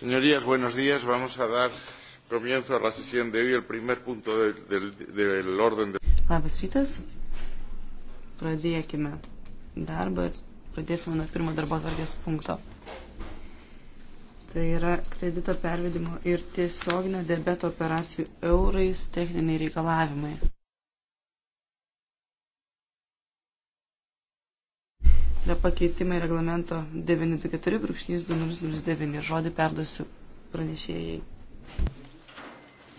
Señorías, buenos días. Vamos a dar comienzo a la sesión de hoy, el primer punto de, de, del orden. De... Labas rytas. Pradėkime darbą ir pradėsime nuo pirmo darbo tvarkės punkto. Tai yra kredito pervedimo ir tiesioginio debeto operacijų eurais techniniai reikalavimai. yra pakeitimai reglamento 924-2009. Žodį perduosiu pranešėjai.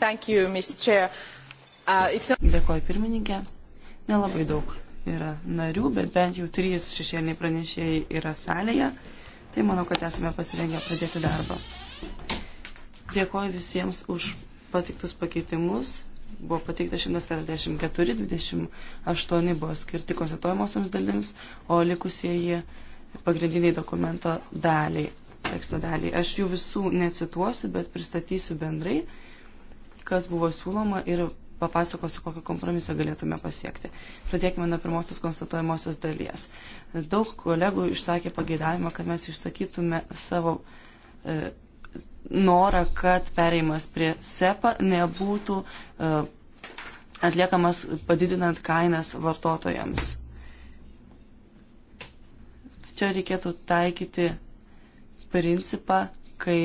Thank you, Mr. Chair. Uh, not... Dėkoju pirmininkė. Nelabai daug yra narių, bet bent jau trys šešėliniai pranešėjai yra salėje. Tai manau, kad esame pasirengę pradėti darbą. Dėkoju visiems už patiktus pakeitimus buvo pateikta 144, 28 buvo skirti konstatuojamosioms dalims, o likusieji pagrindiniai dokumento daliai, teksto daliai. Aš jų visų necituosiu, bet pristatysiu bendrai, kas buvo siūloma ir papasakosiu, kokią kompromisą galėtume pasiekti. Pradėkime nuo pirmosios konstatuojamosios dalies. Daug kolegų išsakė pageidavimą, kad mes išsakytume savo e, norą, kad pereimas prie SEPA nebūtų e, atliekamas padidinant kainas vartotojams. Čia reikėtų taikyti principą, kai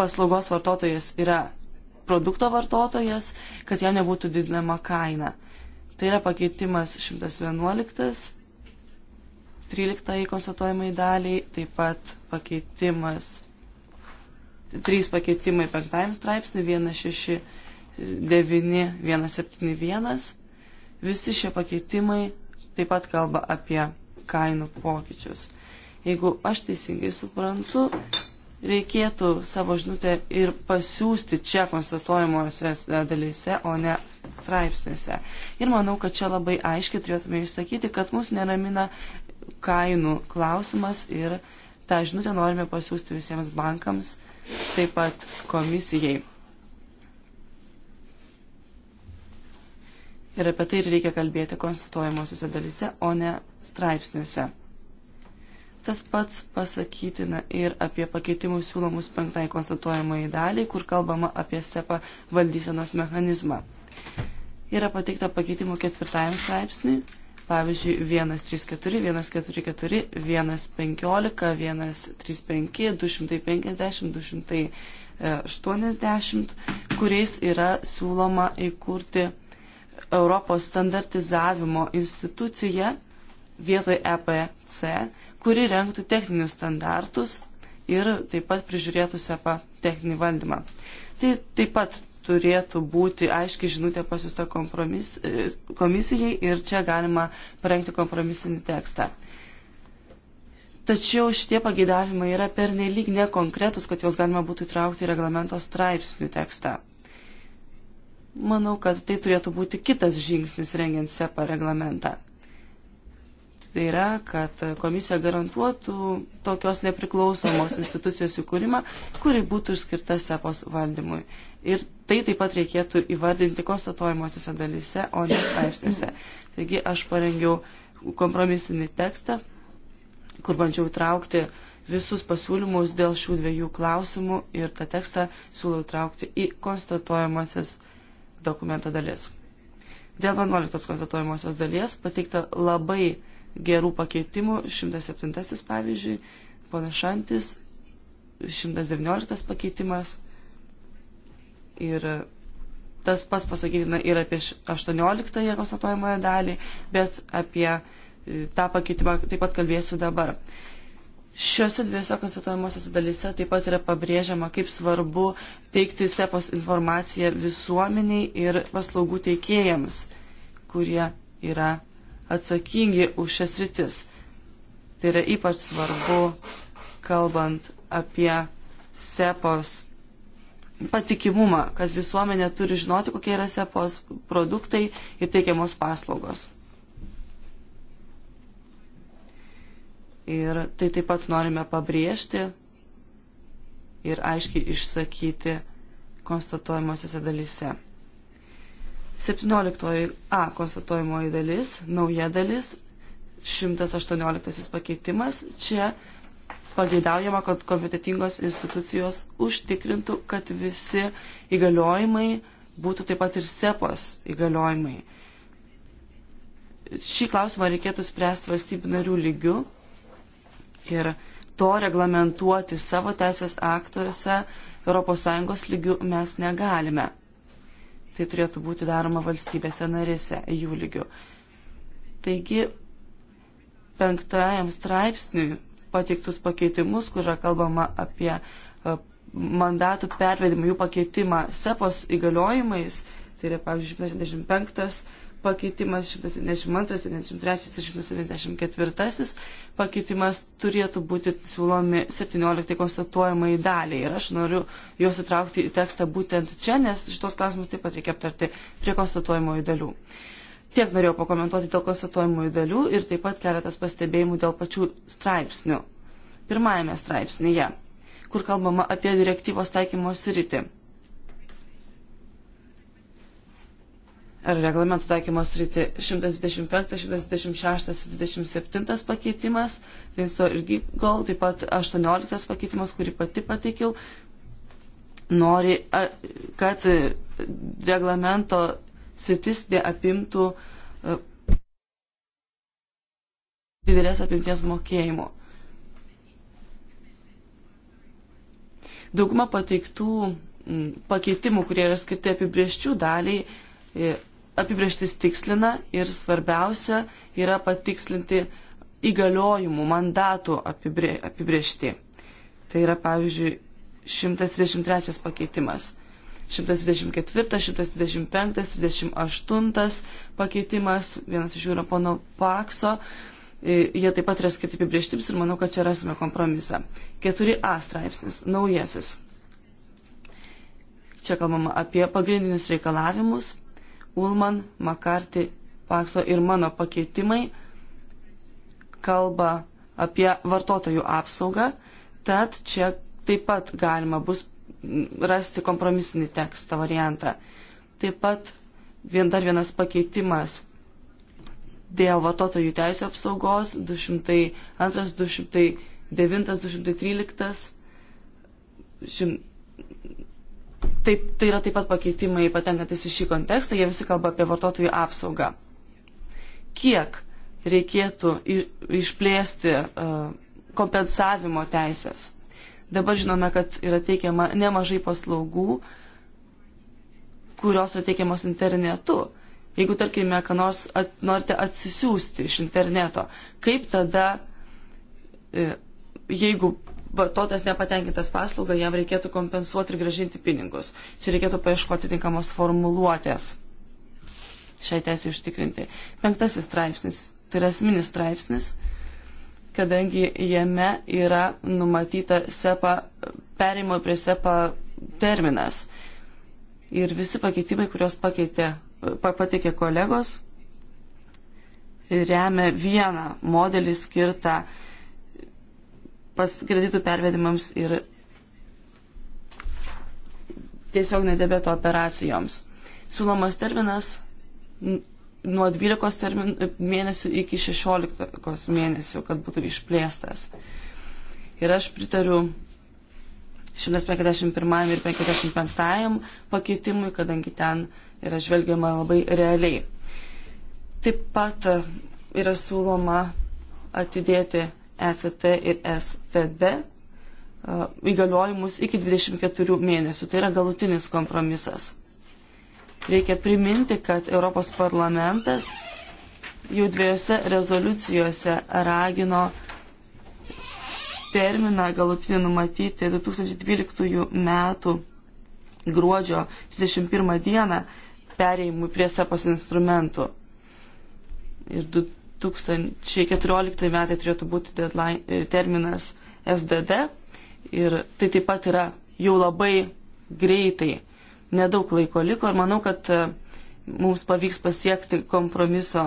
paslaugos vartotojas yra produkto vartotojas, kad jam nebūtų didinama kaina. Tai yra pakeitimas 111, 13 konstatuojamai daliai, taip pat pakeitimas trys pakeitimai penktajam straipsniui 169-171. Visi šie pakeitimai taip pat kalba apie kainų pokyčius. Jeigu aš teisingai suprantu, reikėtų savo žinutę ir pasiūsti čia konstatuojamosiose dalyse, o ne straipsniuose. Ir manau, kad čia labai aiškiai turėtume išsakyti, kad mus neramina kainų klausimas ir tą žinutę norime pasiūsti visiems bankams taip pat komisijai. Ir apie tai reikia kalbėti konstatuojamosiose dalise, o ne straipsniuose. Tas pats pasakytina ir apie pakeitimus siūlomus penktai konstatuojamai daliai, kur kalbama apie SEPA valdysenos mechanizmą. Yra pateikta pakeitimų ketvirtajam straipsniui, Pavyzdžiui, 134, 144, 115, 135, 250, 280, kuriais yra siūloma įkurti Europos standartizavimo instituciją vietoj EPC, kuri renktų techninius standartus ir taip pat prižiūrėtų SEPA techninį valdymą. Tai taip pat turėtų būti aiški žinutė pasiusta kompromis, e, komisijai ir čia galima parengti kompromisinį tekstą. Tačiau šitie pageidavimai yra pernelyg nekonkretus, kad juos galima būtų įtraukti į reglamento straipsnių tekstą. Manau, kad tai turėtų būti kitas žingsnis rengiant SEPA reglamentą tai yra, kad komisija garantuotų tokios nepriklausomos institucijos įkūrimą, kuri būtų išskirta SEPOS valdymui. Ir tai taip pat reikėtų įvardinti konstatuojamosiose dalyse, o ne straipsniuose. Taigi aš parengiau kompromisinį tekstą, kur bandžiau traukti visus pasiūlymus dėl šių dviejų klausimų ir tą tekstą siūlau traukti į konstatuojamasis dokumento dalis. Dėl 11 konstatuojamosios dalies pateikta labai gerų pakeitimų, 107 pavyzdžiui, panašantis, 119 pakeitimas ir tas pas pasakytina ir apie 18 konstatuojamoje dalį, bet apie e, tą pakeitimą taip pat kalbėsiu dabar. Šiuose dviejose konstatuojamosiose dalyse taip pat yra pabrėžiama, kaip svarbu teikti SEPOS informaciją visuomeniai ir paslaugų teikėjams, kurie yra atsakingi už šias rytis. Tai yra ypač svarbu, kalbant apie sepos patikimumą, kad visuomenė turi žinoti, kokie yra sepos produktai ir teikiamos paslaugos. Ir tai taip pat norime pabrėžti ir aiškiai išsakyti konstatuojamosiose dalyse. 17 A konstatuojamoji dalis, nauja dalis, 118 pakeitimas. Čia pageidaujama, kad kompetitingos institucijos užtikrintų, kad visi įgaliojimai būtų taip pat ir sepos įgaliojimai. Šį klausimą reikėtų spręsti valstybių narių lygių ir to reglamentuoti savo teisės aktuose ES lygių mes negalime tai turėtų būti daroma valstybėse narėse jų lygių. Taigi, penktajam straipsniui pateiktus pakeitimus, kur yra kalbama apie e, mandatų pervedimą, jų pakeitimą SEPOS e įgaliojimais, tai yra, pavyzdžiui, 55 pakeitimas 172, 173 ir 174 pakeitimas turėtų būti siūlomi 17 konstatuojamai daliai. Ir aš noriu juos įtraukti į tekstą būtent čia, nes šitos klausimus taip pat reikia aptarti prie konstatuojamųjų dalių. Tiek norėjau pakomentuoti dėl konstatuojamųjų dalių ir taip pat keletas pastebėjimų dėl pačių straipsnių. Pirmajame straipsnėje, kur kalbama apie direktyvos taikymo sritį ar reglamento taikymos rytį 125, 126, 27 pakeitimas, Vinso ir Gigol, taip pat 18 pakeitimas, kurį pati pateikiau, nori, kad reglamento sritis neapimtų didelės apimties mokėjimų. Dauguma pateiktų pakeitimų, kurie yra skirti apibrieščių daliai, apibrieštis tikslina ir svarbiausia yra patikslinti įgaliojimų, mandatų apibrie, apibriešti. Tai yra, pavyzdžiui, 123 pakeitimas. 124, 125, 38 pakeitimas, vienas iš jų yra pono Pakso. Jie taip pat yra skirti apibrieštims ir manau, kad čia rasime kompromisą. 4a straipsnis, naujasis. Čia kalbama apie pagrindinius reikalavimus, Ulman, Makarti, Pakso ir mano pakeitimai kalba apie vartotojų apsaugą, tad čia taip pat galima bus rasti kompromisinį tekstą variantą. Taip pat vien dar vienas pakeitimas dėl vartotojų teisų apsaugos 202, 209, 213, Taip, tai yra taip pat pakeitimai patenkantis į šį kontekstą, jie visi kalba apie vartotojų apsaugą. Kiek reikėtų išplėsti e, kompensavimo teisės? Dabar žinome, kad yra teikiama nemažai paslaugų, kurios yra teikiamos internetu. Jeigu, tarkime, ką nors at, norite atsisiųsti iš interneto, kaip tada, e, jeigu vartotojas nepatenkintas paslauga, jam reikėtų kompensuoti ir gražinti pinigus. Čia reikėtų paieškoti tinkamos formuluotės šiai teisė užtikrinti. Penktasis straipsnis, tai yra asmenis straipsnis, kadangi jame yra numatyta SEPA, perimo prie SEPA terminas. Ir visi pakeitimai, kuriuos pakeitė, patikė kolegos, remia vieną modelį skirtą uh, pas kreditų pervedimams ir tiesiog nedebeto operacijoms. Siūlomas terminas nuo 12 termin, mėnesių iki 16 mėnesių, kad būtų išplėstas. Ir aš pritariu 151 ir 55 pakeitimui, kadangi ten yra žvelgiama labai realiai. Taip pat yra siūloma atidėti ECT ir STD įgaliojimus iki 24 mėnesių. Tai yra galutinis kompromisas. Reikia priminti, kad Europos parlamentas jau dviejose rezoliucijose ragino terminą galutinį numatyti 2012 metų gruodžio 21 dieną perėjimui prie SEPOS e instrumentų. Ir 2014 metai turėtų būti deadline, e, terminas SDD ir tai taip pat yra jau labai greitai, nedaug laiko liko ir manau, kad e, mums pavyks pasiekti kompromiso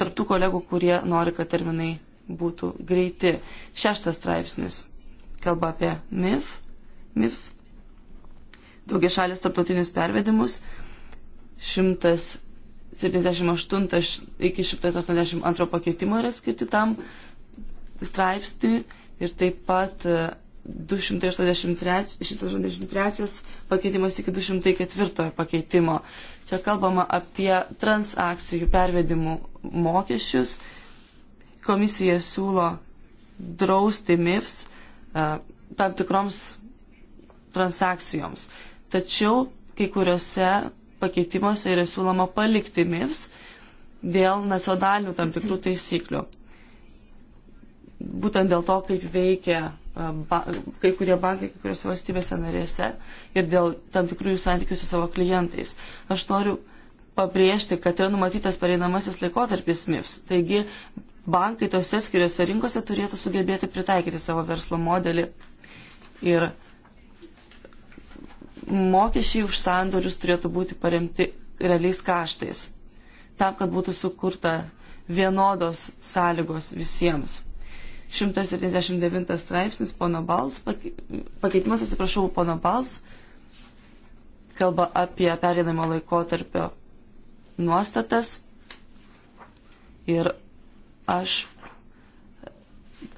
tarptų kolegų, kurie nori, kad terminai būtų greiti. Šeštas straipsnis kalba apie MIF, MIFS, daugia šalis tarptautinius pervedimus, 100 78 iki 182 pakeitimo yra skirti tam straipsniui ir taip pat 283, e, 183 pakeitimas iki 204 pakeitimo. Čia kalbama apie transakcijų pervedimų mokesčius. Komisija siūlo drausti MIFS e, tam tikroms transakcijoms. Tačiau kai kuriuose pakeitimuose yra siūloma palikti MIFS dėl nacionalinių tam tikrų taisyklių. Būtent dėl to, kaip veikia ba, kai kurie bankai, kai kurios valstybėse narėse ir dėl tam tikrų jų santykių su savo klientais. Aš noriu pabrėžti, kad yra numatytas pareinamasis laikotarpis MIFS. Taigi bankai tose skiriose rinkose turėtų sugebėti pritaikyti savo verslo modelį ir mokesčiai už sandorius turėtų būti paremti realiais kaštais, tam, kad būtų sukurta vienodos sąlygos visiems. 179 straipsnis, pono Bals, pakeitimas, atsiprašau, pono Bals, kalba apie perinamo laikotarpio nuostatas ir aš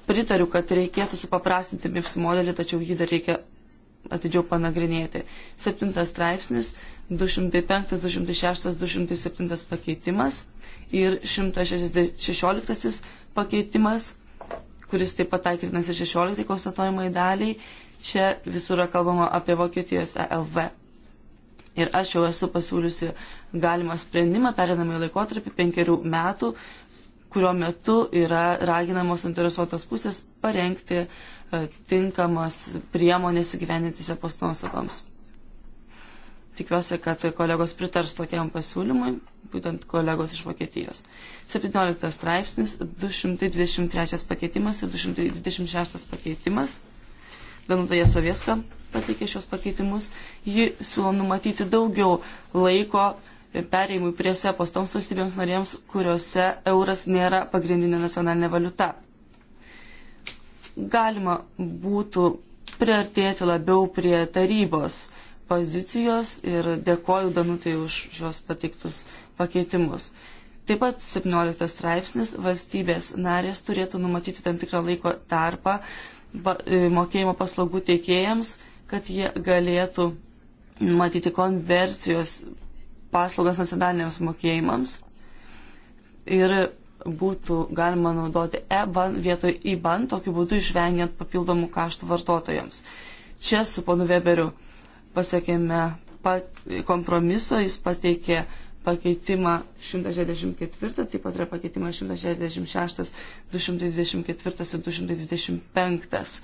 pritariu, kad reikėtų supaprastinti MIFS modelį, tačiau jį dar reikia atidžiau panagrinėti. Septintas straipsnis 205, 206, 207 pakeitimas ir 116 pakeitimas, kuris taip pat taikytinas ir 16 konstatuojamai daliai. Čia visur yra kalbama apie Vokietijos ELV. Ir aš jau esu pasiūliusi galimą sprendimą perinamąjį laikotarpį penkerių metų, kurio metu yra raginamos interesuotos pusės parengti e, tinkamas priemonės įgyvenintis ES nuostatoms. Tikiuosi, kad kolegos pritars tokiam pasiūlymui, būtent kolegos iš Vokietijos. 17 straipsnis, 223 pakeitimas ir 226 pakeitimas. Danuta Jasovieska pateikė šios pakeitimus. Ji siūlo numatyti daugiau laiko pereimui prie SEPOS toms valstybėms narėms, kuriuose euras nėra pagrindinė nacionalinė valiuta. Galima būtų priartėti labiau prie tarybos pozicijos ir dėkoju Danutai už šios patiktus pakeitimus. Taip pat 17 straipsnis valstybės narės turėtų numatyti tam tikrą laiko tarpą e, mokėjimo paslaugų teikėjams, kad jie galėtų matyti konversijos paslaugas nacionaliniams mokėjimams ir būtų galima naudoti e-ban vietoj e-ban, tokiu būdu išvengiant papildomų kaštų vartotojams. Čia su ponu Weberiu pasiekėme pat, kompromiso, jis pateikė pakeitimą 164, taip pat yra pakeitimas 166, 224 ir 225.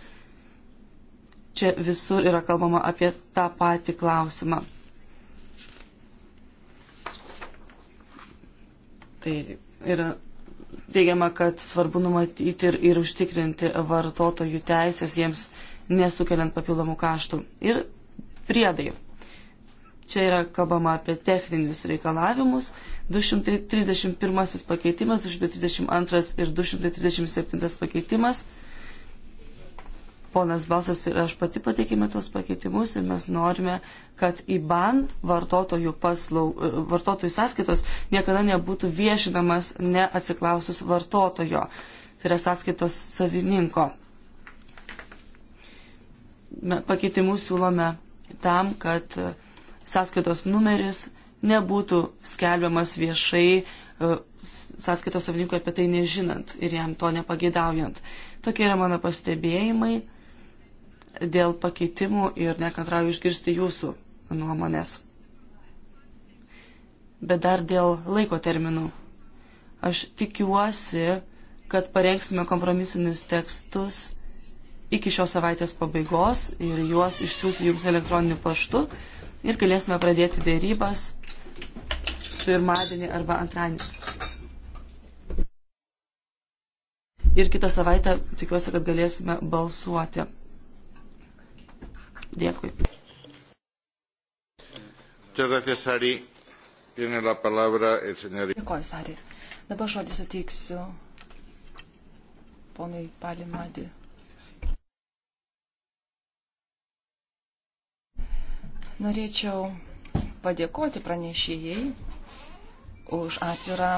Čia visur yra kalbama apie tą patį klausimą. Tai yra teigiama, kad svarbu numatyti ir, ir užtikrinti vartotojų teisės, jiems nesukeliant papildomų kaštų. Ir priedai. Čia yra kalbama apie techninius reikalavimus. 231 pakeitimas, 232 ir 237 pakeitimas ponas Balsas ir aš pati pateikėme tos pakeitimus ir mes norime, kad IBAN vartotojų, paslau, vartotojų sąskaitos niekada nebūtų viešinamas neatsiklausus vartotojo, tai yra sąskaitos savininko. Pakeitimus siūlome tam, kad sąskaitos numeris nebūtų skelbiamas viešai e, sąskaitos savininkui apie tai nežinant ir jam to nepageidaujant. Tokie yra mano pastebėjimai dėl pakeitimų ir nekantrauju išgirsti jūsų nuomonės. Bet dar dėl laiko terminų. Aš tikiuosi, kad parengsime kompromisinius tekstus iki šios savaitės pabaigos ir juos išsiųsiu jums elektroniniu paštu ir galėsime pradėti dėrybas pirmadienį arba antradienį. Ir kitą savaitę tikiuosi, kad galėsime balsuoti. Dėkui. Dėkoju, Sari. Dabar žodį suteiksiu ponui Palimadį. Norėčiau padėkoti pranešėjai už atvirą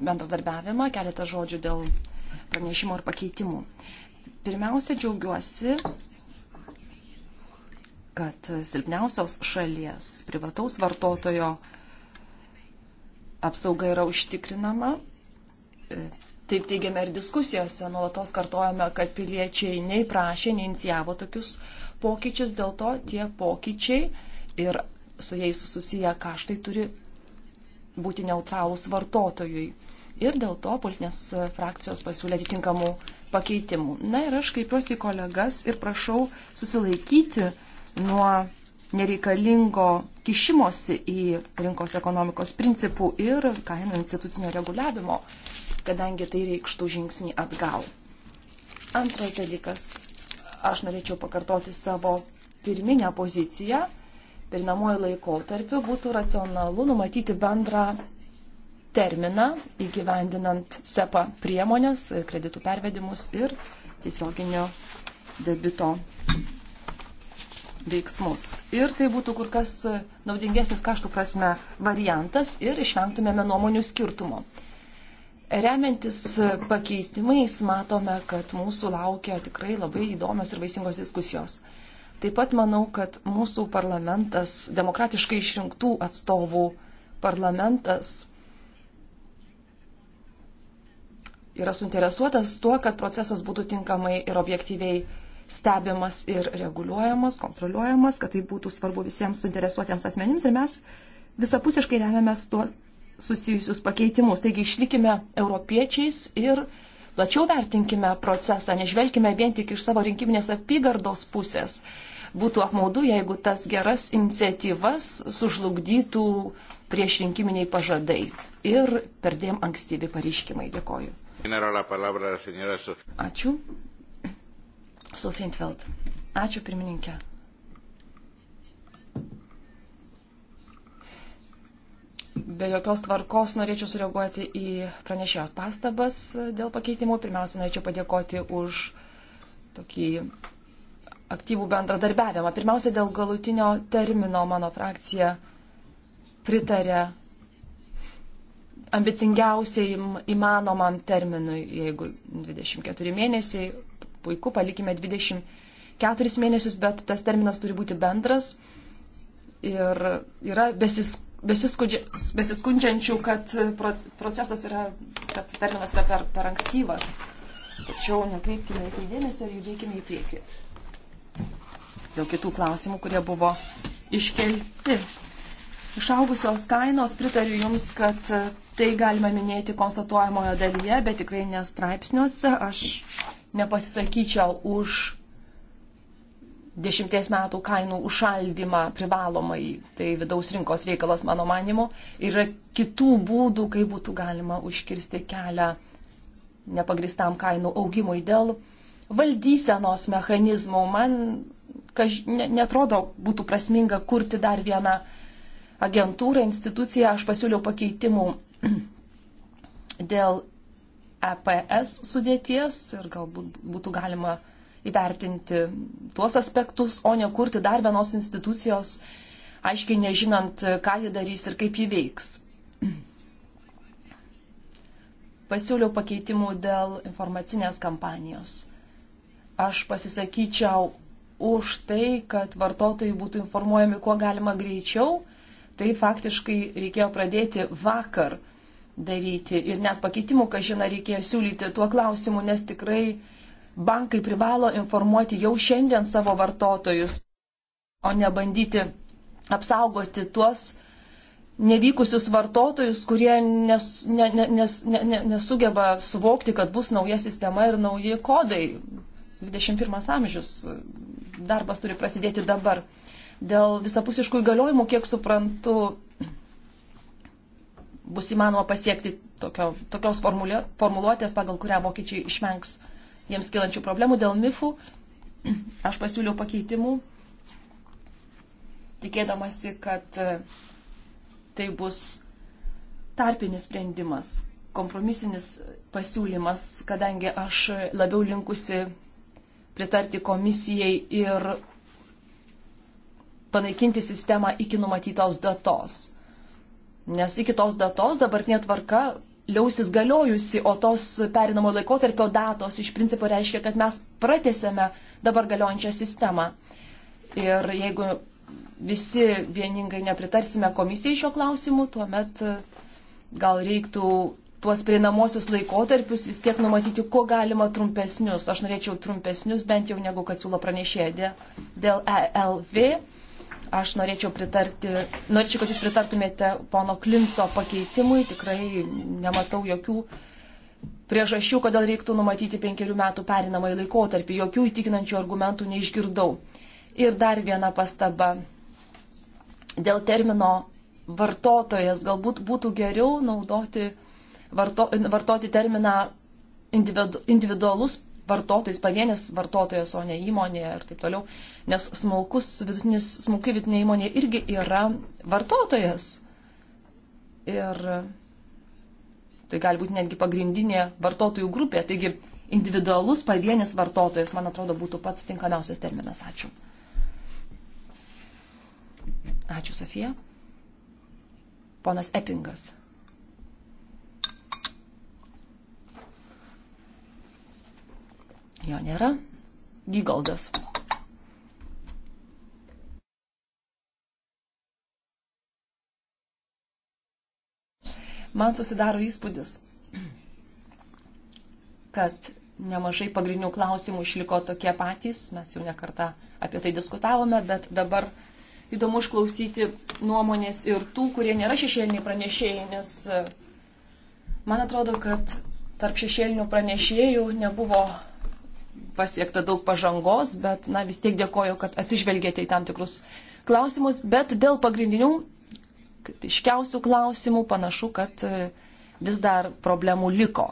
bendradarbiavimą, keletą žodžių dėl pranešimo ir pakeitimų. Pirmiausia, džiaugiuosi kad silpniausios šalies privataus vartotojo apsauga yra užtikrinama. Taip teigiame ir diskusijose, nuolatos kartojame, kad piliečiai nei prašė, nei inicijavo tokius pokyčius, dėl to tie pokyčiai ir su jais susiję kaštai turi būti neutralūs vartotojui. Ir dėl to politinės frakcijos pasiūlė atitinkamų pakeitimų. Na ir aš kreipiuosi į kolegas ir prašau susilaikyti nuo nereikalingo kišimosi į rinkos ekonomikos principų ir kainų institucinio reguliavimo, kadangi tai reikštų žingsnį atgal. Antras dalykas, aš norėčiau pakartoti savo pirminę poziciją. Pirinamuoju laikotarpiu būtų racionalu numatyti bendrą terminą įgyvendinant SEPA priemonės, kreditų pervedimus ir tiesioginio debito veiksmus. Ir tai būtų kur kas naudingesnis kaštų prasme variantas ir išvengtumėme nuomonių skirtumo. Remiantis pakeitimais matome, kad mūsų laukia tikrai labai įdomios ir vaisingos diskusijos. Taip pat manau, kad mūsų parlamentas, demokratiškai išrinktų atstovų parlamentas, yra suinteresuotas tuo, kad procesas būtų tinkamai ir objektyviai stebimas ir reguliuojamas, kontroliuojamas, kad tai būtų svarbu visiems suinteresuotiems asmenims ir mes visapusiškai remiamės tuos susijusius pakeitimus. Taigi išlikime europiečiais ir plačiau vertinkime procesą, nežvelkime vien tik iš savo rinkiminės apygardos pusės. Būtų apmaudu, jeigu tas geras iniciatyvas sužlugdytų prieš rinkiminiai pažadai ir perdėm ankstyvi pareiškimai. Dėkoju. Ačiū. Sophie Intveld. Ačiū pirmininkė. Be jokios tvarkos norėčiau sureaguoti į pranešėjos pastabas dėl pakeitimų. Pirmiausia, norėčiau padėkoti už tokį aktyvų bendradarbiavimą. Pirmiausia, dėl galutinio termino mano frakcija pritarė ambicingiausiai įmanomam terminui, jeigu 24 mėnesiai puiku, palikime 24 mėnesius, bet tas terminas turi būti bendras. Ir yra besis, besiskundžiančių, kad procesas yra, kad terminas yra per, per ankstyvas. Tačiau nekreipkime į tai dėmesio ir judėkime į priekį. Dėl kitų klausimų, kurie buvo iškelti. Išaugusios kainos, pritariu Jums, kad tai galima minėti konstatuojamojo dalyje, bet tikrai nestraipsniuose. Aš nepasisakyčiau už dešimties metų kainų užšaldymą privalomai, tai vidaus rinkos reikalas mano manimu, yra kitų būdų, kaip būtų galima užkirsti kelią nepagristam kainų augimui dėl valdysenos mechanizmų. Man kaž, ne, netrodo būtų prasminga kurti dar vieną agentūrą, instituciją. Aš pasiūliau pakeitimų dėl EPS sudėties ir galbūt būtų galima įvertinti tuos aspektus, o ne kurti dar vienos institucijos, aiškiai nežinant, ką ji darys ir kaip ji veiks. Pasiūliau pakeitimų dėl informacinės kampanijos. Aš pasisakyčiau už tai, kad vartotojai būtų informuojami kuo galima greičiau. Tai faktiškai reikėjo pradėti vakar daryti ir net pakeitimų, ką žina, reikėjo siūlyti tuo klausimu, nes tikrai bankai privalo informuoti jau šiandien savo vartotojus, o ne bandyti apsaugoti tuos nevykusius vartotojus, kurie nes, ne, ne, nes, ne, ne, nesugeba suvokti, kad bus nauja sistema ir nauji kodai. 21 amžius darbas turi prasidėti dabar. Dėl visapusiškų įgaliojimų, kiek suprantu, bus įmanoma pasiekti tokio, tokios formulė, formuluotės, pagal kurią vokiečiai išvengs jiems kilančių problemų dėl mifų. Aš pasiūliau pakeitimų, tikėdamasi, kad e, tai bus tarpinis sprendimas, kompromisinis pasiūlymas, kadangi aš labiau linkusi pritarti komisijai ir panaikinti sistemą iki numatytos datos nes iki tos datos dabartinė tvarka liausis galiojusi, o tos perinamo laikotarpio datos iš principo reiškia, kad mes pratesėme dabar galiojančią sistemą. Ir jeigu visi vieningai nepritarsime komisijai šio klausimu, tuomet e, gal reiktų tuos prieinamosius laikotarpius vis tiek numatyti, kuo galima trumpesnius. Aš norėčiau trumpesnius bent jau negu kad siūlo pranešėja dėl ELV Aš norėčiau pritarti, norėčiau, kad jūs pritartumėte pono Klinso pakeitimui. Tikrai nematau jokių priežasčių, kodėl reiktų numatyti penkerių metų perinamąjį laikotarpį. Jokių įtikinančių argumentų neišgirdau. Ir dar viena pastaba. Dėl termino vartotojas galbūt būtų geriau naudoti varto, vartoti terminą individu, individualus vartotojais, pavienis vartotojas, o ne įmonė ir taip toliau. Nes smulkus, vidutinis, smulki vidutinė įmonė irgi yra vartotojas. Ir tai gali būti netgi pagrindinė vartotojų grupė. Taigi individualus pavienis vartotojas, man atrodo, būtų pats tinkamiausias terminas. Ačiū. Ačiū, Sofija. Ponas Epingas. Jo nėra. Gygoldas. Man susidaro įspūdis, kad nemažai pagrindinių klausimų išliko tokie patys, mes jau nekartą apie tai diskutavome, bet dabar įdomu išklausyti nuomonės ir tų, kurie nėra šešėliniai pranešėjai, nes e, man atrodo, kad tarp šešėlinių pranešėjų nebuvo pasiekta daug pažangos, bet na, vis tiek dėkoju, kad atsižvelgėte į tam tikrus klausimus. Bet dėl pagrindinių, iškiausių klausimų panašu, kad e, vis dar problemų liko.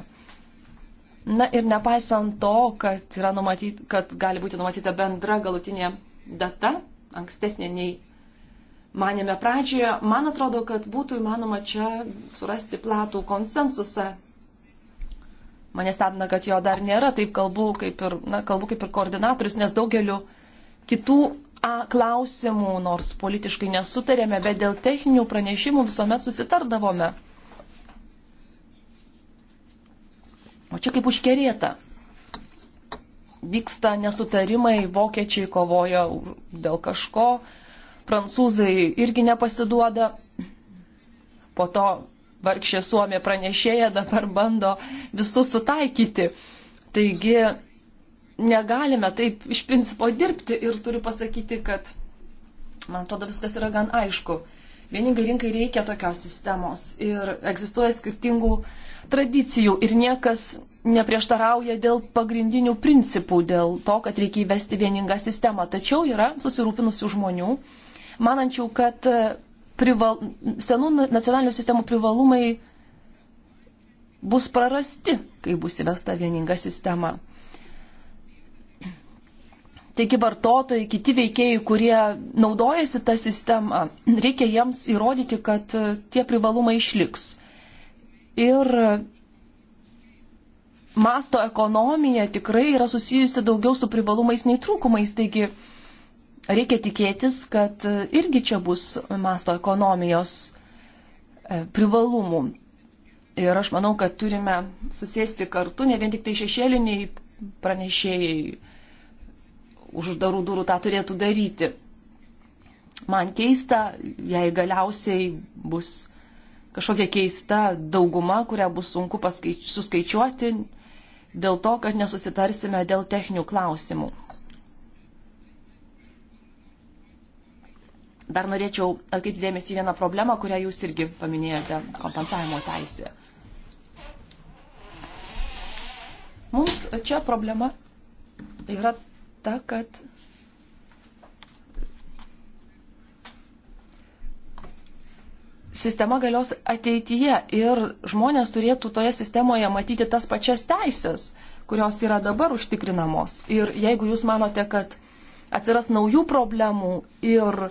Na ir nepaisant to, kad, numatyt, kad gali būti numatyta bendra galutinė data, ankstesnė nei manėme pradžioje, man atrodo, kad būtų įmanoma čia surasti platų konsensusą Mane stebina, kad jo dar nėra, taip kalbu kaip ir, na, kalbu kaip ir koordinatorius, nes daugeliu kitų a, klausimų, nors politiškai nesutarėme, bet dėl techninių pranešimų visuomet susitardavome. O čia kaip užkerėta. Vyksta nesutarimai, vokiečiai kovoja dėl kažko, prancūzai irgi nepasiduoda. Po to vargšė Suomė pranešėja dabar bando visus sutaikyti. Taigi negalime taip iš principo dirbti ir turiu pasakyti, kad man atrodo viskas yra gan aišku. Vieningai rinkai reikia tokios sistemos ir egzistuoja skirtingų tradicijų ir niekas neprieštarauja dėl pagrindinių principų, dėl to, kad reikia įvesti vieningą sistemą. Tačiau yra susirūpinusių žmonių, manančių, kad prival, senų nacionalinių sistemų privalumai bus prarasti, kai bus įvesta vieninga sistema. Taigi vartotojai, kiti veikėjai, kurie naudojasi tą sistemą, reikia jiems įrodyti, kad e, tie privalumai išliks. Ir masto ekonomija tikrai yra susijusi daugiau su privalumais nei trūkumais. Taigi, reikia tikėtis, kad e, irgi čia bus masto ekonomijos e, privalumų. Ir aš manau, kad turime susėsti kartu, ne vien tik tai šešėliniai pranešėjai už uždarų durų tą turėtų daryti. Man keista, jei galiausiai bus kažkokia keista dauguma, kurią bus sunku paskaič, suskaičiuoti dėl to, kad nesusitarsime dėl techninių klausimų. Dar norėčiau atkreipti dėmesį vieną problemą, kurią jūs irgi paminėjote - kompensavimo teisė. Mums čia problema yra ta, kad sistema galios ateityje ir žmonės turėtų toje sistemoje matyti tas pačias teisės, kurios yra dabar užtikrinamos. Ir jeigu jūs manote, kad atsiras naujų problemų ir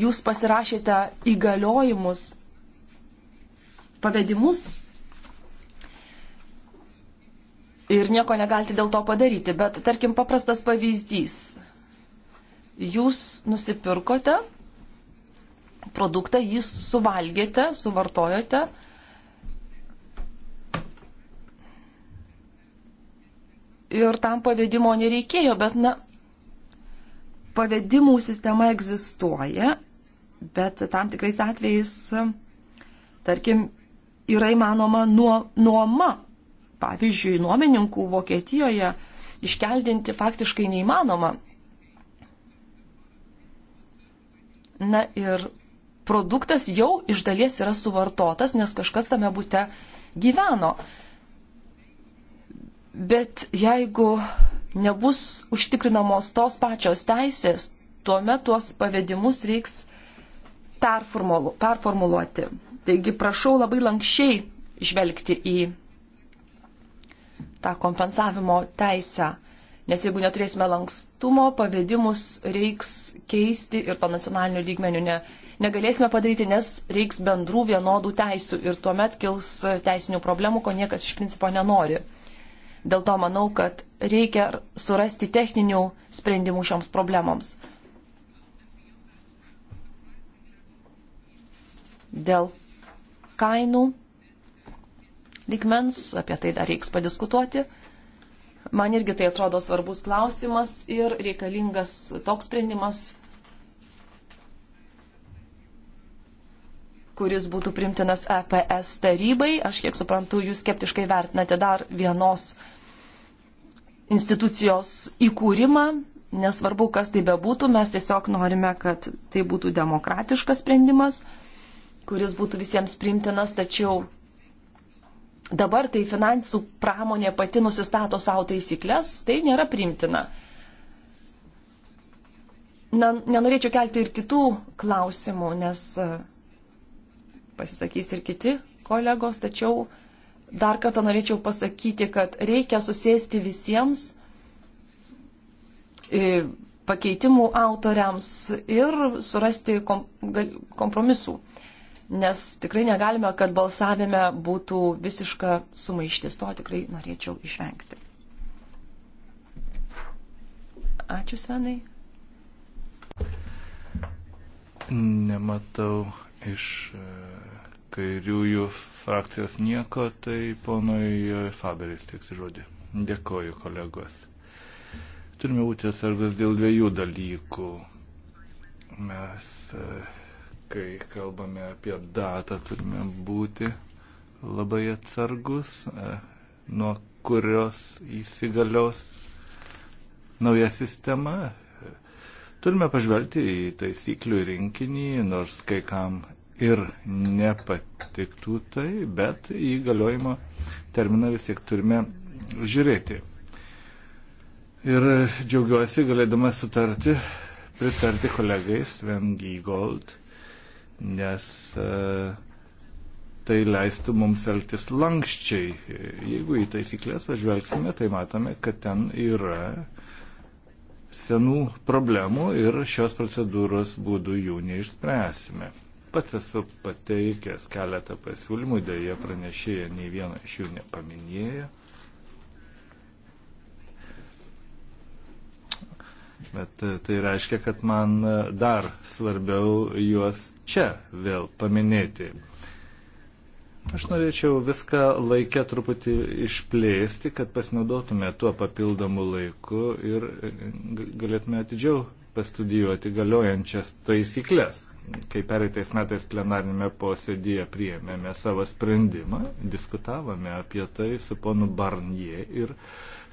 jūs pasirašėte įgaliojimus, pavedimus ir nieko negalite dėl to padaryti. Bet tarkim paprastas pavyzdys. Jūs nusipirkote produktą, jį suvalgėte, suvartojote. Ir tam pavedimo nereikėjo, bet, na, pavedimų sistema egzistuoja, bet tam tikrais atvejais, tarkim, yra įmanoma nuo, nuoma. Pavyzdžiui, nuomininkų Vokietijoje iškeldinti faktiškai neįmanoma. Na ir produktas jau iš dalies yra suvartotas, nes kažkas tame būte gyveno. Bet jeigu nebus užtikrinamos tos pačios teisės, tuomet tuos pavedimus reiks performuluoti. Taigi prašau labai lankščiai žvelgti į tą kompensavimo teisę, nes jeigu neturėsime lankstumo, pavedimus reiks keisti ir to nacionaliniu lygmeniu ne, negalėsime padaryti, nes reiks bendrų vienodų teisų ir tuomet kils teisinių problemų, ko niekas iš principo nenori. Dėl to manau, kad reikia surasti techninių sprendimų šioms problemoms. Dėl kainų likmens, apie tai dar reiks padiskutuoti. Man irgi tai atrodo svarbus klausimas ir reikalingas toks sprendimas, kuris būtų primtinas EPS tarybai. Aš kiek suprantu, jūs skeptiškai vertinate dar vienos institucijos įkūrimą, nesvarbu, kas tai bebūtų, mes tiesiog norime, kad tai būtų demokratiškas sprendimas, kuris būtų visiems primtinas, tačiau dabar, kai finansų pramonė pati nusistato savo taisyklės, tai nėra primtina. Na, nenorėčiau kelti ir kitų klausimų, nes e, pasisakys ir kiti kolegos, tačiau uh, dar kartą norėčiau pasakyti, kad reikia susėsti visiems e, pakeitimų autoriams ir surasti kompromisų. Nes tikrai negalime, kad balsavime būtų visiška sumaištis. To tikrai norėčiau išvengti. Ačiū senai. Nematau iš kairiųjų frakcijos nieko, tai ponui Faberis tiks žodį. Dėkoju, kolegos. Turime būti atsargus dėl dviejų dalykų. Mes, e, kai kalbame apie datą, turime būti labai atsargus, e, nuo kurios įsigalios nauja sistema. Turime pažvelgti į taisyklių rinkinį, nors kai kam ir nepatiktų tai, bet įgaliojimo terminą vis tiek turime žiūrėti. Ir džiaugiuosi galėdama sutarti, pritarti kolegai Sven Gygold, nes e, tai leistų mums elgtis lankščiai. Jeigu į taisyklės pažvelgsime, tai matome, kad ten yra senų problemų ir šios procedūros būdų jų neišspręsime. Pats esu pateikęs keletą pasiūlymų, dėja pranešėja nei vieno iš jų nepaminėjo. Bet e, tai reiškia, kad man e, dar svarbiau juos čia vėl paminėti. Aš norėčiau viską laikę truputį išplėsti, kad pasinaudotume tuo papildomu laiku ir e, galėtume atidžiau pastudijuoti galiojančias taisyklės kai pereitais metais plenarinėme posėdėje priėmėme savo sprendimą, diskutavome apie tai su ponu Barnie ir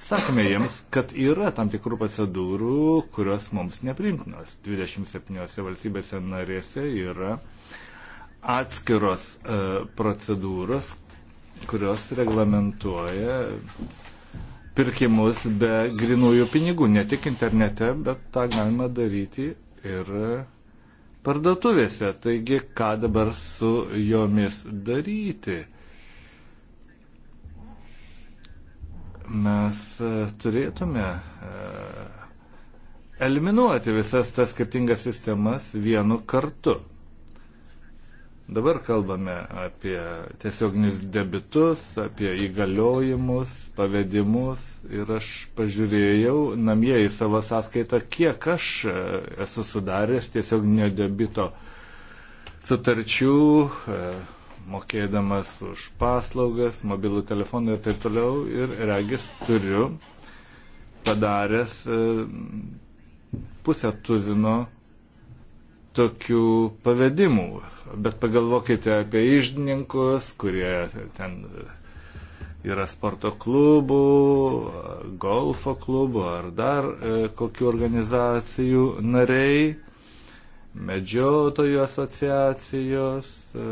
sakome jiems, kad yra tam tikrų procedūrų, kurios mums neprimtinos. 27 valstybėse narėse yra atskiros e, procedūros, kurios reglamentuoja pirkimus be grinųjų pinigų, ne tik internete, bet tą galima daryti ir parduotuvėse. Taigi, ką dabar su jomis daryti? Mes e, turėtume e, eliminuoti visas tas skirtingas sistemas vienu kartu. Dabar kalbame apie tiesioginius debitus, apie įgaliojimus, pavedimus ir aš pažiūrėjau namie į savo sąskaitą, kiek aš e, esu sudaręs tiesioginio debito sutarčių, e, mokėdamas už paslaugas, mobilų telefoną ir taip toliau ir regis turiu padaręs e, pusę tuzino tokių pavedimų. Bet pagalvokite apie išdininkus, kurie ten yra sporto klubų, golfo klubų ar dar e, kokių organizacijų nariai, medžiotojų asociacijos, e,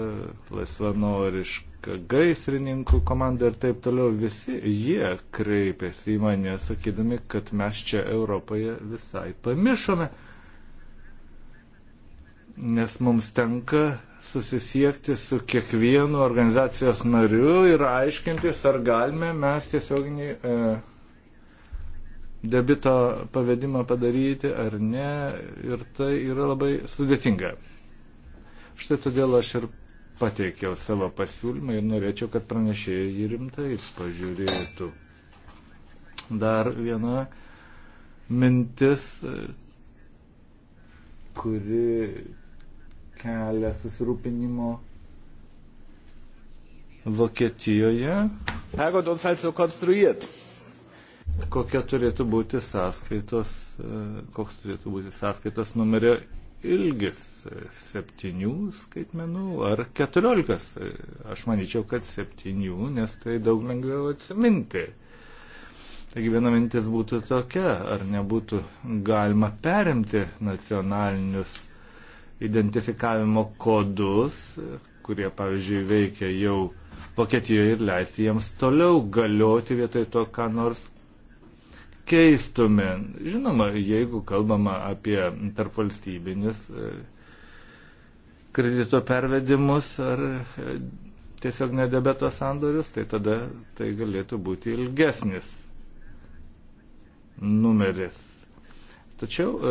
laisvanoriška gaisrininkų komanda ir taip toliau. Visi jie kreipėsi į mane, sakydami, kad mes čia Europoje visai pamiršome nes mums tenka susisiekti su kiekvienu organizacijos nariu ir aiškintis, ar galime mes tiesioginį e, debito pavedimą padaryti ar ne. Ir tai yra labai sudėtinga. Štai todėl aš ir pateikiau savo pasiūlymą ir norėčiau, kad pranešėjai jį rimtai pažiūrėtų. Dar viena mintis, e, kuri kelia susirūpinimo Vokietijoje. Kokia turėtų būti sąskaitos, e, koks turėtų būti sąskaitos numerio ilgis - septynių skaitmenų ar keturiolikas? Aš manyčiau, kad septynių, nes tai daug lengviau atsiminti. Taigi viena mintis būtų tokia, ar nebūtų galima perimti nacionalinius identifikavimo kodus, kurie, pavyzdžiui, veikia jau Vokietijoje ir leisti jiems toliau galioti vietoj to, ką nors keistume. Žinoma, jeigu kalbama apie tarpvalstybinius e, kredito pervedimus ar e, tiesiog nedebeto sandorius, tai tada tai galėtų būti ilgesnis numeris. Tačiau e,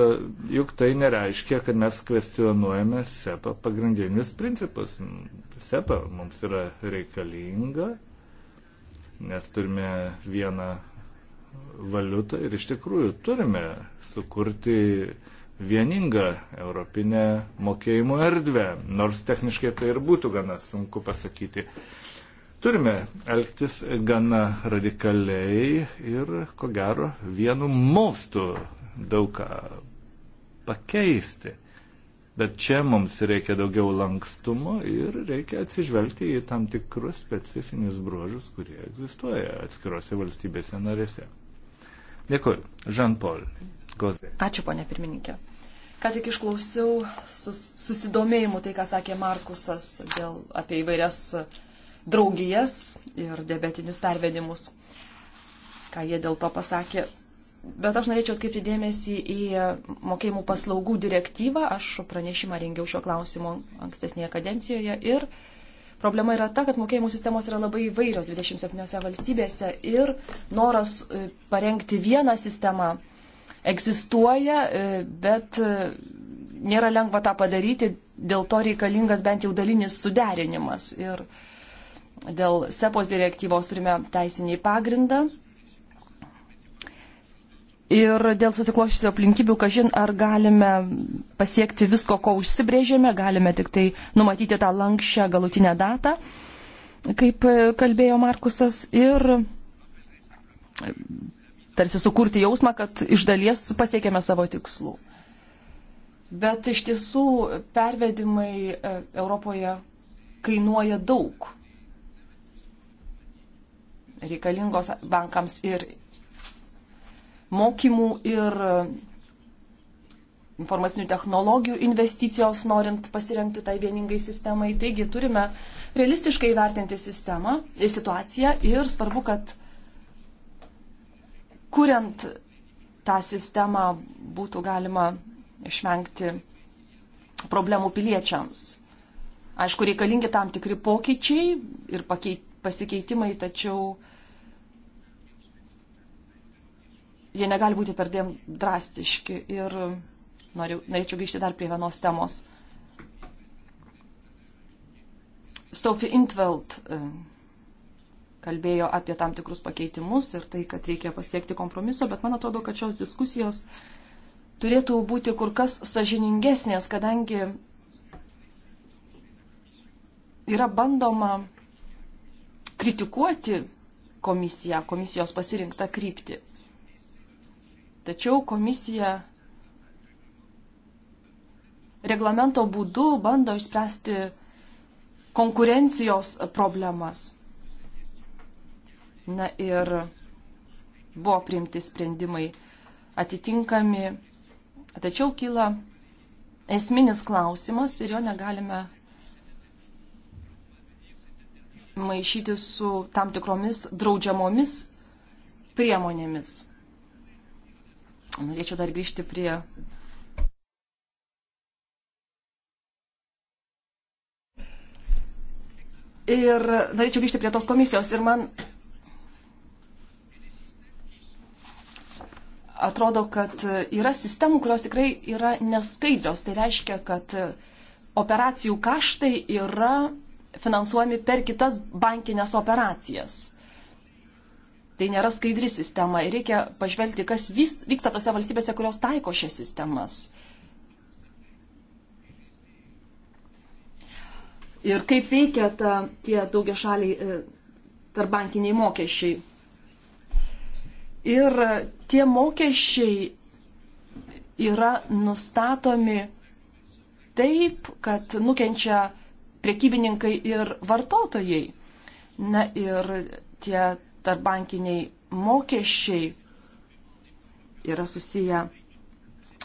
juk tai nereiškia, kad mes kvestionuojame SEPA pagrindinius principus. SEPA mums yra reikalinga, nes turime vieną valiutą ir iš tikrųjų turime sukurti vieningą europinę mokėjimo erdvę, nors techniškai tai ir būtų gana sunku pasakyti turime elgtis gana radikaliai ir, ko gero, vienu mostu daug ką pakeisti. Bet čia mums reikia daugiau lankstumo ir reikia atsižvelgti į tam tikrus specifinius bruožus, kurie egzistuoja atskirose valstybėse narėse. Dėkuoju. Žan-Paul. Gozė. Ačiū, ponė pirmininkė. Ką tik išklausiau sus, susidomėjimu tai, ką sakė Markusas dėl, apie įvairias draugijas ir diabetinius pervedimus. Ką jie dėl to pasakė. Bet aš norėčiau atkreipti dėmesį į mokėjimų paslaugų direktyvą. Aš pranešimą rengiau šio klausimo ankstesnėje kadencijoje. Ir problema yra ta, kad mokėjimų sistemos yra labai įvairios 27 valstybėse. Ir noras e, parengti vieną sistemą egzistuoja, e, bet e, nėra lengva tą padaryti. Dėl to reikalingas bent jau dalinis suderinimas. Ir dėl SEPOS direktyvos turime teisinį pagrindą Ir dėl susiklošusių aplinkybių, kažin, ar galime pasiekti visko, ko užsibrėžėme, galime tik tai numatyti tą lankščią galutinę datą, kaip e, kalbėjo Markusas, ir e, tarsi sukurti jausmą, kad iš dalies pasiekėme savo tikslų. Bet iš tiesų pervedimai e, Europoje kainuoja daug. Reikalingos bankams ir mokymų ir e, informacinių technologijų investicijos, norint pasiremti tai vieningai sistemai. Taigi turime realistiškai vertinti sistemą, e, situaciją ir svarbu, kad kuriant tą sistemą būtų galima išvengti problemų piliečiams. Aišku, reikalingi tam tikri pokyčiai ir pasikeitimai, tačiau uh, jie negali būti perdėm drastiški. Ir noriu, norėčiau grįžti dar prie vienos temos. Sophie Intveld e, kalbėjo apie tam tikrus pakeitimus ir tai, kad reikia pasiekti kompromiso, bet man atrodo, kad šios diskusijos turėtų būti kur kas sažiningesnės, kadangi yra bandoma kritikuoti komisiją, komisijos pasirinktą kryptį. Tačiau komisija reglamento būdu bando išspręsti konkurencijos problemas. Na ir buvo priimti sprendimai atitinkami, tačiau kyla esminis klausimas ir jo negalime maišyti su tam tikromis draudžiamomis priemonėmis. Norėčiau dar grįžti prie. Ir norėčiau grįžti prie tos komisijos. Ir man atrodo, kad yra sistemų, kurios tikrai yra neskaidrios. Tai reiškia, kad operacijų kaštai yra finansuojami per kitas bankinės operacijas tai nėra skaidri sistema ir reikia pažvelgti, kas vyksta tose valstybėse, kurios taiko šias sistemas. Ir kaip veikia ta, tie daugia šaliai e, tarbankiniai mokesčiai. Ir e, tie mokesčiai yra nustatomi taip, kad nukenčia priekybininkai ir vartotojai. Na ir tie tarbankiniai mokesčiai yra susiję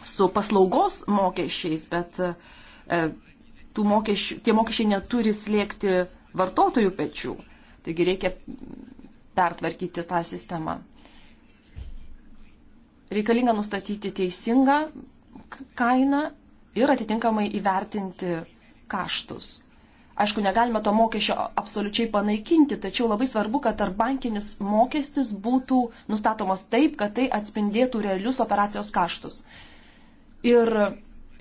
su paslaugos mokesčiais, bet e, mokesčių, tie mokesčiai neturi slėgti vartotojų pečių. Taigi reikia pertvarkyti tą sistemą. Reikalinga nustatyti teisingą kainą ir atitinkamai įvertinti kaštus. Aišku, negalime to mokesčio absoliučiai panaikinti, tačiau labai svarbu, kad ar bankinis mokestis būtų nustatomas taip, kad tai atspindėtų realius operacijos kaštus. Ir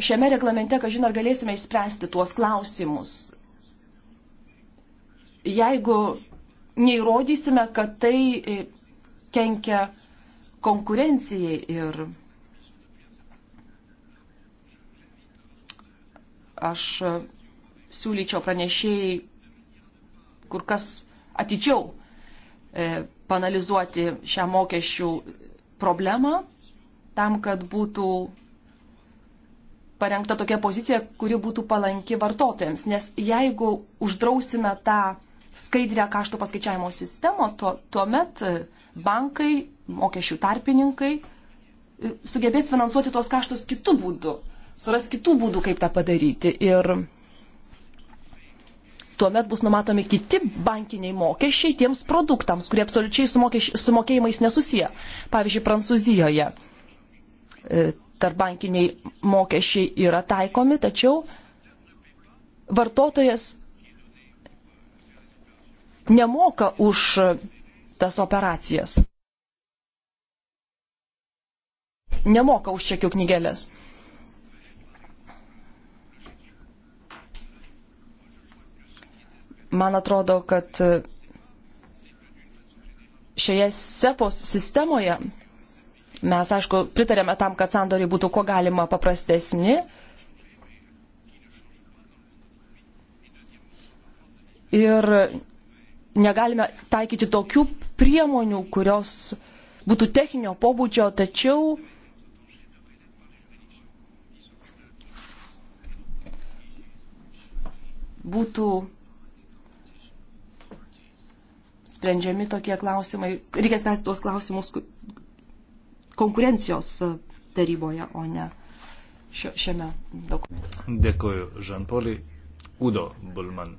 šiame reglamente, kažin ar galėsime išspręsti tuos klausimus. Jeigu neįrodysime, kad tai e, kenkia konkurencijai ir aš siūlyčiau pranešėjai kur kas atidžiau e, panalizuoti šią mokesčių problemą, tam, kad būtų parengta tokia pozicija, kuri būtų palanki vartotojams. Nes jeigu uždrausime tą skaidrę kaštų paskaičiavimo sistemą, tuo, tuomet e, bankai, mokesčių tarpininkai e, sugebės finansuoti tuos kaštus kitų būdų, suras kitų būdų, kaip tą padaryti. Ir tuomet bus numatomi kiti bankiniai mokesčiai tiems produktams, kurie absoliučiai su, mokeš, su mokėjimais nesusiję. Pavyzdžiui, Prancūzijoje e, tarp bankiniai mokesčiai yra taikomi, tačiau vartotojas nemoka už tas operacijas. Nemoka už čekių knygelės. Man atrodo, kad e, šioje SEPOS e sistemoje mes, aišku, pritarėme tam, kad sandoriai būtų kuo galima paprastesni. Ir negalime taikyti tokių priemonių, kurios būtų techninio pobūdžio, tačiau būtų sprendžiami tokie klausimai, reikia spręsti tuos klausimus konkurencijos e, taryboje, o ne šiame dokumente. Dėkuoju, Žanpoliai. Udo Bulman.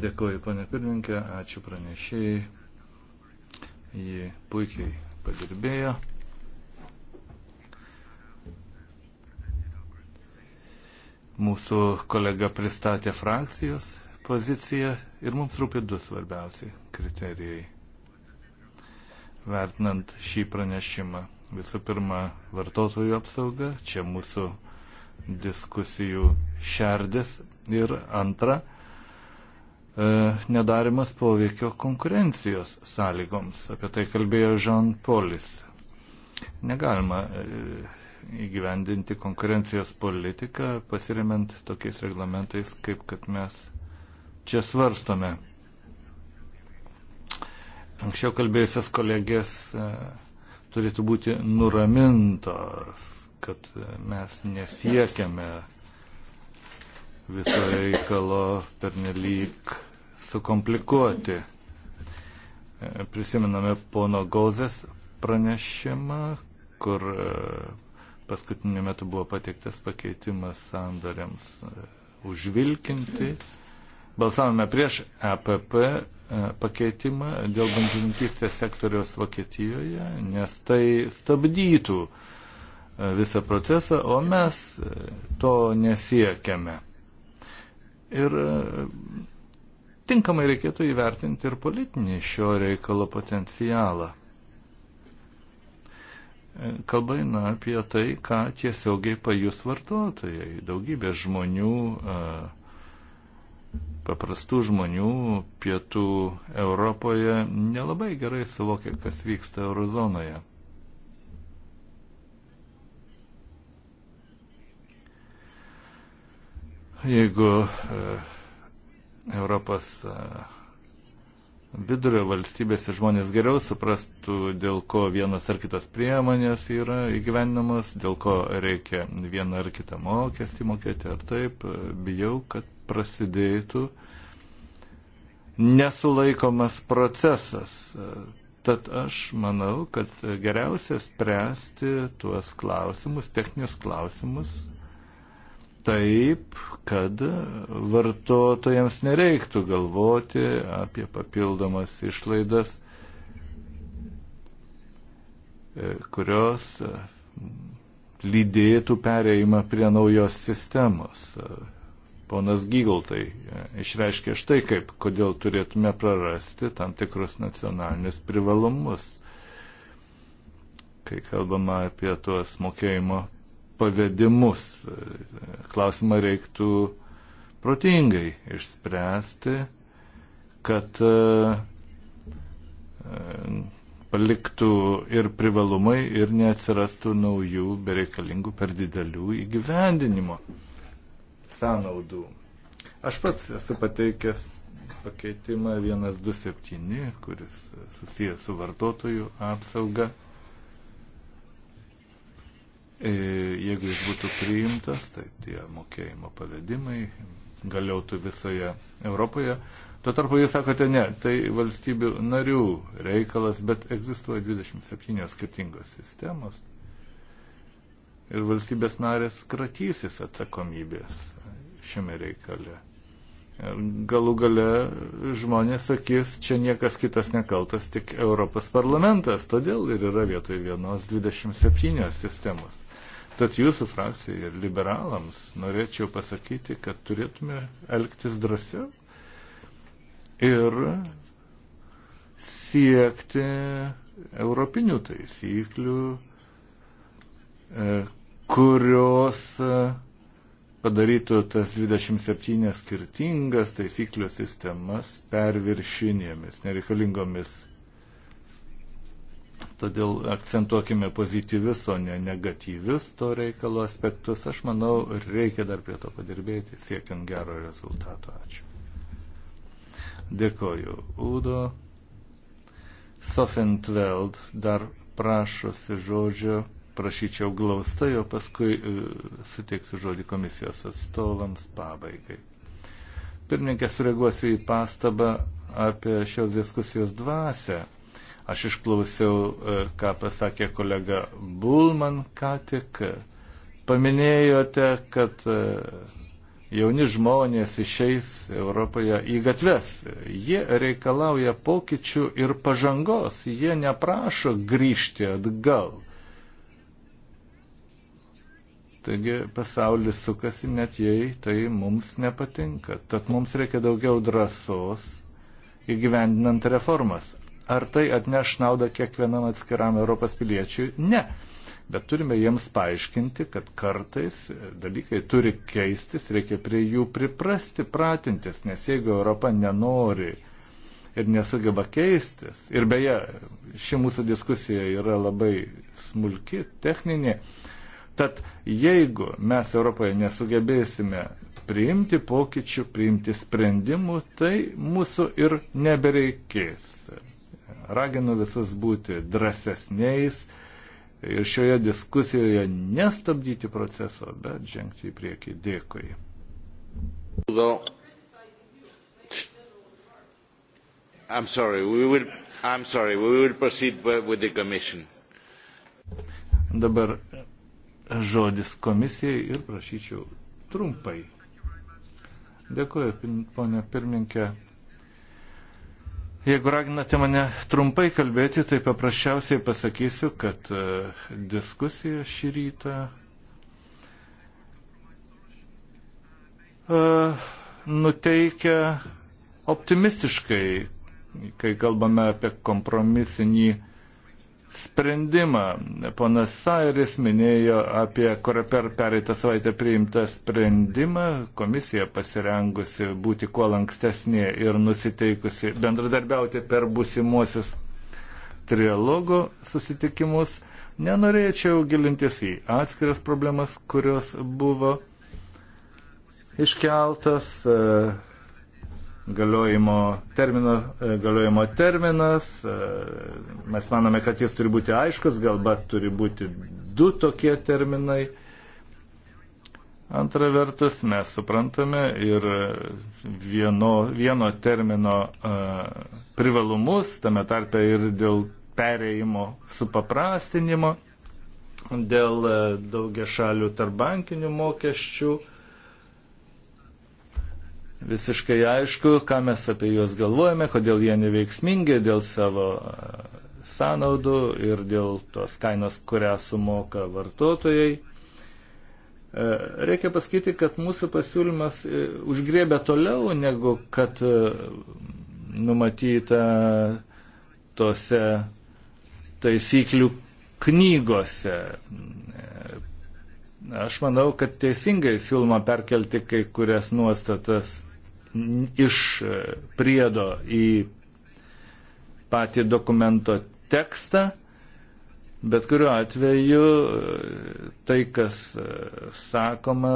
Dėkuoju, pane pirmininkė, ačiū pranešėjai. Ji puikiai padirbėjo. Mūsų kolega pristatė frakcijos poziciją Ir mums rūpi du svarbiausi kriterijai. Vertinant šį pranešimą, visų pirma, vartotojų apsauga, čia mūsų diskusijų šerdis ir antra, e, nedarimas poveikio konkurencijos sąlygoms. Apie tai kalbėjo Jean Polis. Negalima e, įgyvendinti konkurencijos politiką pasiremiant tokiais reglamentais, kaip kad mes čia svarstome. Anksčiau kalbėjusias kolegės e, turėtų būti nuramintos, kad mes nesiekiame viso reikalo pernelyg sukomplikuoti. E, prisimename pono Gauzės pranešimą, kur e, paskutiniu metu buvo pateiktas pakeitimas sandoriams užvilkinti. Mm Balsavome prieš EPP e, pakeitimą dėl bankininkystės sektoriaus Vokietijoje, nes tai stabdytų e, visą procesą, o mes e, to nesiekiame. Ir tinkamai reikėtų įvertinti ir politinį šio reikalo potencialą. Kalba eina apie tai, ką tiesiogiai pajus vartotojai. Daugybė žmonių uh, paprastų žmonių pietų Europoje nelabai gerai suvokia, kas vyksta eurozonoje. Jeigu e, Europos e, vidurio valstybėse žmonės geriau suprastų, dėl ko vienas ar kitas priemonės yra įgyvenimas, dėl ko reikia vieną ar kitą mokestį mokėti ar taip, e, bijau, kad prasidėtų nesulaikomas procesas. Tad aš manau, kad geriausia spręsti tuos klausimus, techninius klausimus, taip, kad vartotojams nereiktų galvoti apie papildomas išlaidas, kurios lydėtų pereimą prie naujos sistemos ponas Gygaltai e, išreiškė štai kaip, kodėl turėtume prarasti tam tikrus nacionalinius privalumus, kai kalbama apie tuos mokėjimo pavedimus. E, klausimą reiktų protingai išspręsti, kad e, paliktų ir privalumai ir neatsirastų naujų bereikalingų per didelių įgyvendinimo sąnaudų. Aš pats esu pateikęs pakeitimą 127, kuris susijęs su vartotojų apsauga. E, jeigu jis būtų priimtas, tai tie mokėjimo pavedimai galiotų visoje Europoje. Tuo tarpu jūs sakote, ne, tai valstybių narių reikalas, bet egzistuoja 27 skirtingos sistemos. Ir valstybės narės kratysis atsakomybės šiame reikale. Galų gale žmonės sakys, čia niekas kitas nekaltas, tik Europos parlamentas, todėl ir yra vietoj vienos 27 sistemos. Tad jūsų frakcijai ir liberalams norėčiau pasakyti, kad turėtume elgtis drąsiau ir siekti europinių taisyklių, e, kurios e, padarytų tas 27 skirtingas taisyklių sistemas perviršinėmis, nereikalingomis. Todėl akcentuokime pozityvius, o ne negatyvius to reikalo aspektus. Aš manau, reikia dar prie to padirbėti, siekiant gero rezultato. Ačiū. Dėkoju. Udo Sofentveld dar prašosi žodžio prašyčiau glaustai, o paskui e, suteiksiu žodį komisijos atstovams pabaigai. Pirmininkė, sureaguosiu į pastabą apie šios diskusijos dvasę. Aš išklausiau, e, ką pasakė kolega Bulman ką tik. E, paminėjote, kad jauni žmonės išeis Europoje į gatves. Jie reikalauja pokyčių ir pažangos, jie neprašo grįžti atgal. Taigi pasaulis sukasi net jei tai mums nepatinka. Tad mums reikia daugiau drąsos įgyvendinant reformas. Ar tai atneš naudą kiekvienam atskiram Europos piliečiui? Ne. Bet turime jiems paaiškinti, kad kartais dalykai turi keistis, reikia prie jų priprasti, pratintis, nes jeigu Europa nenori ir nesugeba keistis, ir beje, ši mūsų diskusija yra labai smulki, techninė, Tad jeigu mes Europoje nesugebėsime priimti pokyčių, priimti sprendimų, tai mūsų ir nebereikės. Raginu visus būti drąsesniais ir šioje diskusijoje nestabdyti proceso, bet žengti į priekį. Dėkui. I'm sorry, we will, I'm sorry, we will proceed with the commission. Dabar žodis komisijai ir prašyčiau trumpai. Dėkuoju, ponia pirminkė. Jeigu raginate mane trumpai kalbėti, tai paprasčiausiai pasakysiu, kad e, diskusija šį rytą e, nuteikia optimistiškai, kai kalbame apie kompromisinį sprendimą. Ponas Sairis minėjo apie Koreper pereitą savaitę priimtą sprendimą. Komisija pasirengusi būti kuo lankstesnė ir nusiteikusi bendradarbiauti per busimuosius trialogų susitikimus. Nenorėčiau gilintis į atskiras problemas, kurios buvo iškeltas. Uh, galiojimo, termino, e, galiojimo terminas. E, mes manome, kad jis turi būti aiškus, galbūt turi būti du tokie terminai. Antra vertus, mes suprantame ir vieno, vieno termino e, privalumus, tame tarpe ir dėl pereimo supaprastinimo, dėl daugia šalių tarbankinių mokesčių visiškai aišku, ką mes apie juos galvojame, kodėl jie neveiksmingi dėl savo e, sąnaudų ir dėl tos kainos, kurią sumoka vartotojai. E, reikia pasakyti, kad mūsų pasiūlymas e, užgrėbė toliau negu kad numatyta tose taisyklių knygose. Aš manau, kad teisingai siūloma perkelti kai kurias nuostatas iš e, priedo į patį dokumento tekstą, bet kuriuo atveju e, tai, kas e, sakoma,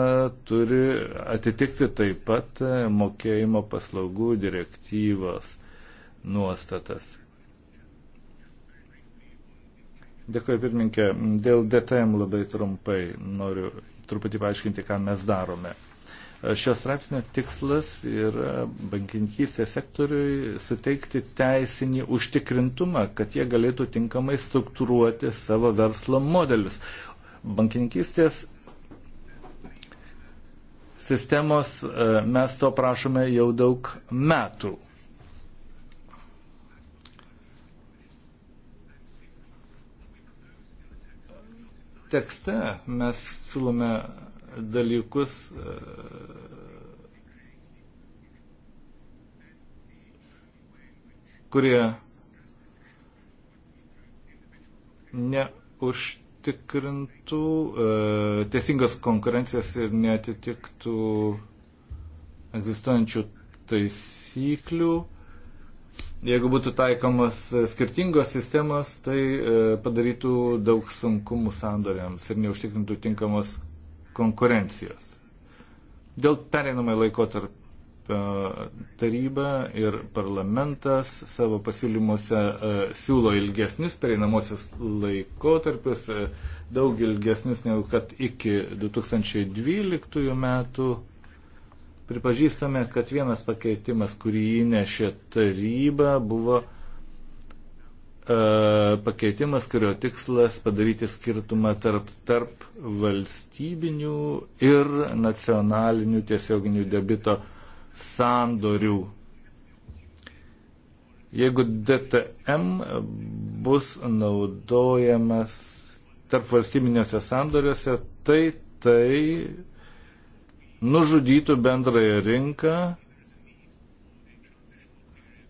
turi atitikti taip pat mokėjimo paslaugų direktyvos nuostatas. Dėkuoju, pirmininkė. Dėl DTM labai trumpai noriu truputį paaiškinti, ką mes darome. Šios straipsnio tikslas yra bankininkystės sektoriui suteikti teisinį užtikrintumą, kad jie galėtų tinkamai struktūruoti savo verslo modelius. Bankininkystės sistemos e, mes to prašome jau daug metų. Tekste mes siūlome dalykus e, kurie neužtikrintų e, tiesingas konkurencijas ir netitiktų egzistuojančių taisyklių. Jeigu būtų taikomas e, skirtingos sistemos, tai e, padarytų daug sunkumų sandoriams ir neužtikrintų tinkamos konkurencijos. Dėl pereinamai laikotarp e, taryba ir parlamentas savo pasiūlymuose e, siūlo ilgesnius pereinamosius laikotarpius, e, daug ilgesnius negu kad iki 2012 metų. Pripažįstame, kad vienas pakeitimas, kurį įnešė taryba, buvo E, pakeitimas, kurio tikslas padaryti skirtumą tarp, tarp valstybinių ir nacionalinių tiesioginių debito sandorių. Jeigu DTM bus naudojamas tarp valstybiniuose sandoriuose, tai tai nužudytų bendrąją rinką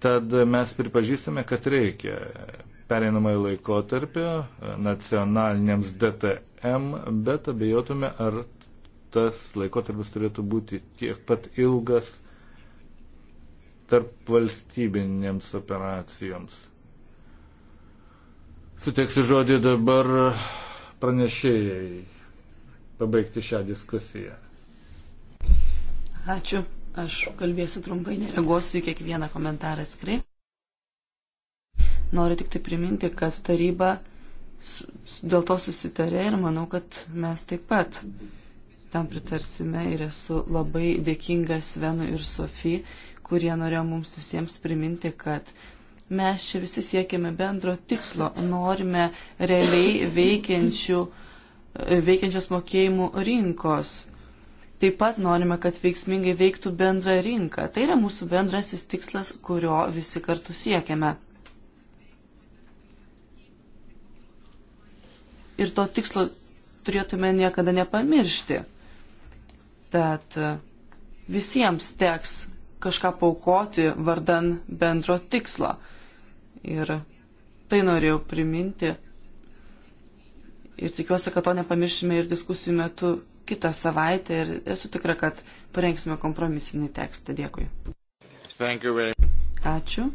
Tad mes pripažįstame, kad reikia pereinamojo laikotarpio e, nacionaliniams DTM, bet abejotume, ar tas laikotarpis turėtų būti tiek pat ilgas tarp valstybinėms operacijoms. Suteiksiu žodį dabar pranešėjai pabaigti šią diskusiją. Ačiū. Aš kalbėsiu trumpai, nereaguosiu į kiekvieną komentarą skrai. Noriu tik tai priminti, kad taryba dėl to susitarė ir manau, kad mes taip pat tam pritarsime ir esu labai dėkinga Svenui ir Sofijai, kurie norėjo mums visiems priminti, kad mes čia visi siekiame bendro tikslo, norime realiai veikiančių, veikiančios mokėjimų rinkos. Taip pat norime, kad veiksmingai veiktų bendra rinka. Tai yra mūsų bendrasis tikslas, kurio visi kartu siekiame. Ir to tikslo turėtume niekada nepamiršti. Tad e, visiems teks kažką paukoti vardan bendro tikslo. Ir tai norėjau priminti. Ir tikiuosi, kad to nepamiršime ir diskusijų metu kitą savaitę ir esu tikra, kad parengsime kompromisinį tekstą. Dėkui. Ačiū.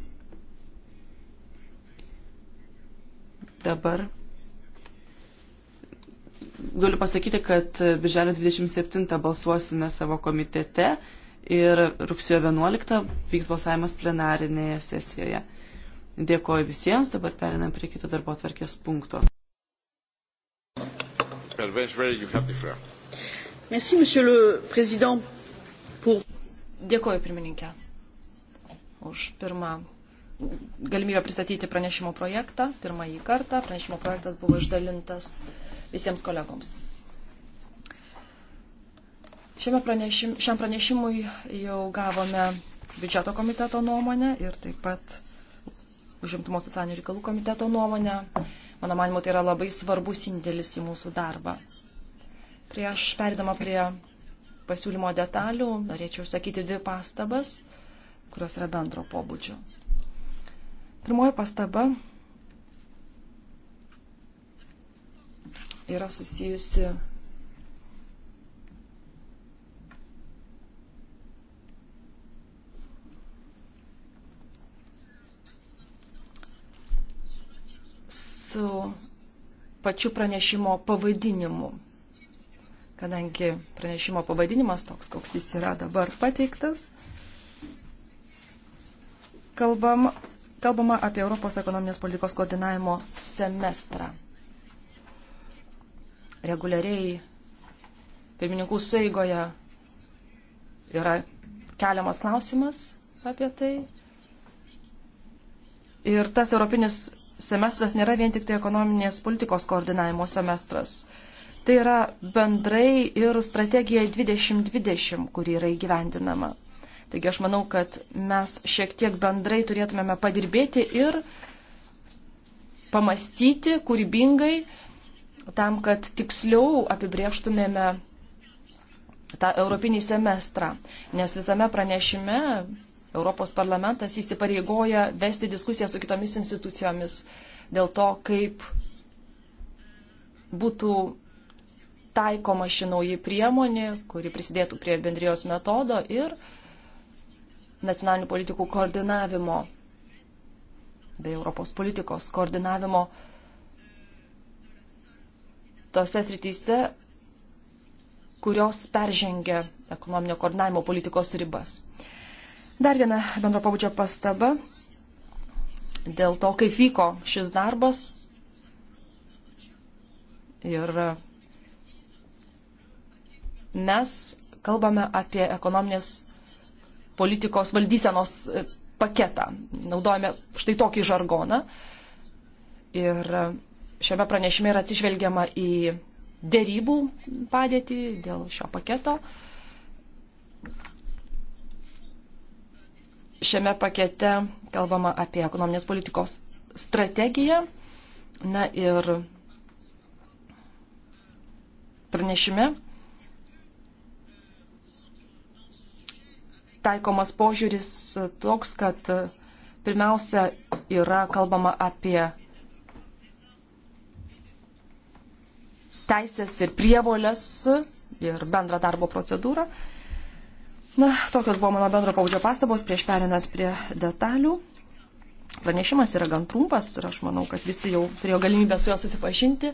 Dabar galiu pasakyti, kad birželio 27 balsuosime savo komitete ir rugsėjo 11 vyks balsavimas plenarinėje sesijoje. Dėkoju visiems, dabar perinam prie kito darbo atvarkės punkto. Pervenš, very, Merci, monsieur le président, pour. Dėkuoju, pirmininkė, už pirmą galimybę pristatyti pranešimo projektą. Pirmąjį kartą pranešimo projektas buvo išdalintas visiems kolegoms. Pranešim, šiam pranešimui jau gavome biudžeto komiteto nuomonę ir taip pat užimtumo socialinių reikalų komiteto nuomonę. Mano manimo, tai yra labai svarbus indėlis į mūsų darbą. Prieš perėdama prie pasiūlymo detalių, norėčiau išsakyti dvi pastabas, kurios yra bendro pobūdžio. Pirmoji pastaba yra susijusi su pačiu pranešimo pavadinimu kadangi pranešimo pavadinimas toks, koks jis yra dabar pateiktas, kalbam, kalbama apie Europos ekonominės politikos koordinavimo semestrą. Reguliariai pirmininkų saigoje yra keliamas klausimas apie tai. Ir tas europinis semestras nėra vien tik tai ekonominės politikos koordinavimo semestras Tai yra bendrai ir strategija 2020, kuri yra įgyvendinama. Taigi aš manau, kad mes šiek tiek bendrai turėtumėme padirbėti ir pamastyti kūrybingai tam, kad tiksliau apibrieštumėme tą europinį semestrą. Nes visame pranešime Europos parlamentas įsipareigoja vesti diskusiją su kitomis institucijomis dėl to, kaip būtų taikoma ši nauja priemonė, kuri prisidėtų prie bendrijos metodo ir nacionalinių politikų koordinavimo bei Europos politikos koordinavimo tose srityse, kurios peržengia ekonominio koordinavimo politikos ribas. Dar viena bendro pabudžio pastaba dėl to, kaip vyko šis darbas ir mes kalbame apie ekonominės politikos valdysenos e, paketą. Naudojame štai tokį žargoną. Ir e, šiame pranešime yra atsižvelgiama į dėrybų padėtį dėl šio paketo. Šiame pakete kalbama apie ekonominės politikos strategiją. Na ir pranešime taikomas požiūris toks, kad e, pirmiausia yra kalbama apie teisės ir prievolės ir bendrą darbo procedūrą. Na, tokios buvo mano bendro paudžio pastabos prieš perinant prie detalių. Pranešimas yra gan trumpas ir aš manau, kad visi jau turėjo galimybę su juo susipažinti.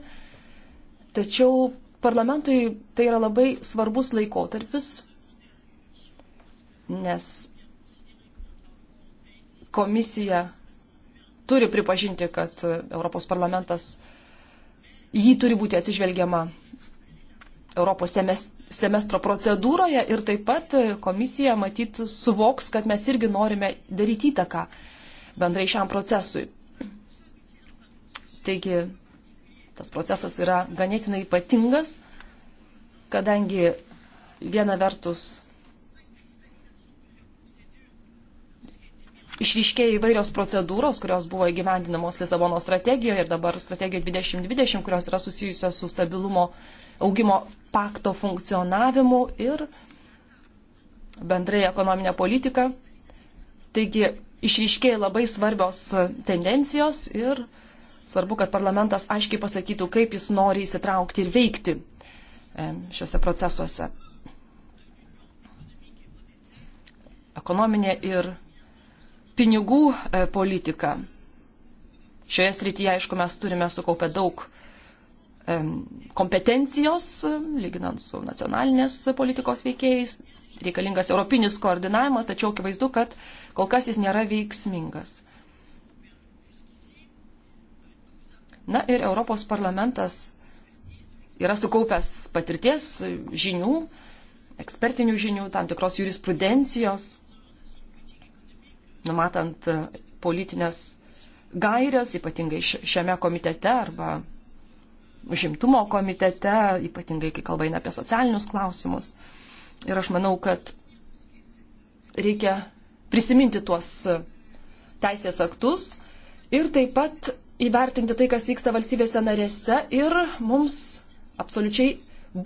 Tačiau parlamentui tai yra labai svarbus laikotarpis, nes komisija turi pripažinti, kad Europos parlamentas jį turi būti atsižvelgiama Europos semestro procedūroje ir taip pat komisija matyt suvoks, kad mes irgi norime daryti įtaką bendrai šiam procesui. Taigi tas procesas yra ganėtinai ypatingas, kadangi viena vertus išryškėjo įvairios procedūros, kurios buvo įgyvendinamos Lisabono strategijoje ir dabar strategijoje 2020, kurios yra susijusios su stabilumo augimo pakto funkcionavimu ir bendrai ekonominė politika. Taigi išryškėjo labai svarbios tendencijos ir svarbu, kad parlamentas aiškiai pasakytų, kaip jis nori įsitraukti ir veikti e, šiuose procesuose. Ekonominė ir pinigų e, politika. Šioje srityje, aišku, mes turime sukaupę daug e, kompetencijos, e, lyginant su nacionalinės politikos veikėjais, reikalingas europinis koordinavimas, tačiau akivaizdu, kad kol kas jis nėra veiksmingas. Na ir Europos parlamentas yra sukaupęs patirties žinių, ekspertinių žinių, tam tikros jurisprudencijos, numatant politinės gairias, ypatingai šiame komitete arba užimtumo komitete, ypatingai kai kalba eina apie socialinius klausimus. Ir aš manau, kad reikia prisiminti tuos teisės aktus ir taip pat įvertinti tai, kas vyksta valstybėse narėse ir mums absoliučiai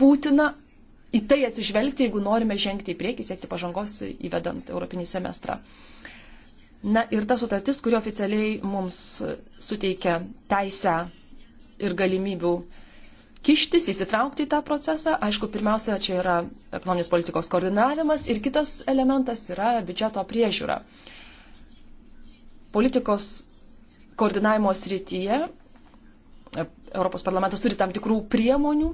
būtina į tai atsižvelgti, jeigu norime žengti į priekį, siekti pažangos įvedant Europinį semestrą. Na ir ta sutartis, kuri oficialiai mums suteikia teisę ir galimybių kištis, įsitraukti į tą procesą. Aišku, pirmiausia, čia yra ekonominės politikos koordinavimas ir kitas elementas yra biudžeto priežiūra. Politikos koordinavimo srityje Europos parlamentas turi tam tikrų priemonių.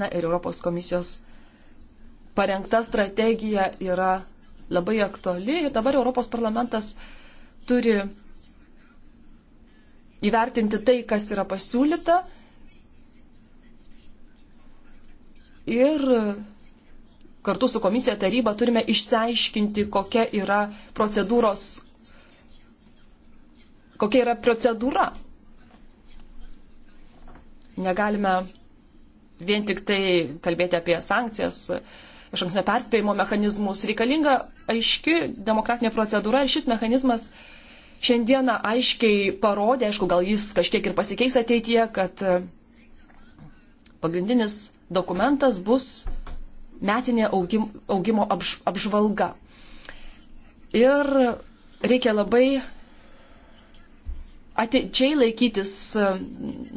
Na ir Europos komisijos parengta strategija yra labai aktuali ir dabar Europos parlamentas turi įvertinti tai, kas yra pasiūlyta ir kartu su komisija taryba turime išsiaiškinti, kokia yra procedūros, kokia yra procedūra. Negalime vien tik tai kalbėti apie sankcijas, iš anksnio perspėjimo mechanizmus. Reikalinga aiški demokratinė procedūra ir šis mechanizmas šiandieną aiškiai parodė, aišku, gal jis kažkiek ir pasikeis ateityje, kad e, pagrindinis dokumentas bus metinė augim, augimo apž, apžvalga. Ir reikia labai atidžiai laikytis e,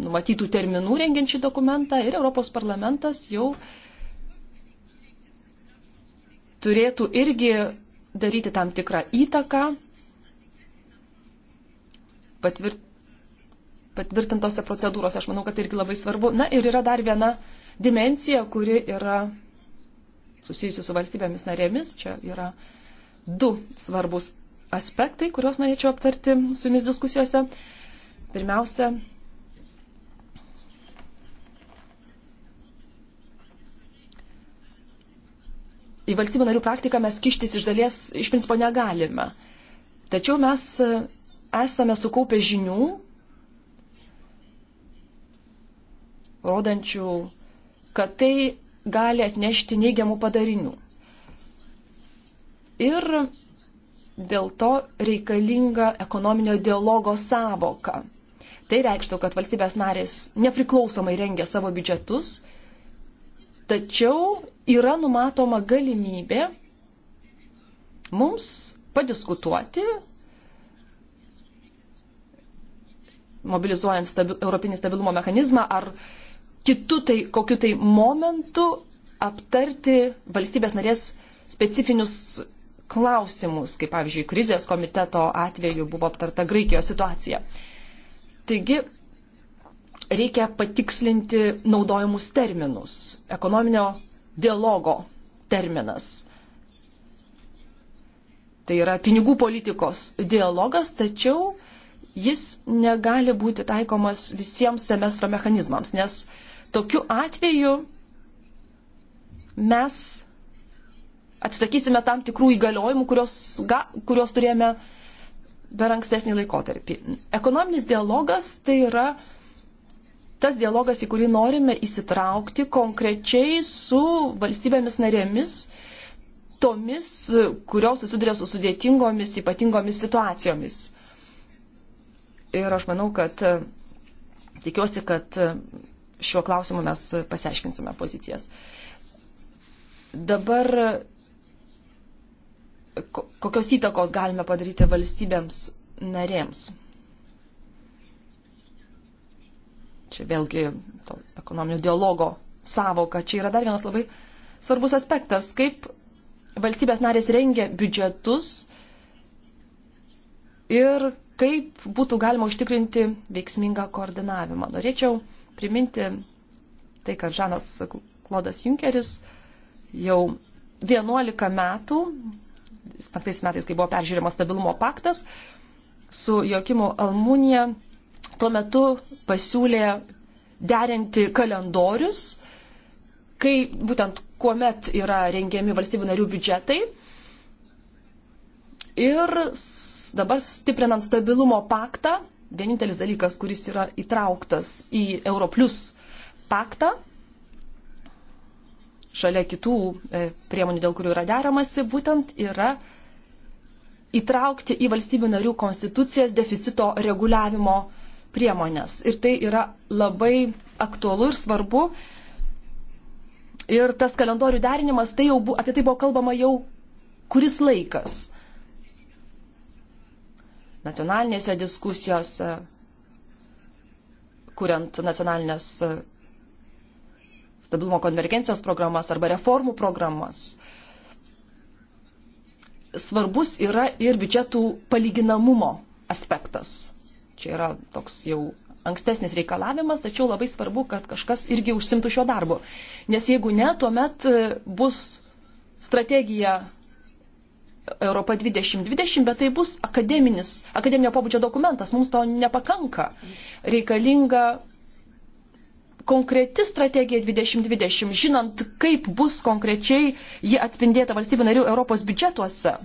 numatytų terminų rengiant šį dokumentą ir Europos parlamentas jau uh, turėtų irgi daryti tam tikrą įtaką patvirt, patvirtintose procedūrose. Aš manau, kad tai irgi labai svarbu. Na ir yra dar viena dimensija, kuri yra susijusi su valstybėmis narėmis. Čia yra du svarbus aspektai, kuriuos norėčiau aptarti su jumis diskusijose. Pirmiausia, į valstybių narių praktiką mes kištis iš dalies iš principo negalime. Tačiau mes e, esame sukaupę žinių, rodančių, kad tai gali atnešti neigiamų padarinių. Ir dėl to reikalinga ekonominio dialogo savoka. Tai reikštų, kad valstybės narės nepriklausomai rengia savo biudžetus Tačiau yra numatoma galimybė mums padiskutuoti, mobilizuojant stabi Europinį stabilumo mechanizmą ar kitų tai kokiu tai momentu aptarti valstybės narės specifinius klausimus, kaip pavyzdžiui, krizės komiteto atveju buvo aptarta Graikijos situacija. Taigi, reikia patikslinti naudojimus terminus. Ekonominio dialogo terminas. Tai yra pinigų politikos dialogas, tačiau jis negali būti taikomas visiems semestro mechanizmams, nes tokiu atveju mes atsisakysime tam tikrų įgaliojimų, kurios, ga, kurios turėjome per ankstesnį laikotarpį. Ekonominis dialogas tai yra tas dialogas, į kurį norime įsitraukti konkrečiai su valstybėmis narėmis, tomis, kurios susiduria su sudėtingomis, ypatingomis situacijomis. Ir aš manau, kad e, tikiuosi, kad e, šiuo klausimu mes pasiaiškinsime pozicijas. Dabar e, kokios įtakos galime padaryti valstybėms narėms? Čia vėlgi to ekonominio dialogo savoka. Čia yra dar vienas labai svarbus aspektas, kaip valstybės narės rengia biudžetus ir kaip būtų galima užtikrinti veiksmingą koordinavimą. Norėčiau priminti tai, kad Žanas Klodas Junkeris jau 11 metų, 5 metais, kai buvo peržiūrimas stabilumo paktas, su Jokimu Almunija tuo metu pasiūlė derinti kalendorius, kai būtent kuomet yra rengiami valstybių narių biudžetai. Ir dabar stiprinant stabilumo paktą, vienintelis dalykas, kuris yra įtrauktas į Europlius paktą, šalia kitų e, priemonių, dėl kurių yra deramasi, būtent yra įtraukti į valstybių narių konstitucijas deficito reguliavimo uh, priemonės. Ir tai yra labai aktualu ir svarbu. Ir tas kalendorių derinimas, tai jau, apie tai buvo kalbama jau kuris laikas. Nacionalinėse diskusijose, kuriant nacionalinės stabilumo konvergencijos programas arba reformų programas. Svarbus yra ir biudžetų palyginamumo aspektas. Čia yra toks jau ankstesnis reikalavimas, tačiau labai svarbu, kad kažkas irgi užsimtų šio darbo. Nes jeigu ne, tuomet e, bus strategija Europa 2020, bet tai bus akademinis, akademinio pobūdžio dokumentas, mums to nepakanka. Reikalinga konkreti strategija 2020, žinant, kaip bus konkrečiai ji atspindėta valstybių narių Europos biudžetuose,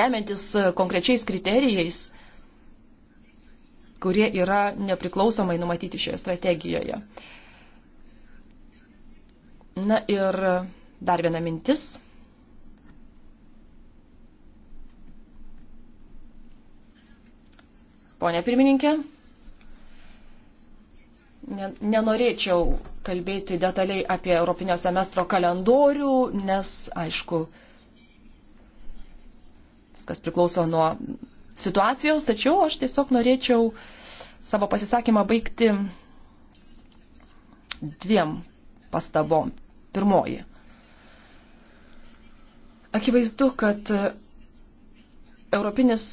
remiantis konkrečiais kriterijais kurie yra nepriklausomai numatyti šioje strategijoje. Na ir dar viena mintis. Pone pirmininkė, nenorėčiau kalbėti detaliai apie Europinio semestro kalendorių, nes, aišku, viskas priklauso nuo situacijos, tačiau aš tiesiog norėčiau savo pasisakymą baigti dviem pastabom. Pirmoji. Akivaizdu, kad europinis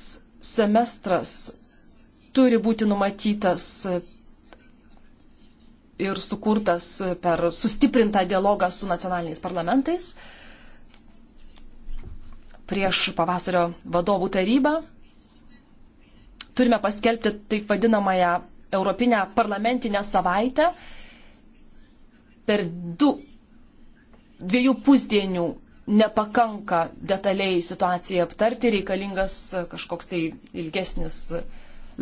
semestras turi būti numatytas ir sukurtas per sustiprintą dialogą su nacionaliniais parlamentais prieš pavasario vadovų tarybą turime paskelbti taip vadinamąją Europinę parlamentinę savaitę per du, dviejų pusdienių nepakanka detaliai situaciją aptarti, reikalingas kažkoks tai ilgesnis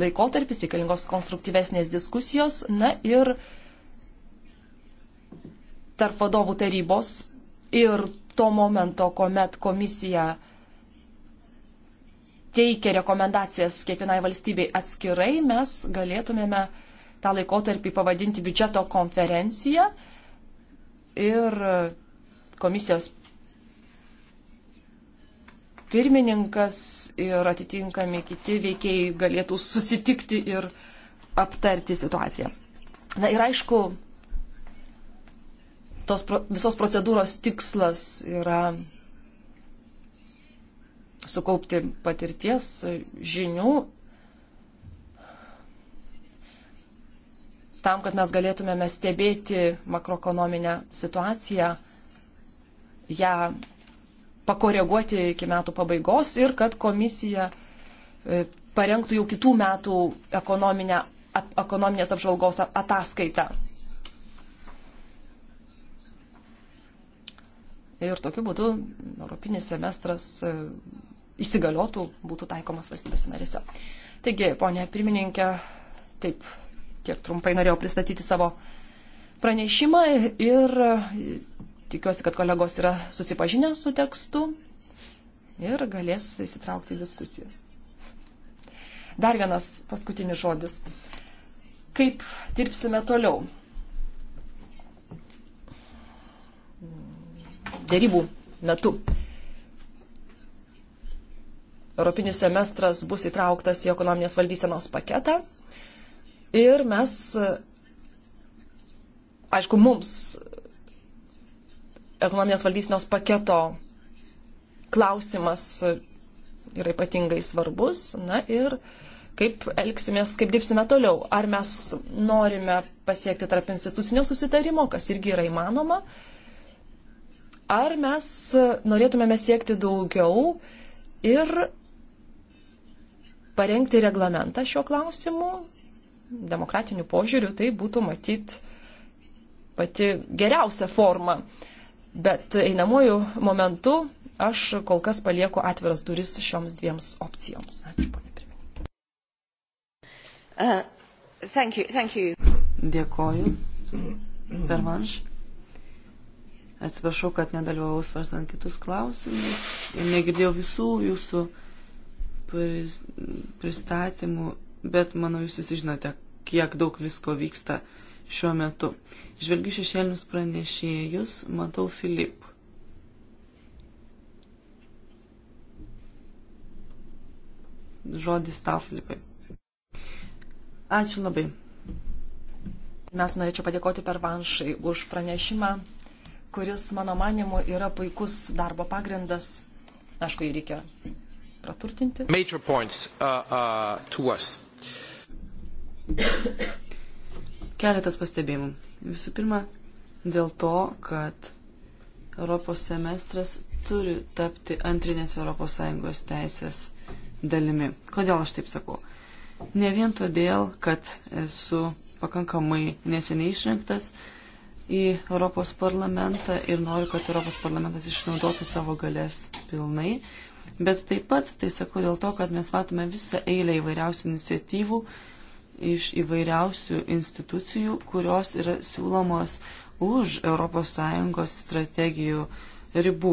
laikotarpis, reikalingos konstruktyvesnės diskusijos. Na ir tarp vadovų tarybos ir to momento, kuomet komisija teikia rekomendacijas kiekvienai valstybei atskirai, mes galėtumėme tą laikotarpį pavadinti biudžeto konferencija ir komisijos pirmininkas ir atitinkami kiti veikėjai galėtų susitikti ir aptarti situaciją. Na ir aišku, tos pro, visos procedūros tikslas yra sukaupti patirties, žinių, tam, kad mes galėtumėme stebėti makroekonominę situaciją, ją pakoreguoti iki metų pabaigos ir kad komisija e, parengtų jau kitų metų ekonominę, ekonominės apžvalgos ataskaitą. Ir tokiu būdu Europinis semestras e, įsigaliotų, būtų taikomas valstybės narėse. Taigi, ponė pirmininkė, taip, tiek trumpai norėjau pristatyti savo pranešimą ir e, tikiuosi, kad kolegos yra susipažinę su tekstu ir galės įsitraukti į diskusijas. Dar vienas paskutinis žodis. Kaip dirbsime toliau? Dėrybų metu. Europinis semestras bus įtrauktas į ekonominės valdysenos paketą. Ir mes, aišku, mums ekonominės valdysenos paketo klausimas yra ypatingai svarbus. Na ir kaip elgsimės, kaip dirbsime toliau. Ar mes norime pasiekti tarp institucinio susitarimo, kas irgi yra įmanoma. Ar mes norėtumėme siekti daugiau ir parengti reglamentą šiuo klausimu, demokratiniu požiūriu, tai būtų matyt pati geriausia forma. Bet einamuoju momentu aš kol kas palieku atviras duris šioms dviems opcijoms. Ačiū, ponė pirmininkė. Uh, thank you, thank you. Dėkoju. Pervanš. Atsiprašau, kad nedalyvavau svarstant kitus klausimus ir negirdėjau visų jūsų pristatymų, bet manau jūs visi žinote, kiek daug visko vyksta šiuo metu. Žvelgiu šešėlinius pranešėjus, matau Filip. Žodis tau, Filipai. Ačiū labai. Mes norėčiau padėkoti per Vanšai už pranešimą, kuris, mano manimu, yra puikus darbo pagrindas. Aišku, jį reikia praturtinti. Major points uh, uh, to us. Keletas pastebėjimų. Visų pirma, dėl to, kad Europos semestras turi tapti antrinės ES teisės dalimi. Kodėl aš taip sakau? Ne vien todėl, kad esu pakankamai neseniai išrinktas į Europos parlamentą ir noriu, kad Europos parlamentas išnaudotų savo galės pilnai, Bet taip pat tai sakau dėl to, kad mes matome visą eilę įvairiausių iniciatyvų iš įvairiausių institucijų, kurios yra siūlomos už ES strategijų ribų.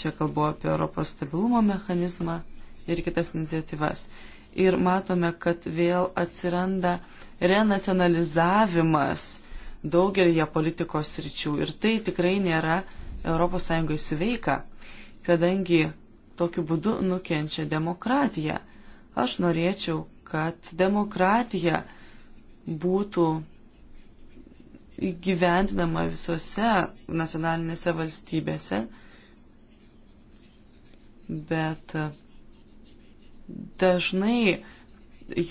Čia kalbu apie Europos stabilumo mechanizmą ir kitas iniciatyvas. Ir matome, kad vėl atsiranda renacionalizavimas daugelįje politikos ryčių. Ir tai tikrai nėra ES sveika, kadangi Tokiu būdu nukenčia demokratija. Aš norėčiau, kad demokratija būtų įgyvendinama visose nacionalinėse valstybėse, bet dažnai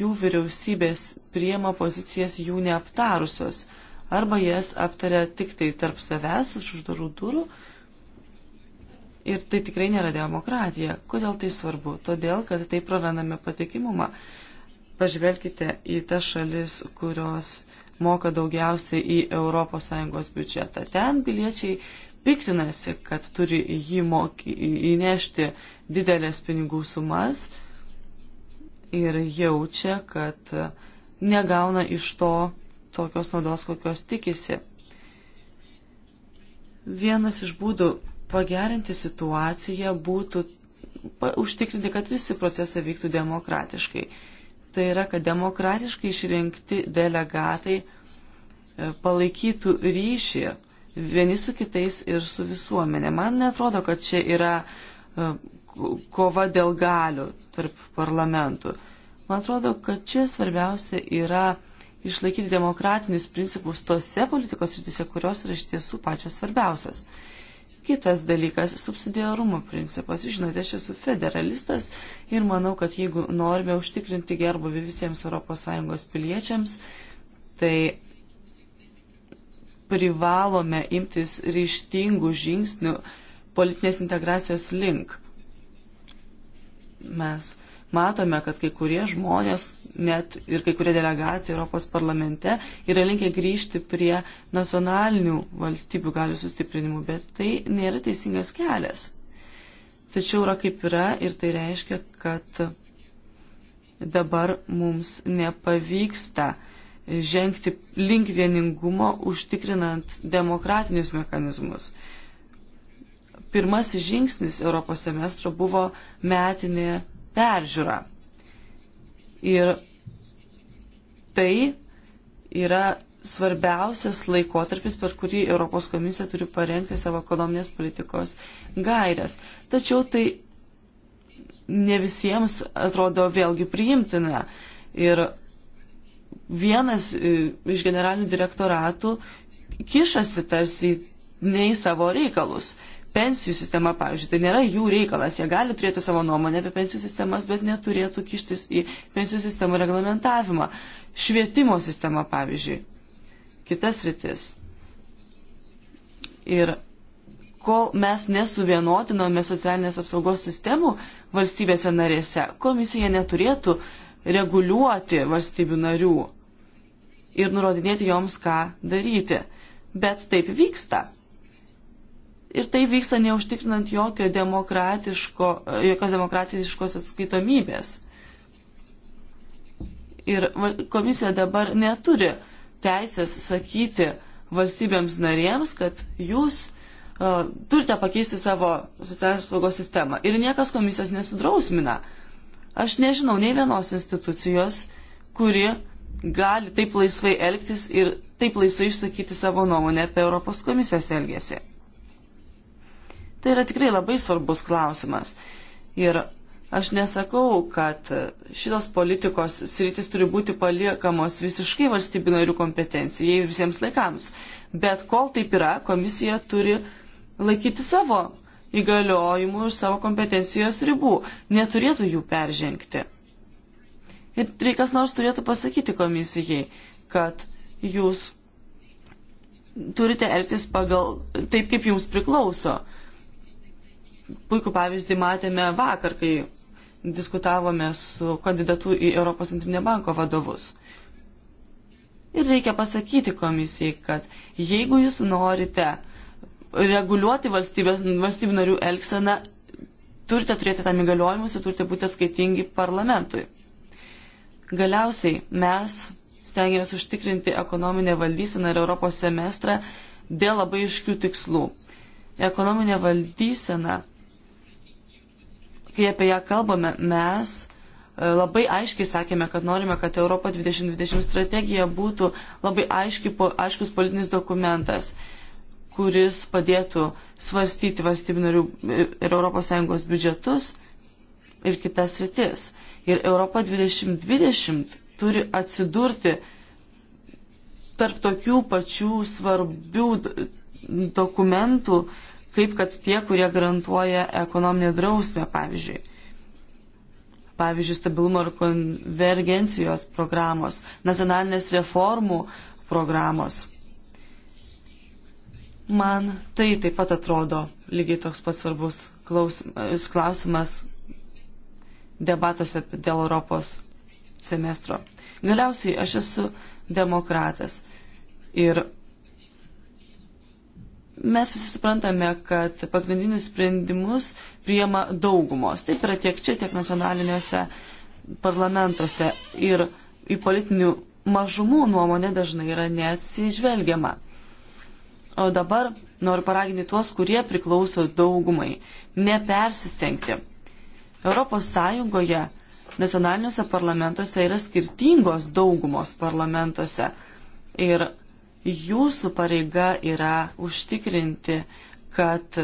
jų vyriausybės priema pozicijas jų neaptarusios arba jas aptaria tik tai tarp savęs už uždarų durų, Ir tai tikrai nėra demokratija. Kodėl tai svarbu? Todėl, kad tai prarandame patikimumą. Pažvelkite į tas šalis, kurios moka daugiausiai į ES biudžetą. Ten piliečiai piktinasi, kad turi jį moky, įnešti didelės pinigų sumas ir jaučia, kad negauna iš to tokios naudos, kokios tikisi. Vienas iš būdų pagerinti situaciją būtų užtikrinti, kad visi procesai vyktų demokratiškai. Tai yra, kad demokratiškai išrinkti delegatai e, palaikytų ryšį vieni su kitais ir su visuomenė. Man netrodo, kad čia yra e, kova dėl galių tarp parlamentų. Man atrodo, kad čia svarbiausia yra išlaikyti demokratinius principus tose politikos rytise, kurios yra iš tiesų pačios svarbiausios. Kitas dalykas - subsidiarumo principas. Žinote, aš esu federalistas ir manau, kad jeigu norime užtikrinti gerbuvį visiems ES piliečiams, tai privalome imtis ryštingų žingsnių politinės integracijos link. Mes matome, kad kai kurie žmonės, net ir kai kurie delegatai Europos parlamente yra linkę grįžti prie nacionalinių valstybių galių sustiprinimų, bet tai nėra teisingas kelias. Tačiau yra kaip yra ir tai reiškia, kad dabar mums nepavyksta žengti link vieningumo, užtikrinant demokratinius mechanizmus. Pirmasis žingsnis Europos semestro buvo metinė peržiūrą. Ir tai yra svarbiausias laikotarpis, per kurį Europos komisija turi parengti savo ekonominės politikos gairias. Tačiau tai ne visiems atrodo vėlgi priimtina. Ir vienas e, iš generalinių direktoratų kišasi tarsi ne į savo reikalus pensijų sistema, pavyzdžiui, tai nėra jų reikalas. Jie gali turėti savo nuomonę apie pensijų sistemas, bet neturėtų kištis į pensijų sistemų reglamentavimą. Švietimo sistema, pavyzdžiui. Kitas rytis. Ir kol mes nesuvienotinome socialinės apsaugos sistemų valstybėse narėse, komisija neturėtų reguliuoti valstybių narių ir nurodinėti joms, ką daryti. Bet taip vyksta. Ir tai vyksta neužtikrinant jokio demokratiško, jokios demokratiškos atskaitomybės. Ir komisija dabar neturi teisės sakyti valstybėms narėms, kad jūs uh, turite pakeisti savo socialinės apsaugos sistemą. Ir niekas komisijos nesudrausmina. Aš nežinau nei vienos institucijos, kuri gali taip laisvai elgtis ir taip laisvai išsakyti savo nuomonę apie Europos komisijos elgesį. Tai yra tikrai labai svarbus klausimas. Ir aš nesakau, kad šitos politikos sritis turi būti paliekamos visiškai valstybių narių kompetencijai ir visiems laikams. Bet kol taip yra, komisija turi laikyti savo įgaliojimų ir savo kompetencijos ribų. Neturėtų jų peržengti. Ir reikas tai nors turėtų pasakyti komisijai, kad jūs turite elgtis pagal taip, kaip jums priklauso puikų pavyzdį matėme vakar, kai diskutavome su kandidatu į Europos centrinio banko vadovus. Ir reikia pasakyti komisijai, kad jeigu jūs norite reguliuoti valstybės, valstybių narių elgseną, turite turėti tam įgaliojimus ir turite būti skaitingi parlamentui. Galiausiai mes stengiamės užtikrinti ekonominę valdyseną ir Europos semestrą dėl labai iškių tikslų. Ekonominė valdysena Kai apie ją kalbame, mes e, labai aiškiai sakėme, kad norime, kad Europo 2020 strategija būtų labai aiški, aiškus politinis dokumentas, kuris padėtų svarstyti valstybių narių e, ir ES biudžetus ir kitas rytis. Ir Europa 2020 turi atsidurti tarp tokių pačių svarbių dokumentų, uh, kaip kad tie, kurie garantuoja ekonominę drausmę, pavyzdžiui. Pavyzdžiui, stabilumo ir konvergencijos programos, nacionalinės reformų programos. Man tai taip pat atrodo lygiai toks pats svarbus klausimas debatuose dėl Europos semestro. Galiausiai aš esu demokratas ir Mes visi suprantame, kad pagrindinius sprendimus priema daugumos. Taip yra tiek čia, tiek nacionaliniuose parlamentuose. Ir į politinių mažumų nuomonė dažnai yra neatsižvelgiama. O dabar noriu paraginti tuos, kurie priklauso daugumai, nepersistengti. Europos Sąjungoje nacionaliniuose parlamentuose yra skirtingos daugumos parlamentuose. Ir jūsų pareiga yra užtikrinti, kad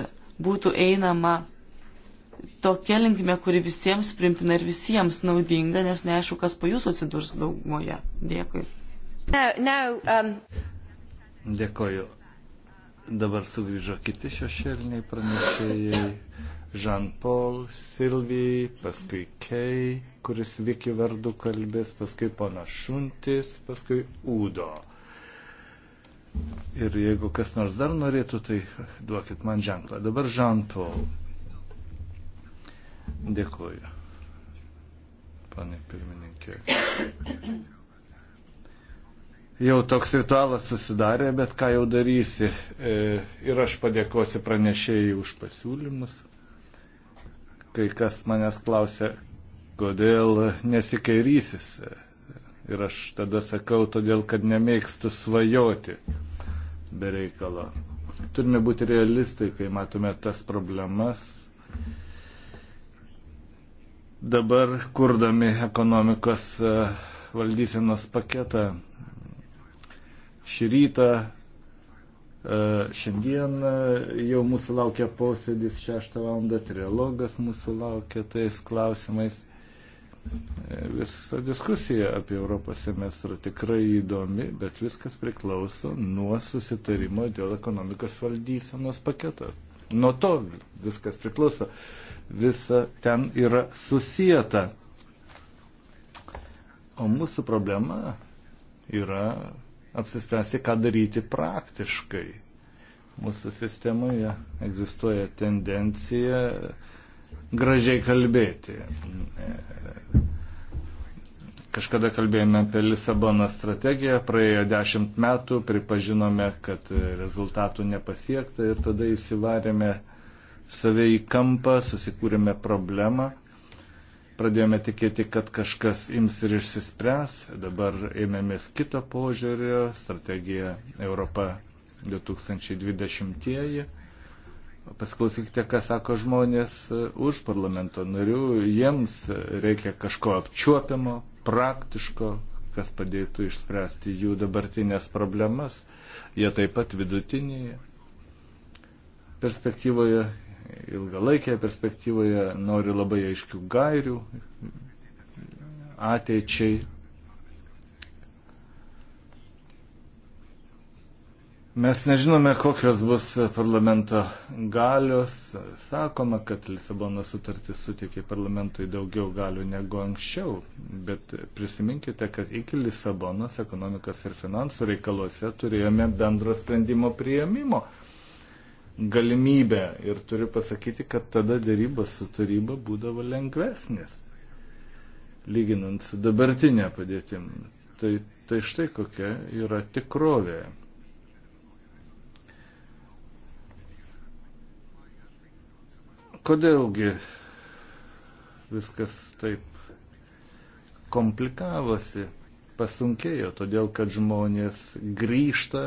būtų einama tokia linkme, kuri visiems primtina ir visiems naudinga, nes neaišku, kas po jūsų atsidurs daugumoje. Dėkui. No, no, um... Dėkoju. Dabar sugrįžo kiti šešėliniai pranešėjai. Žan-Paul, Silvijai, paskui Kei, kuris Viki vardu kalbės, paskui pana Šuntis, paskui Udo. Ir jeigu kas nors dar norėtų, tai duokit man ženklą. Dabar Žan Paul. Dėkuoju. Pane pirmininkė. Jau toks ritualas susidarė, bet ką jau darysi. E, ir aš padėkosiu pranešėjai už pasiūlymus. Kai kas manęs klausia, kodėl nesikairysis. E, ir aš tada sakau, todėl kad nemėgstu svajoti bereikalą. Turime būti realistai, kai matome tas problemas. Dabar, kurdami ekonomikos e, valdysenos paketą, šį rytą e, Šiandien e, jau mūsų laukia posėdis 6 val. trilogas mūsų laukia tais klausimais. Visa diskusija apie Europos semestrą tikrai įdomi, bet viskas priklauso nuo susitarimo dėl ekonomikos valdysenos paketo. Nuo to viskas priklauso. Visa ten yra susijęta. O mūsų problema yra apsispręsti, ką daryti praktiškai. Mūsų sistemoje egzistuoja tendencija gražiai kalbėti. Kažkada kalbėjome apie Lisabono strategiją, praėjo dešimt metų, pripažinome, kad rezultatų nepasiekta ir tada įsivarėme save į kampą, susikūrėme problemą, pradėjome tikėti, kad kažkas ims ir išsispręs, dabar ėmėmės kito požiūrio, strategija Europa 2020. -tieji Pasiklausykite, ką sako žmonės e, už parlamento narių. Jiems reikia kažko apčiuopiamo, praktiško, kas padėtų išspręsti jų dabartinės problemas. Jie taip pat vidutinėje perspektyvoje, ilgalaikėje perspektyvoje nori labai aiškių gairių ateičiai Mes nežinome, kokios bus parlamento galios. Sakoma, kad Lisabono sutartis suteikė parlamentui daugiau galių negu anksčiau, bet prisiminkite, kad iki Lisabonos ekonomikos ir finansų reikaluose turėjome bendro sprendimo prieimimo galimybę ir turiu pasakyti, kad tada dėrybas su taryba būdavo lengvesnės, lyginant su dabartinė padėtim. Tai, tai štai kokia yra tikrovė. Kodėlgi viskas taip komplikavosi, pasunkėjo, todėl kad žmonės grįžta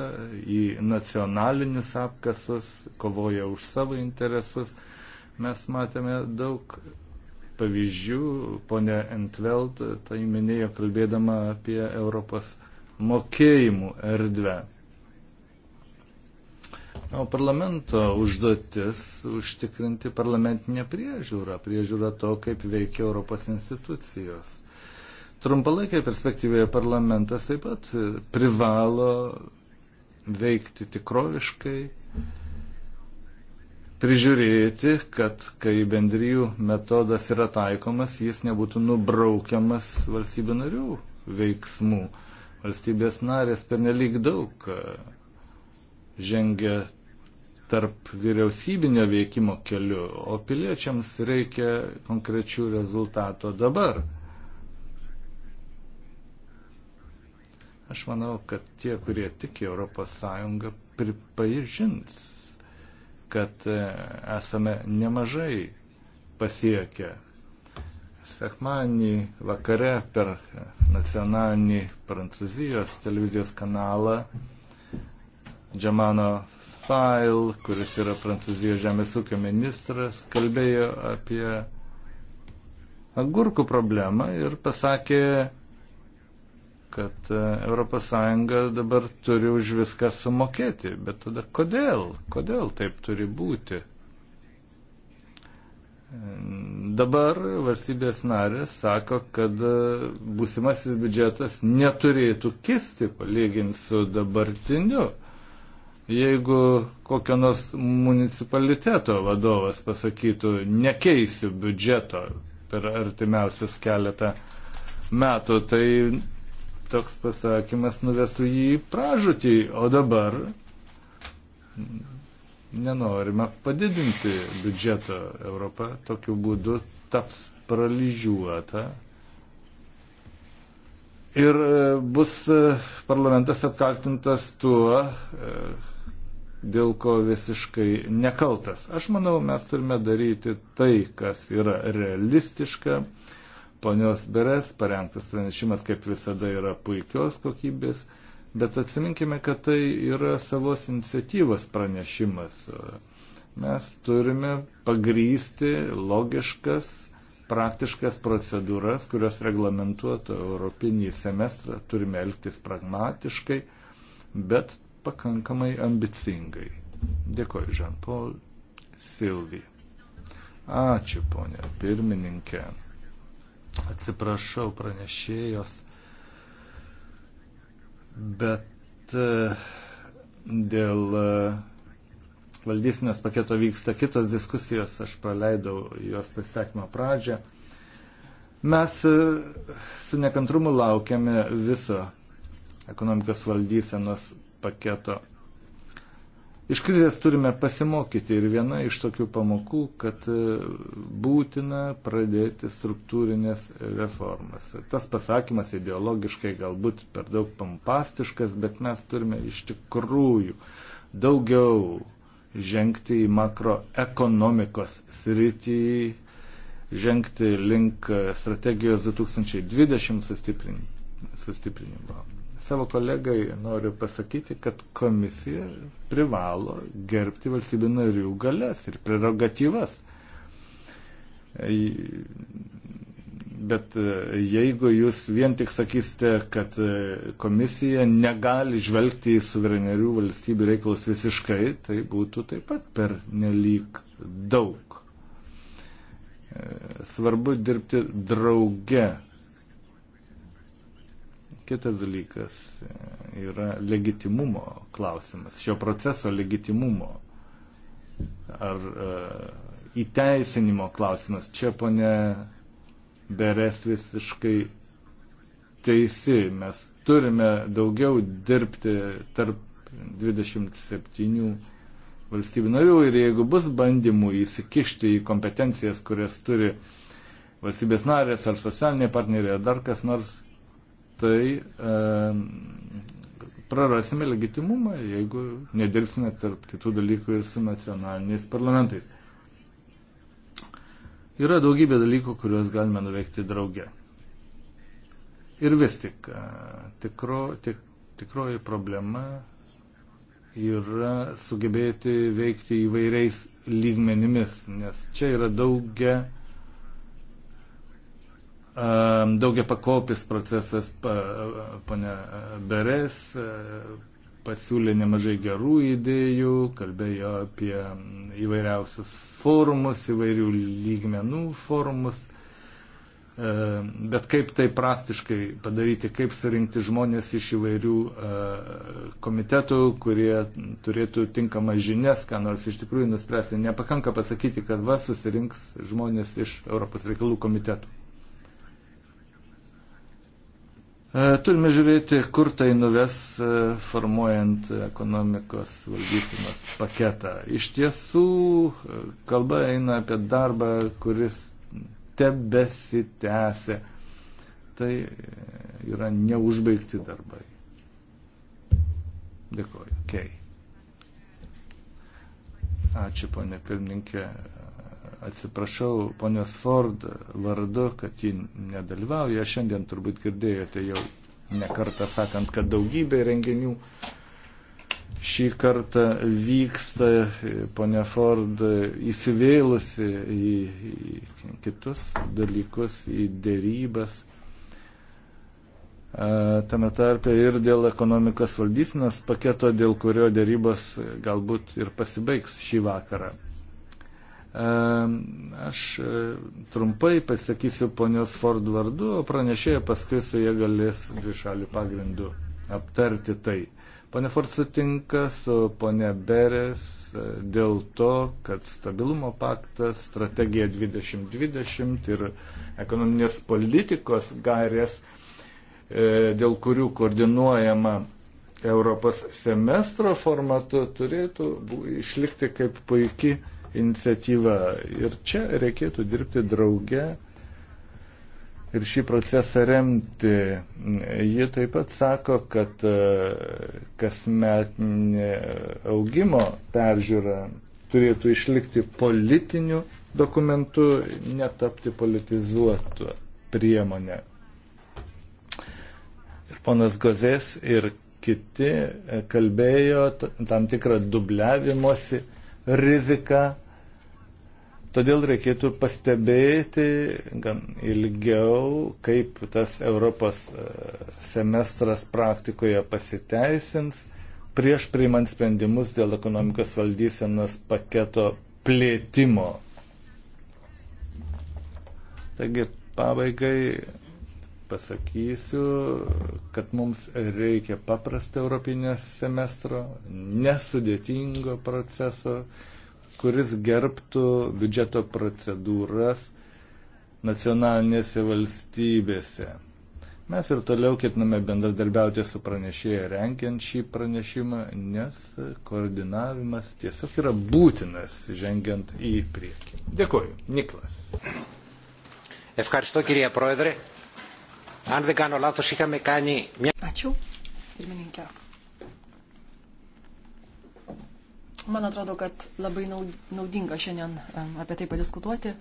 į nacionalinius apkasus, kovoja už savo interesus. Mes matėme daug pavyzdžių, ponė Entveld tai minėjo kalbėdama apie Europos mokėjimų erdvę. O parlamento užduotis užtikrinti parlamentinę priežiūrą, priežiūrą to, kaip veikia Europos institucijos. Trumpalaikėje perspektyvoje parlamentas taip pat privalo veikti tikroviškai, prižiūrėti, kad kai bendrijų metodas yra taikomas, jis nebūtų nubraukiamas valstybių narių veiksmų. Valstybės narės pernelyg daug e, žengia tarp vyriausybinio veikimo keliu, o piliečiams reikia konkrečių rezultato dabar. Aš manau, kad tie, kurie tiki ES, pripažins, kad e, esame nemažai pasiekę. Sekmanį vakare per nacionalinį Prancūzijos televizijos kanalą Džamano Fail, kuris yra Prancūzijos žemės ūkio ministras, kalbėjo apie agurkų problemą ir pasakė, kad ES dabar turi už viską sumokėti. Bet tada kodėl? Kodėl taip turi būti? E, dabar valstybės narės sako, kad e, būsimasis biudžetas neturėtų kisti palyginti su dabartiniu. Jeigu kokio nors municipaliteto vadovas pasakytų, nekeisiu biudžeto per artimiausius keletą metų, tai toks pasakymas nuvestų jį į pražutį, o dabar nenorime padidinti biudžeto. Europa tokiu būdu taps paralyžiuota. Ir e, bus e, parlamentas apkaltintas tuo, e, dėl ko visiškai nekaltas. Aš manau, mes turime daryti tai, kas yra realistiška. Ponios Beres parengtas pranešimas, kaip visada, yra puikios kokybės, bet atsiminkime, kad tai yra savos iniciatyvos pranešimas. Mes turime pagrysti logiškas, praktiškas procedūras, kurios reglamentuotų Europinį semestrą, turime elgtis pragmatiškai, bet pakankamai ambicingai. Dėkoju, Žanpol Silvi. Ačiū, ponė pirmininkė. Atsiprašau pranešėjos, bet e, dėl e, valdysinės paketo vyksta kitos diskusijos, aš praleidau jos pasisakymo pradžią. Mes e, su nekantrumu laukiame viso ekonomikos valdysenos paketo. Iš krizės turime pasimokyti ir viena iš tokių pamokų, kad e, būtina pradėti struktūrinės reformas. Tas pasakymas ideologiškai galbūt per daug pompastiškas, bet mes turime iš tikrųjų daugiau žengti į makroekonomikos sritį, žengti link strategijos 2020 sustiprinimo savo kolegai noriu pasakyti, kad komisija privalo gerbti valstybių narių galės ir prerogatyvas. Bet e, jeigu jūs vien tik sakysite, kad e, komisija negali žvelgti į suverenerių valstybių reikalus visiškai, tai būtų taip pat per nelik daug. E, svarbu dirbti drauge Kitas dalykas e, yra legitimumo klausimas, šio proceso legitimumo ar e, įteisinimo klausimas. Čia ponė Beres visiškai teisi, mes turime daugiau dirbti tarp 27 valstybių narių ir jeigu bus bandymų įsikišti į kompetencijas, kurias turi valstybės narės ar socialiniai partneriai ar dar kas nors, tai e, prarasime legitimumą, jeigu nedirbsime tarp kitų dalykų ir su nacionaliniais parlamentais. Yra daugybė dalykų, kuriuos galime nuveikti drauge. Ir vis tik e, tikro, tik, tikroji problema yra sugebėti veikti įvairiais lygmenimis, nes čia yra daugia Ehm, daugia pakopis procesas, ponia Beres e, pasiūlė nemažai gerų idėjų, kalbėjo apie įvairiausius forumus, įvairių lygmenų forumus. Ehm, bet kaip tai praktiškai padaryti, kaip surinkti žmonės iš įvairių e, komitetų, kurie turėtų tinkamą žinias, ką nors iš tikrųjų nuspręsti. Nepakanka pasakyti, kad va susirinks žmonės iš Europos reikalų komitetų. E, turime žiūrėti, kur tai nuves e, formuojant ekonomikos valdysimas paketą. Iš tiesų, e, kalba eina apie darbą, kuris tebesitęsia. Tai yra neužbaigti darbai. Dėkoju. Okay. Ačiū, ponė pirmininkė. Atsiprašau ponios Ford vardu, kad ji nedalyvauja. Šiandien turbūt girdėjote jau nekartą sakant, kad daugybė renginių šį kartą vyksta. Pone Ford įsivėlusi į, į kitus dalykus, į dėrybas. Tame tarpe ir dėl ekonomikos valdysinos paketo, dėl kurio dėrybos galbūt ir pasibaigs šį vakarą. Aš e, trumpai pasakysiu ponios Ford vardu, o pranešėja paskui su jie galės dvišalių pagrindų aptarti tai. Pane Ford sutinka su pone Beres e, dėl to, kad stabilumo paktas, strategija 2020 ir ekonominės politikos gairės, e, dėl kurių koordinuojama Europos semestro formatu, turėtų išlikti kaip puikiai iniciatyva. Ir čia reikėtų dirbti drauge ir šį procesą remti. Ji taip pat sako, kad e, kasmetinė augimo peržiūra turėtų išlikti politiniu dokumentu, netapti politizuotų priemonę. Ir ponas Gozės ir kiti e, kalbėjo tam tikrą dubliavimuosi riziką. Todėl reikėtų pastebėti gan ilgiau, kaip tas Europos e, semestras praktikoje pasiteisins prieš priimant sprendimus dėl ekonomikos valdysenos paketo plėtimo. Taigi pabaigai pasakysiu, kad mums reikia paprasto europinio semestro, nesudėtingo proceso, kuris gerbtų biudžeto procedūras nacionalinėse valstybėse. Mes ir toliau ketiname bendradarbiauti su pranešėja renkiant šį pranešimą, nes koordinavimas tiesiog yra būtinas žengiant į priekį. Dėkuoju. Niklas. Ευχαριστώ κυρία Πρόεδρε. Αν δεν κάνω λάθος, είχαμε κάνει μια... Ačiū, pirmininkė. Man atrodo, kad labai naudinga šiandien apie tai padiskutuoti.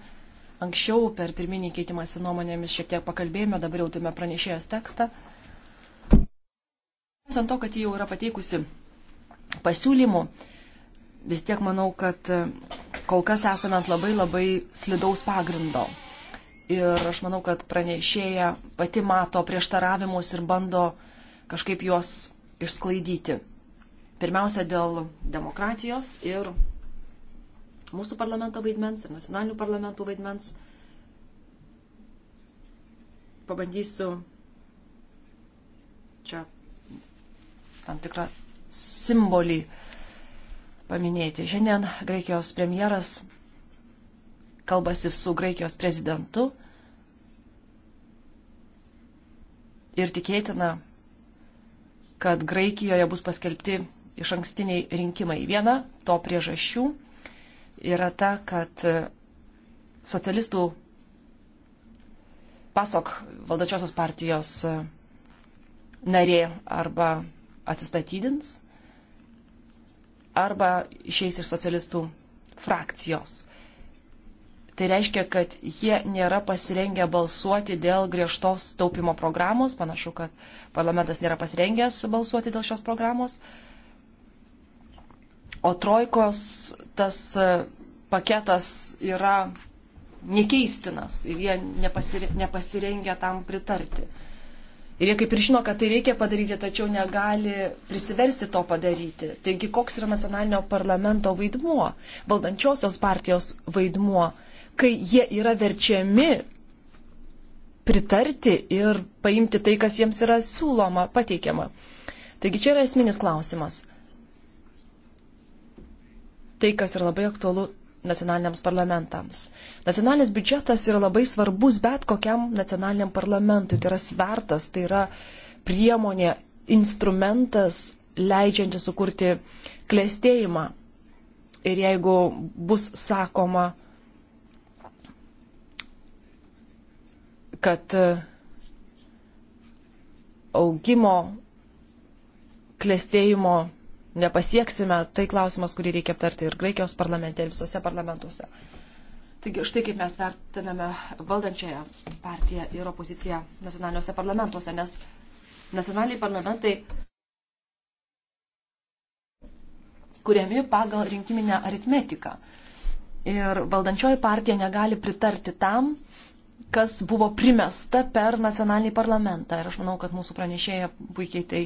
Anksčiau per pirminį keitimąsi nuomonėmis šiek tiek pakalbėjome, dabar jau turime pranešėjos tekstą. Nesant to, kad ji jau yra pateikusi pasiūlymų, vis tiek manau, kad kol kas esame ant labai labai slidaus pagrindo. Ir aš manau, kad pranešėja pati mato prieštaravimus ir bando kažkaip juos išsklaidyti. Pirmiausia, dėl demokratijos ir mūsų parlamento vaidmens ir nacionalinių parlamentų vaidmens. Pabandysiu čia tam tikrą simbolį paminėti. Šiandien Graikijos premjeras kalbasi su Graikijos prezidentu. Ir tikėtina, kad Graikijoje bus paskelbti iš ankstiniai rinkimai. Viena to priežasčių yra ta, kad socialistų pasok valdačiosios partijos narė arba atsistatydins, arba išeis iš socialistų frakcijos. Tai reiškia, kad jie nėra pasirengę balsuoti dėl griežtos taupimo programos. Panašu, kad parlamentas nėra pasirengęs balsuoti dėl šios programos. O trojkos tas e, paketas yra nekeistinas ir jie nepasirengia tam pritarti. Ir jie kaip ir žino, kad tai reikia padaryti, tačiau negali prisiversti to padaryti. Taigi, koks yra nacionalinio parlamento vaidmuo, valdančiosios partijos vaidmuo kai jie yra verčiami pritarti ir paimti tai, kas jiems yra siūloma, pateikiama. Taigi čia yra esminis klausimas. Tai, kas yra labai aktualu nacionaliniams parlamentams. Nacionalinis biudžetas yra labai svarbus bet kokiam nacionaliniam parlamentui. Tai yra svertas, tai yra priemonė, instrumentas leidžianti sukurti klėstėjimą. Ir jeigu bus sakoma, kad e, augimo, klėstėjimo nepasieksime, tai klausimas, kurį reikia aptarti ir Graikijos parlamente, ir visose parlamentuose. Taigi štai kaip mes vertiname valdančiąją partiją ir opoziciją nacionaliniuose parlamentuose, nes nacionaliniai parlamentai kuriami pagal rinkiminę aritmetiką. Ir valdančioji partija negali pritarti tam, kas buvo primesta per nacionalinį parlamentą. Ir aš manau, kad mūsų pranešėja puikiai tai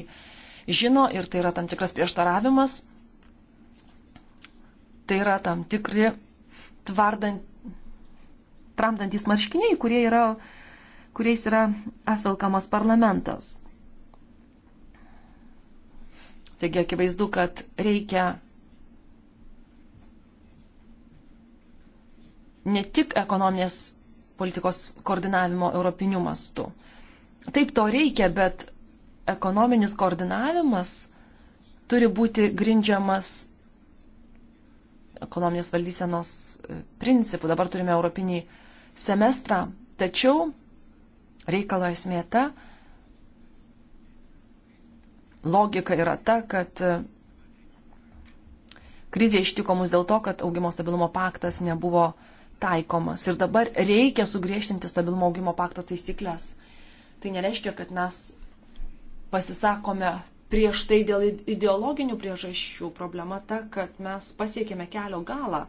žino ir tai yra tam tikras prieštaravimas. Tai yra tam tikri tvardant, tramdantis marškiniai, kurie yra, kuriais yra apvilkamas parlamentas. Taigi akivaizdu, kad reikia ne tik ekonominės politikos koordinavimo europiniu mastu. Taip to reikia, bet ekonominis koordinavimas turi būti grindžiamas ekonominės valdysenos e, principų. Dabar turime europinį semestrą, tačiau reikalo esmė ta, logika yra ta, kad e, krizė ištiko mus dėl to, kad augimo stabilumo paktas nebuvo taikomas. Ir dabar reikia sugriežtinti stabilumo augimo pakto taisyklės. Tai nereiškia, kad mes pasisakome prieš tai dėl ideologinių priežasčių. Problema ta, kad mes pasiekėme kelio galą.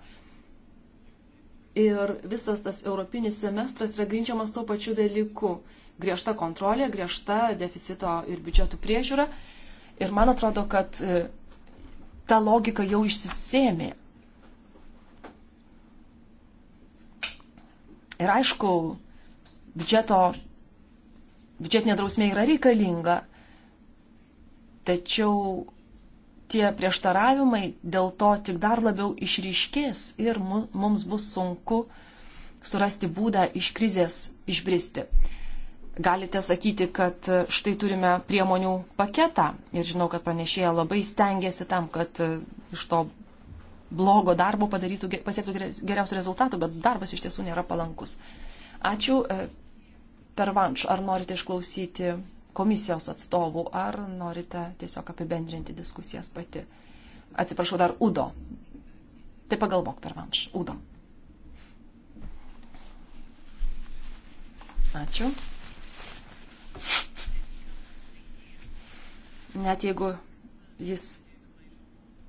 Ir visas tas europinis semestras yra grindžiamas tuo pačiu dalyku. Griežta kontrolė, griežta deficito ir biudžetų priežiūra. Ir man atrodo, kad e, ta logika jau išsisėmė Ir aišku, biudžeto, biudžetinė drausmė yra reikalinga, tačiau tie prieštaravimai dėl to tik dar labiau išryškės ir mums bus sunku surasti būdą iš krizės išbristi. Galite sakyti, kad štai turime priemonių paketą ir žinau, kad pranešėja labai stengiasi tam, kad iš to blogo darbo padarytų, pasiektų geriausių rezultatų, bet darbas iš tiesų nėra palankus. Ačiū. E, Pervanš, ar norite išklausyti komisijos atstovų, ar norite tiesiog apibendrinti diskusijas pati? Atsiprašau, dar Udo. Tai pagalvok, Pervanš. Udo. Ačiū. Net jeigu jis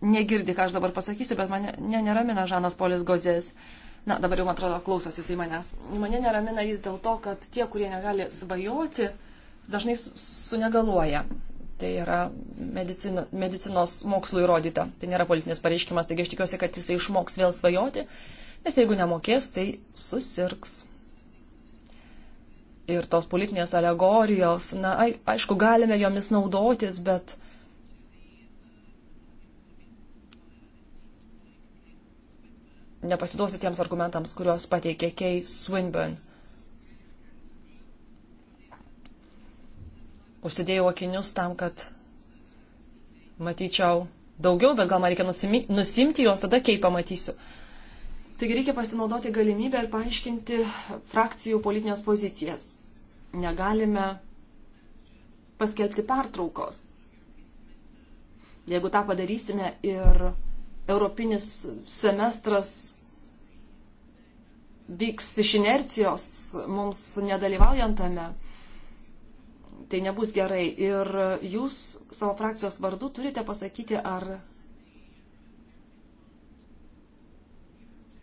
negirdi, ką aš dabar pasakysiu, bet mane ne, neramina Žanas Polis Gozės. Na, dabar jau, man atrodo, klausosi jisai manęs. Mane neramina jis dėl to, kad tie, kurie negali svajoti, dažnai sunegaluoja. Tai yra medicina, medicinos mokslo įrodyta. Tai nėra politinės pareiškimas, taigi aš tikiuosi, kad jisai išmoks vėl svajoti, nes jeigu nemokės, tai susirgs ir tos politinės alegorijos, na, aišku, galime jomis naudotis, bet nepasiduosiu tiems argumentams, kuriuos pateikė Kei Swinburne. Užsidėjau akinius tam, kad matyčiau daugiau, bet gal man reikia nusimi, nusimti juos, tada Kei pamatysiu. Taigi reikia pasinaudoti galimybę ir paaiškinti frakcijų politinės pozicijas. Negalime paskelbti pertraukos. Jeigu tą padarysime ir europinis semestras vyks iš inercijos, mums nedalyvaujant tame, tai nebus gerai. Ir jūs savo frakcijos vardu turite pasakyti, ar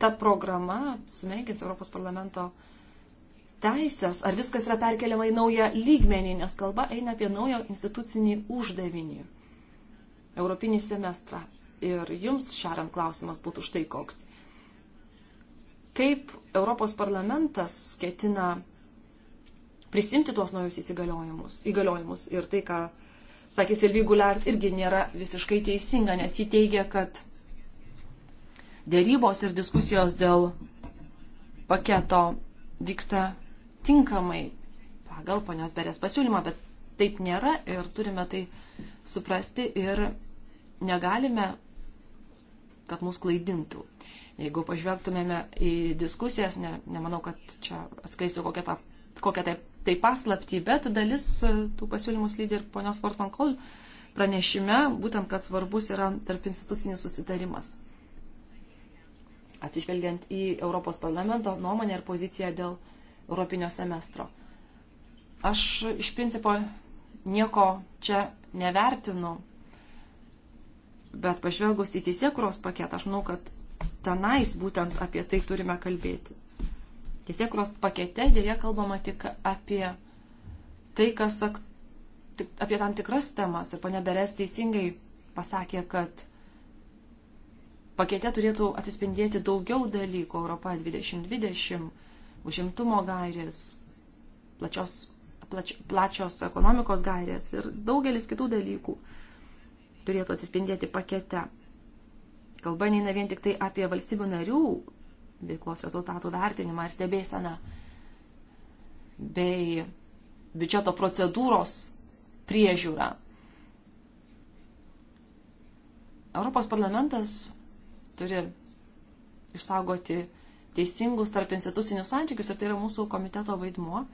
ta programa sumenkins Europos parlamento teisės, ar viskas yra perkeliama į naują lygmenį, nes kalba eina apie naują institucinį uždavinį, europinį semestrą ir jums, Šaran, klausimas būtų štai koks. Kaip Europos parlamentas ketina prisimti tuos naujus įsigaliojimus įgaliojimus ir tai, ką sakė Silvi Gulart, irgi nėra visiškai teisinga, nes ji teigia, kad dėrybos ir diskusijos dėl paketo vyksta tinkamai pagal ponios Berės pasiūlymą, bet taip nėra ir turime tai suprasti ir negalime kad mus klaidintų. Jeigu pažvelgtumėme į diskusijas, ne, nemanau, kad čia atskaisiu kokią, tą, kokią tai, tai paslapti, bet dalis e, tų pasiūlymų lydi ir ponios Vartonkol pranešime, būtent, kad svarbus yra tarp institucinis susitarimas. Atsižvelgiant į Europos parlamento nuomonę ir poziciją dėl Europinio semestro. Aš iš principo nieko čia nevertinu Bet pažvelgus į teisėkuros paketą, aš manau, kad tenais būtent apie tai turime kalbėti. Teisėkuros pakete dėja kalbama tik apie tai, kas tik apie tam tikras temas. Ir ponia Beres teisingai pasakė, kad pakete turėtų atsispindėti daugiau dalykų Europa 2020, užimtumo gairės, plačios, plač, plačios ekonomikos gairės ir daugelis kitų dalykų turėtų atsispindėti pakete. Kalba neina vien tik tai apie valstybių narių veiklos rezultatų vertinimą ir stebėseną bei biudžeto procedūros priežiūrą. Europos parlamentas turi išsaugoti teisingus tarp institucinius santykius ir tai yra mūsų komiteto vaidmuo.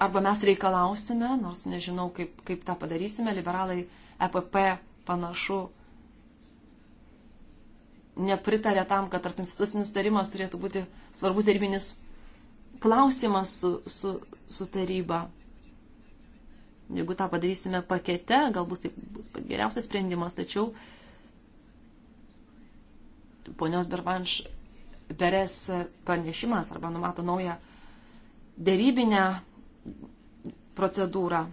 arba mes reikalausime, nors nežinau, kaip, kaip tą padarysime, liberalai EPP panašu nepritarė tam, kad tarp institucinis tarimas turėtų būti svarbus darbinis klausimas su, su, su taryba. Jeigu tą padarysime pakete, galbūt tai bus geriausias sprendimas, tačiau ponios Bervanš Beres pranešimas arba numato naują dėrybinę procedūrą.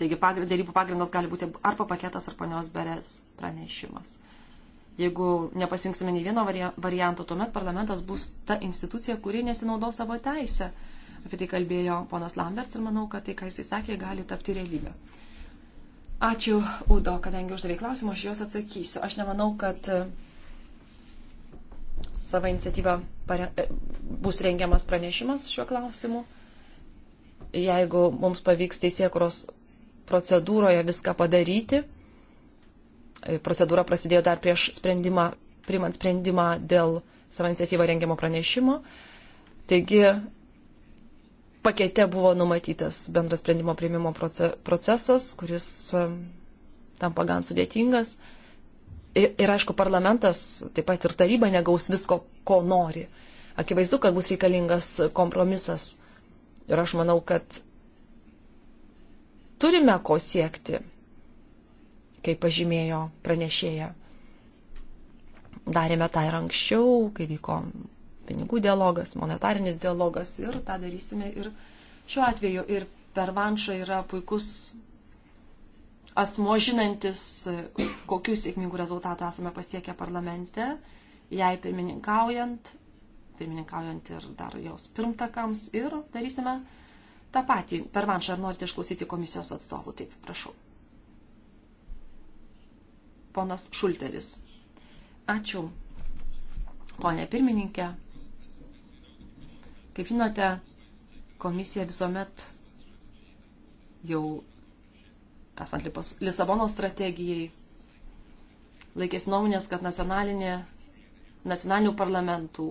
Taigi dėrybų pagrindas gali būti arba paketas, ar panios berės pranešimas. Jeigu nepasinksime nei vieno varianto, tuomet parlamentas bus ta institucija, kuri nesinaudos savo teisę. Apie tai kalbėjo ponas Lamberts ir manau, kad tai, ką jisai sakė, gali tapti realybę. Ačiū, Udo, kadangi uždavė klausimą, aš juos atsakysiu. Aš nemanau, kad savo iniciatyvą pare, e, bus rengiamas pranešimas šiuo klausimu. Jeigu mums pavyks teisėkuros procedūroje viską padaryti, e, procedūra prasidėjo dar prieš sprendimą, primant sprendimą dėl savo iniciatyvą rengiamo pranešimo. Taigi pakete buvo numatytas bendras sprendimo priimimo procesas, kuris e, tampa gan sudėtingas. Ir, ir aišku, parlamentas, taip pat ir taryba negaus visko, ko nori akivaizdu, kad bus reikalingas kompromisas. Ir aš manau, kad turime ko siekti, kaip pažymėjo pranešėja. Darėme tą ir anksčiau, kai vyko pinigų dialogas, monetarinis dialogas ir tą darysime ir šiuo atveju. Ir pervanša yra puikus asmo žinantis, kokius sėkmingų rezultatų esame pasiekę parlamente, jai pirmininkaujant pirmininkaujant ir dar jos pirmtakams ir darysime tą patį. Per vanšą, ar norite išklausyti komisijos atstovų? Taip, prašau. Ponas Šulteris. Ačiū, ponė pirmininkė. Kaip žinote, komisija visuomet jau esant Lisabono strategijai laikėsi nuomonės, kad nacionalinių parlamentų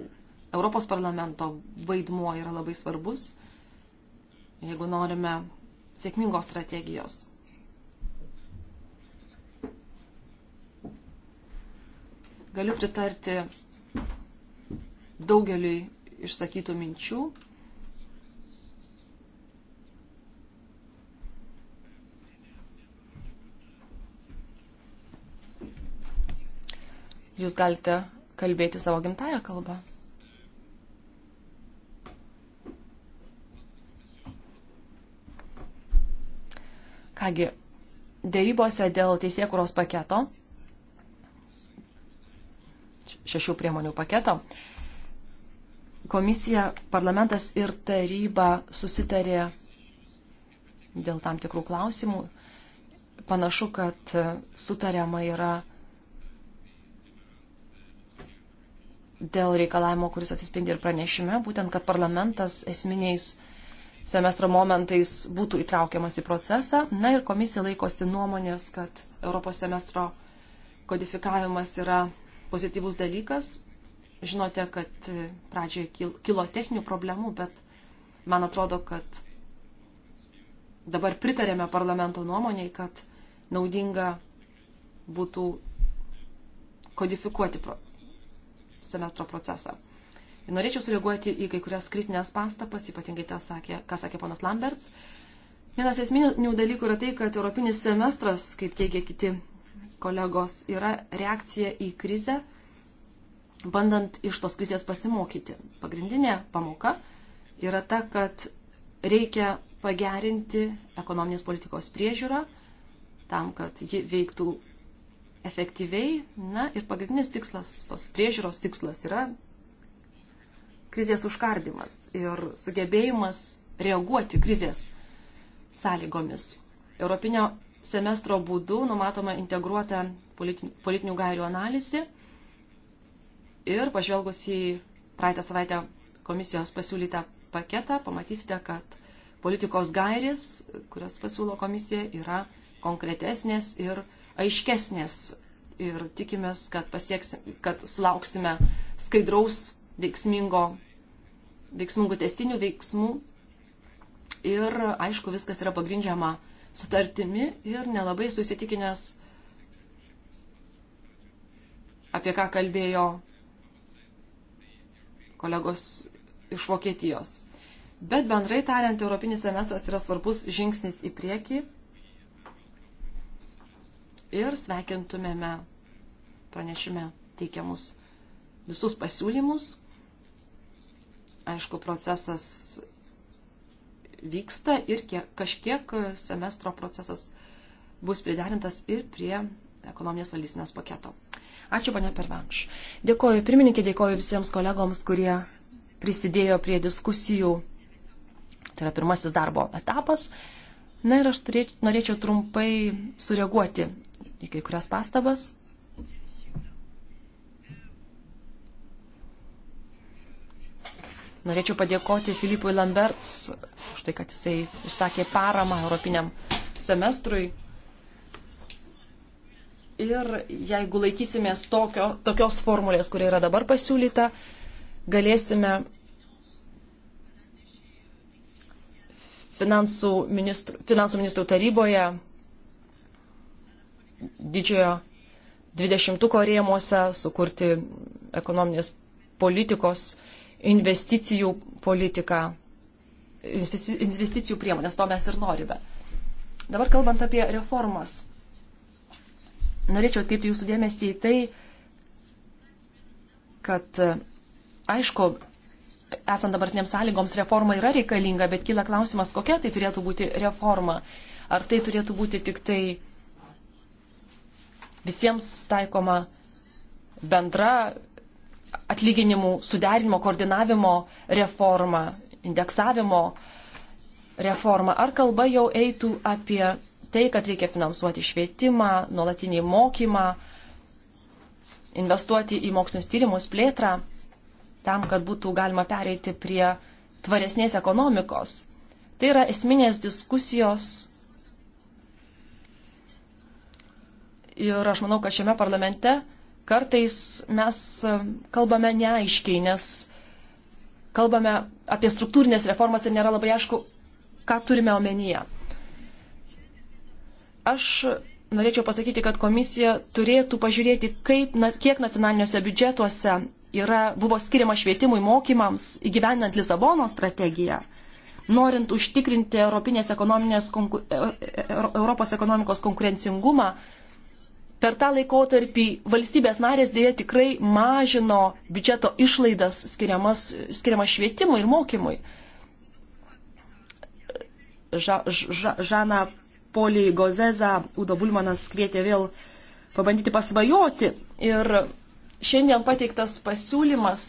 Europos parlamento vaidmuo yra labai svarbus, jeigu norime sėkmingos strategijos. Galiu pritarti daugeliui išsakytų minčių. Jūs galite kalbėti savo gimtają kalbą. Kągi, dėrybose dėl teisėkuros paketo, šešių priemonių paketo, komisija, parlamentas ir taryba susitarė dėl tam tikrų klausimų. Panašu, kad sutariama yra dėl reikalavimo, kuris atsispindi ir pranešime, būtent, kad parlamentas esminiais semestro momentais būtų įtraukiamas į procesą. Na ir komisija laikosi nuomonės, kad Europos semestro kodifikavimas yra pozityvus dalykas. Žinote, kad pradžioje kilo techninių problemų, bet man atrodo, kad dabar pritarėme parlamento nuomoniai, kad naudinga būtų kodifikuoti pro semestro procesą. Norėčiau sureaguoti į kai kurias kritinės pastabas, ypatingai tą, sakė, ką sakė ponas Lamberts. Vienas esminių dalykų yra tai, kad europinis semestras, kaip teigia kiti kolegos, yra reakcija į krizę, bandant iš tos krizės pasimokyti. Pagrindinė pamoka yra ta, kad reikia pagerinti ekonominės politikos priežiūrą tam, kad ji veiktų efektyviai. Na ir pagrindinis tikslas, tos priežiūros tikslas yra krizės užkardimas ir sugebėjimas reaguoti krizės sąlygomis. Europinio semestro būdu numatoma integruota politinių gairių analizė ir pažvelgus į praeitą savaitę komisijos pasiūlytą paketą, pamatysite, kad politikos gairės, kurias pasiūlo komisija, yra konkretesnės ir aiškesnės. Ir tikimės, kad, pasieks, kad sulauksime skaidraus veiksmingo, veiksmingų testinių veiksmų. Ir aišku, viskas yra pagrindžiama sutartimi ir nelabai susitikinęs, apie ką kalbėjo kolegos iš Vokietijos. Bet bendrai tariant, Europinis semestras yra svarbus žingsnis į priekį ir sveikintumėme pranešime teikiamus visus pasiūlymus. Aišku, procesas vyksta ir kiek, kažkiek semestro procesas bus priderintas ir prie ekonominės valdysinės paketo. Ačiū, ponia Pervanš. Dėkoju pirmininkė, dėkoju visiems kolegoms, kurie prisidėjo prie diskusijų. Tai yra pirmasis darbo etapas. Na ir aš turėč, norėčiau trumpai sureaguoti į kai kurias pastabas. Norėčiau padėkoti Filipui Lamberts už tai, kad jisai išsakė paramą europiniam semestrui. Ir jeigu laikysimės tokio, tokios formulės, kuria yra dabar pasiūlyta, galėsime finansų ministrų, finansų ministrų taryboje didžiojo dvidešimtuko rėmuose sukurti ekonominės politikos investicijų politiką, investicijų priemonės, to mes ir norime. Dabar kalbant apie reformas, norėčiau atkreipti jūsų dėmesį į tai, kad aišku, esant dabartiniams sąlygoms reforma yra reikalinga, bet kyla klausimas, kokia tai turėtų būti reforma. Ar tai turėtų būti tik tai visiems taikoma bendra atlyginimų suderinimo, koordinavimo reformą, indeksavimo reformą, ar kalba jau eitų apie tai, kad reikia finansuoti švietimą, nuolatinį mokymą, investuoti į mokslinius tyrimus plėtrą, tam, kad būtų galima pereiti prie tvaresnės ekonomikos. Tai yra esminės diskusijos ir aš manau, kad šiame parlamente Kartais mes e, kalbame neaiškiai, nes kalbame apie struktūrinės reformas ir nėra labai aišku, ką turime omenyje. Aš norėčiau pasakyti, kad komisija turėtų pažiūrėti, kaip, kiek nacionaliniuose biudžetuose yra, buvo skiriama švietimui, mokymams, įgyvendant Lisabono strategiją, norint užtikrinti ekonominės, e, e, Europos ekonomikos konkurencingumą, per tą laikotarpį valstybės narės dėja tikrai mažino biudžeto išlaidas skiriamas, skiriamas švietimui ir mokymui. Ža, ža, žana Polį Gozezą Udo Bulmanas kvietė vėl pabandyti pasvajoti ir šiandien pateiktas pasiūlymas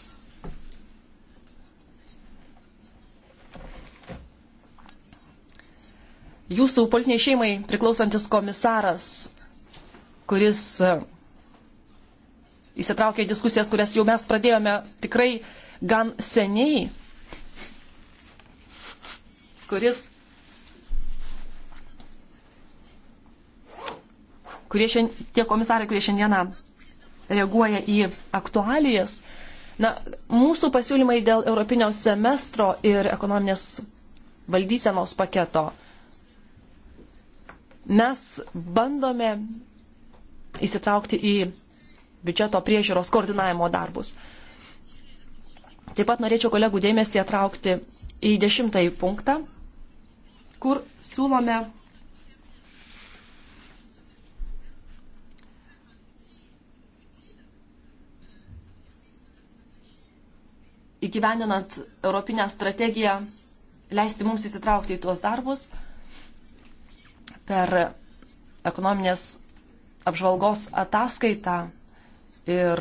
jūsų politiniai šeimai priklausantis komisaras kuris e, įsitraukė į diskusijas, kurias jau mes pradėjome tikrai gan seniai, kuris, kurie šiandien, tie komisarai, kurie šiandieną reaguoja į aktualijas. Na, mūsų pasiūlymai dėl Europinio semestro ir ekonominės valdysenos paketo. Mes bandome įsitraukti į biudžeto priežiūros koordinavimo darbus. Taip pat norėčiau kolegų dėmesį atraukti į dešimtąjį punktą, kur siūlome įgyveninant Europinę strategiją, leisti mums įsitraukti į tuos darbus per ekonominės apžvalgos ataskaitą ir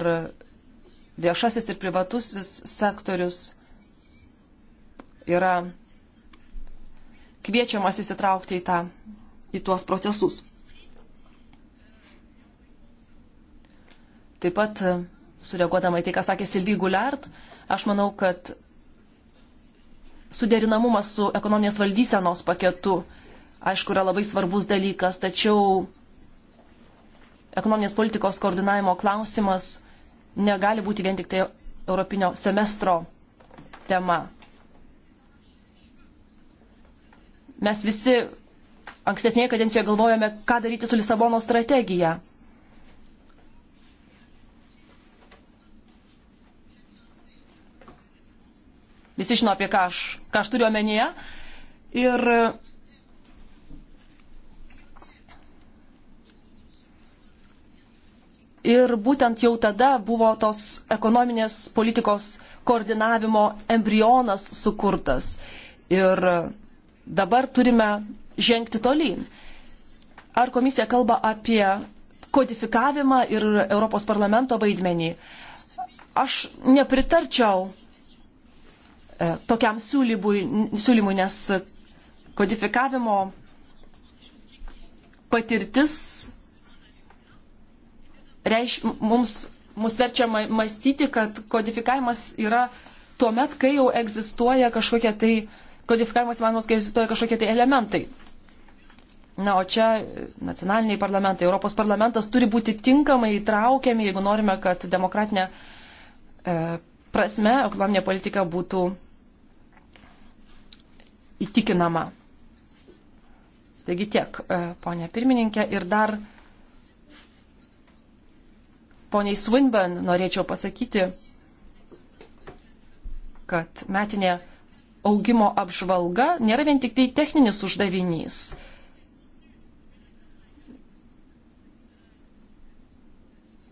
viešasis ir privatusis sektorius yra kviečiamas įsitraukti į, tą, į tuos procesus. Taip pat, sureaguodama į tai, ką sakė Silvi Guliart, aš manau, kad suderinamumas su ekonominės valdysenos paketu, aišku, yra labai svarbus dalykas, tačiau ekonominės politikos koordinavimo klausimas negali būti vien tik tai europinio semestro tema. Mes visi ankstesnėje kadencijoje galvojome, ką daryti su Lisabono strategija. Visi žino, apie ką aš, ką aš turiu omenyje. Ir Ir būtent jau tada buvo tos ekonominės politikos koordinavimo embrionas sukurtas. Ir dabar turime žengti tolyn. Ar komisija kalba apie kodifikavimą ir Europos parlamento vaidmenį? Aš nepritarčiau e, tokiam siūlymui, siūlymui nes kodifikavimo patirtis reiš, mums, mus verčia mąstyti, kad kodifikavimas yra tuo met, kai jau egzistuoja kažkokie tai, kodifikavimas įmanomas, kai egzistuoja kažkokie tai elementai. Na, o čia nacionaliniai parlamentai, Europos parlamentas turi būti tinkamai įtraukiami, jeigu norime, kad demokratinė e, prasme ekonominė politika būtų įtikinama. Taigi tiek, e, ponė pirmininkė. Ir dar poniai Swinburne norėčiau pasakyti, kad metinė augimo apžvalga nėra vien tik tai techninis uždavinys.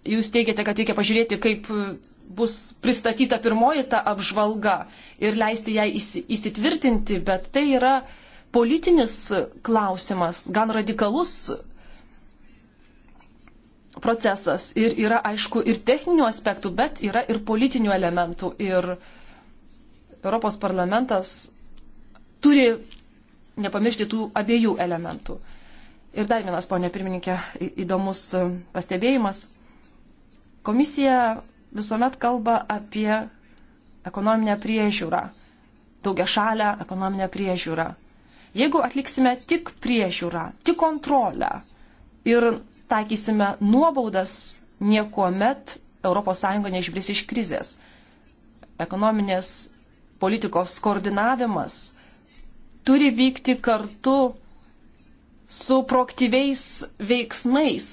Jūs teigiate, kad reikia pažiūrėti, kaip bus pristatyta pirmoji ta apžvalga ir leisti jai įsitvirtinti, bet tai yra politinis klausimas, gan radikalus procesas. Ir yra, aišku, ir techninių aspektų, bet yra ir politinių elementų. Ir Europos parlamentas turi nepamiršti tų abiejų elementų. Ir dar vienas, ponė pirmininkė, įdomus e, pastebėjimas. Komisija visuomet kalba apie ekonominę priežiūrą, daugia šalę ekonominę priežiūrą. Jeigu atliksime tik priežiūrą, tik kontrolę ir taikysime nuobaudas, niekuomet ES neišbris iš krizės. Ekonominės politikos koordinavimas turi vykti kartu su proaktyviais veiksmais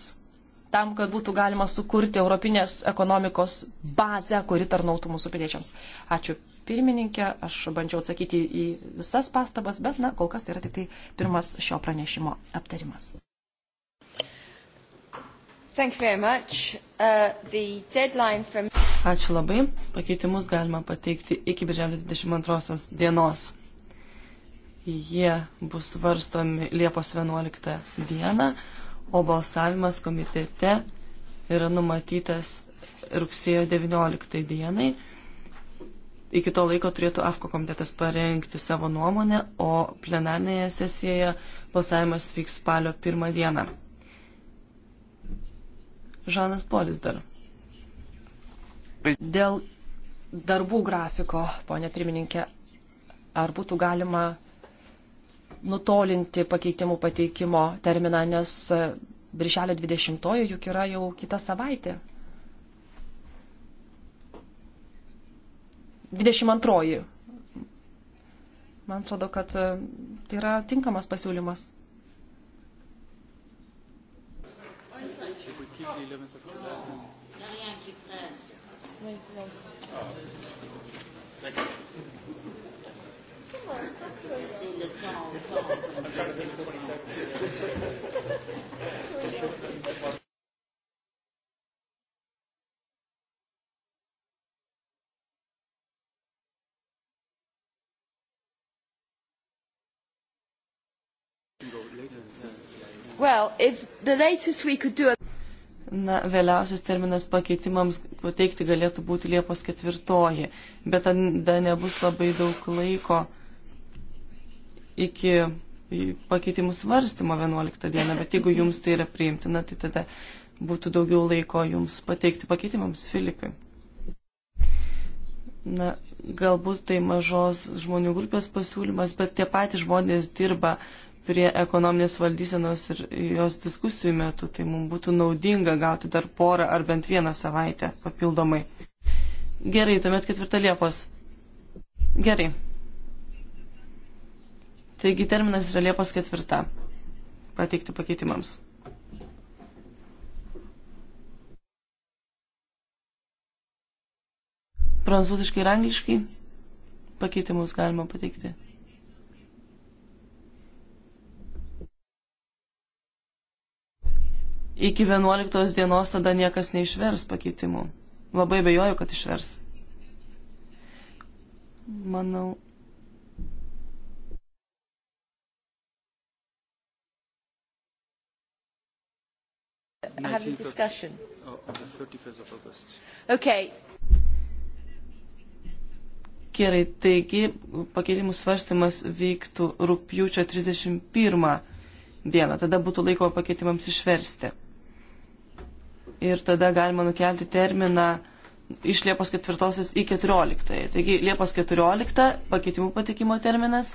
tam, kad būtų galima sukurti Europinės ekonomikos bazę, kuri tarnautų mūsų piliečiams. Ačiū pirmininkė, aš bandžiau atsakyti į visas pastabas, bet na, kol kas tai yra tik tai pirmas šio pranešimo aptarimas. Uh, from... Ačiū labai. Pakeitimus galima pateikti iki birželio 22 dienos. Jie bus svarstomi Liepos 11 dieną, o balsavimas komitete yra numatytas rugsėjo 19 dienai. Iki to laiko turėtų AFKO komitetas parengti savo nuomonę, o plenarnėje sesijoje balsavimas vyks spalio 1 dieną. Žanas Polis dar. Dėl darbų grafiko, ponė pirmininkė, ar būtų galima nutolinti pakeitimų pateikimo terminą, nes birželio 20-ojo juk yra jau kita savaitė. 22-oji. Man atrodo, kad e, tai yra tinkamas pasiūlymas. Well, if the latest we could do... Na, vėliausias terminas pakeitimams pateikti galėtų būti Liepos ketvirtoji, bet tada nebus labai daug laiko iki pakeitimų svarstymo 11 dieną, bet jeigu jums tai yra priimtina, tai tada būtų daugiau laiko jums pateikti pakeitimams, Filipai. Na, galbūt tai mažos žmonių grupės pasiūlymas, bet tie patys žmonės dirba uh, prie ekonominės valdysenos ir jos diskusijų metu, tai mums būtų naudinga gauti dar porą ar bent vieną savaitę papildomai. Gerai, tuomet ketvirta Liepos. Gerai. Taigi terminas yra Liepos ketvirta pateikti pakeitimams. Prancūziškai ir angliškai pakeitimus galima pateikti. iki 11 dienos tada niekas neišvers pakeitimų. Labai bejoju, kad išvers. Manau. Have a discussion. Oh, okay. Gerai, taigi pakeitimų svarstymas vyktų rūpjūčio 31 dieną, tada būtų laiko pakeitimams išversti ir tada galima nukelti terminą iš Liepos 4 į 14. Taigi Liepos 14 pakeitimų patikimo terminas,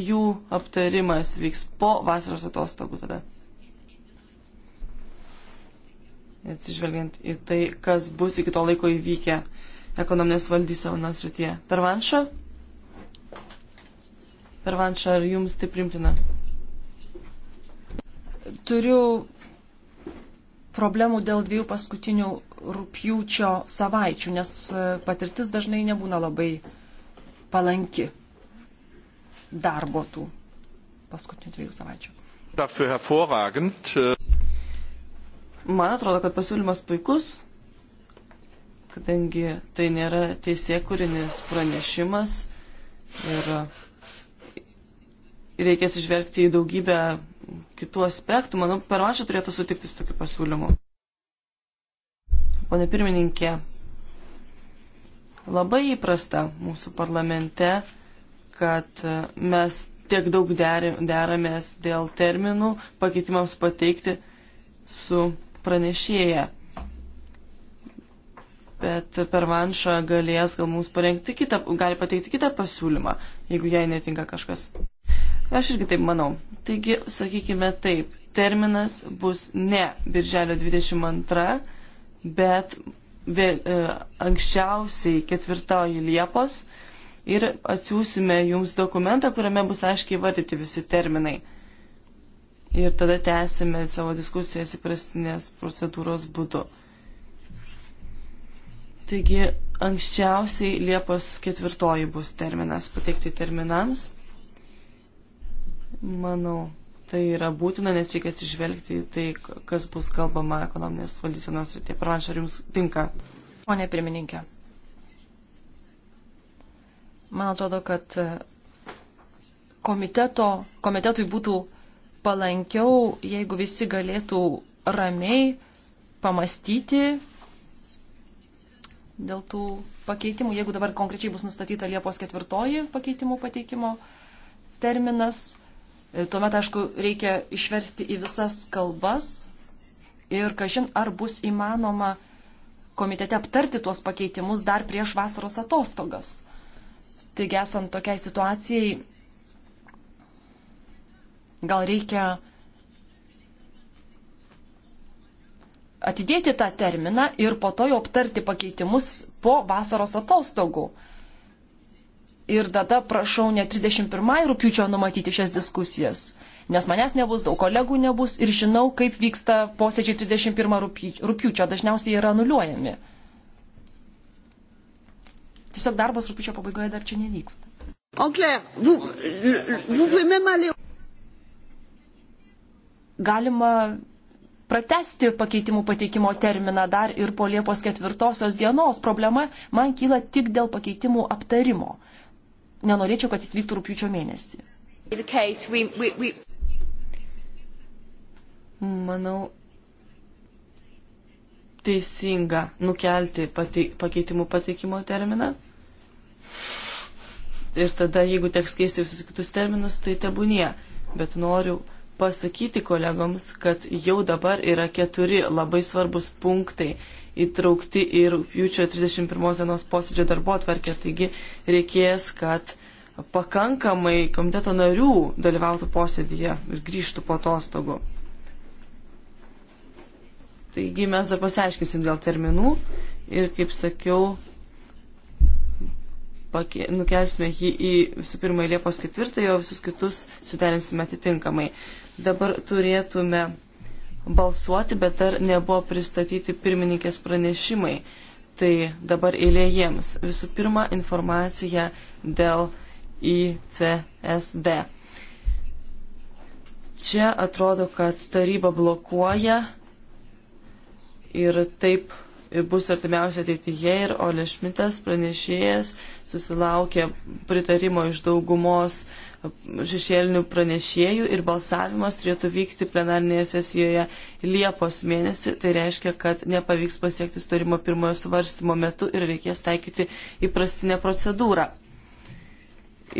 jų aptarimas vyks po vasaros atostogų tada. Atsižvelgiant į tai, kas bus iki to laiko įvykę ekonominės valdysenos srityje. Pervanša? Pervanša, ar jums tai primtina? Turiu problemų dėl dviejų paskutinių rūpjūčio savaičių, nes e, patirtis dažnai nebūna labai palanki darbo tų paskutinių dviejų savaičių. Äh, Man atrodo, kad pasiūlymas puikus, kadangi tai nėra teisėkūrinis pranešimas ir reikės išvelgti į daugybę kitų aspektų. Manau, pervačia turėtų sutikti su tokiu pasiūlymu. Pone pirmininkė, labai įprasta mūsų parlamente, kad mes tiek daug deramės dėl terminų pakeitimams pateikti su pranešėja. Bet per vanšą galės gal mums parengti kitą, gali pateikti kitą pasiūlymą, jeigu jai netinka kažkas. Aš irgi taip manau. Taigi, sakykime taip, terminas bus ne birželio 22, bet vėl, e, anksčiausiai 4 Liepos ir atsiūsime jums dokumentą, kuriame bus aiškiai vardyti visi terminai. Ir tada tęsime savo diskusijas įprastinės procedūros būdu. Taigi anksčiausiai Liepos ketvirtoji bus terminas pateikti terminams. Manau, tai yra būtina, nes reikia atsižvelgti į tai, kas bus kalbama ekonominės valdysenos ir tie prašo, ar jums tinka. Pone pirmininkė, man atrodo, kad komiteto, komitetui būtų palankiau, jeigu visi galėtų ramiai pamastyti dėl tų pakeitimų, jeigu dabar konkrečiai bus nustatyta Liepos ketvirtoji pakeitimų pateikimo terminas Tuomet, aišku, reikia išversti į visas kalbas ir kažin ar bus įmanoma komitete aptarti tuos pakeitimus dar prieš vasaros atostogas. Taigi, esant tokiai situacijai, gal reikia atidėti tą terminą ir po to jau aptarti pakeitimus po vasaros atostogų ir tada prašau ne 31 rūpiučio numatyti šias diskusijas, nes manęs nebus, daug kolegų nebus ir žinau, kaip vyksta posėdžiai 31 rūpiučio, dažniausiai yra anuliuojami. Tiesiog darbas rūpiučio pabaigoje dar čia nevyksta. Galima pratesti pakeitimų pateikimo terminą dar ir po Liepos ketvirtosios dienos. Problema man kyla tik dėl pakeitimų aptarimo nenorėčiau, kad jis vyktų rūpiučio mėnesį. Manau, teisinga nukelti pati, pakeitimų pateikimo terminą. Ir tada, jeigu teks keisti visus kitus terminus, tai tebūnie. Bet noriu pasakyti kolegoms, kad jau dabar yra keturi labai svarbus punktai įtraukti į rūpjūčio 31 dienos posėdžio darbo atvarkę, taigi reikės, kad pakankamai komiteto narių dalyvautų posėdėje ir grįžtų po atostogų. Taigi mes dar pasiaiškinsim dėl terminų ir, kaip sakiau, pake, nukelsime jį į visų pirma Liepos ketvirtąją, o visus kitus suderinsime atitinkamai. Dabar turėtume balsuoti, bet dar nebuvo pristatyti pirmininkės pranešimai. Tai dabar eilė jiems. Visų pirma, informacija dėl ICSD. Čia atrodo, kad taryba blokuoja ir taip bus artimiausia ateityje ir Ole Šmitas pranešėjas susilaukė pritarimo iš daugumos šešėlinių pranešėjų ir balsavimas turėtų vykti plenarnėje sesijoje Liepos mėnesį. Tai reiškia, kad nepavyks pasiekti sutarimo pirmojo svarstymo metu ir reikės taikyti įprastinę procedūrą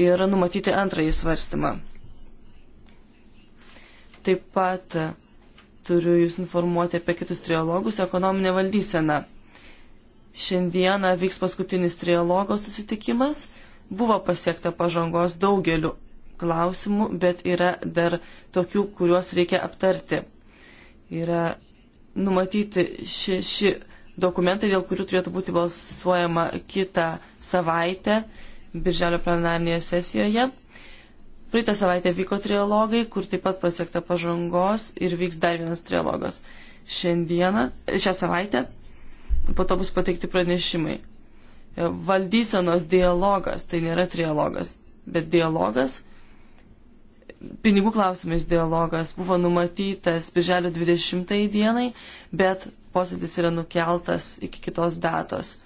ir numatyti antrąjį svarstymą. Taip pat Turiu Jūs informuoti apie kitus trialogus - ekonominė valdysena. Šiandieną vyks paskutinis trialogo susitikimas. Buvo pasiekta pažangos daugeliu klausimų, bet yra dar tokių, kuriuos reikia aptarti. Yra numatyti šeši dokumentai, dėl kurių turėtų būti balsuojama kitą savaitę, birželio plenarnėje sesijoje. Praeitą savaitę vyko trilogai, kur taip pat pasiekta pažangos ir vyks dar vienas trilogas. Šiandieną, šią savaitę, po to bus pateikti pranešimai. Valdysenos dialogas, tai nėra trilogas, bet dialogas pinigų klausimais dialogas buvo numatytas birželio 20 dienai, bet posėdis yra nukeltas iki kitos datos.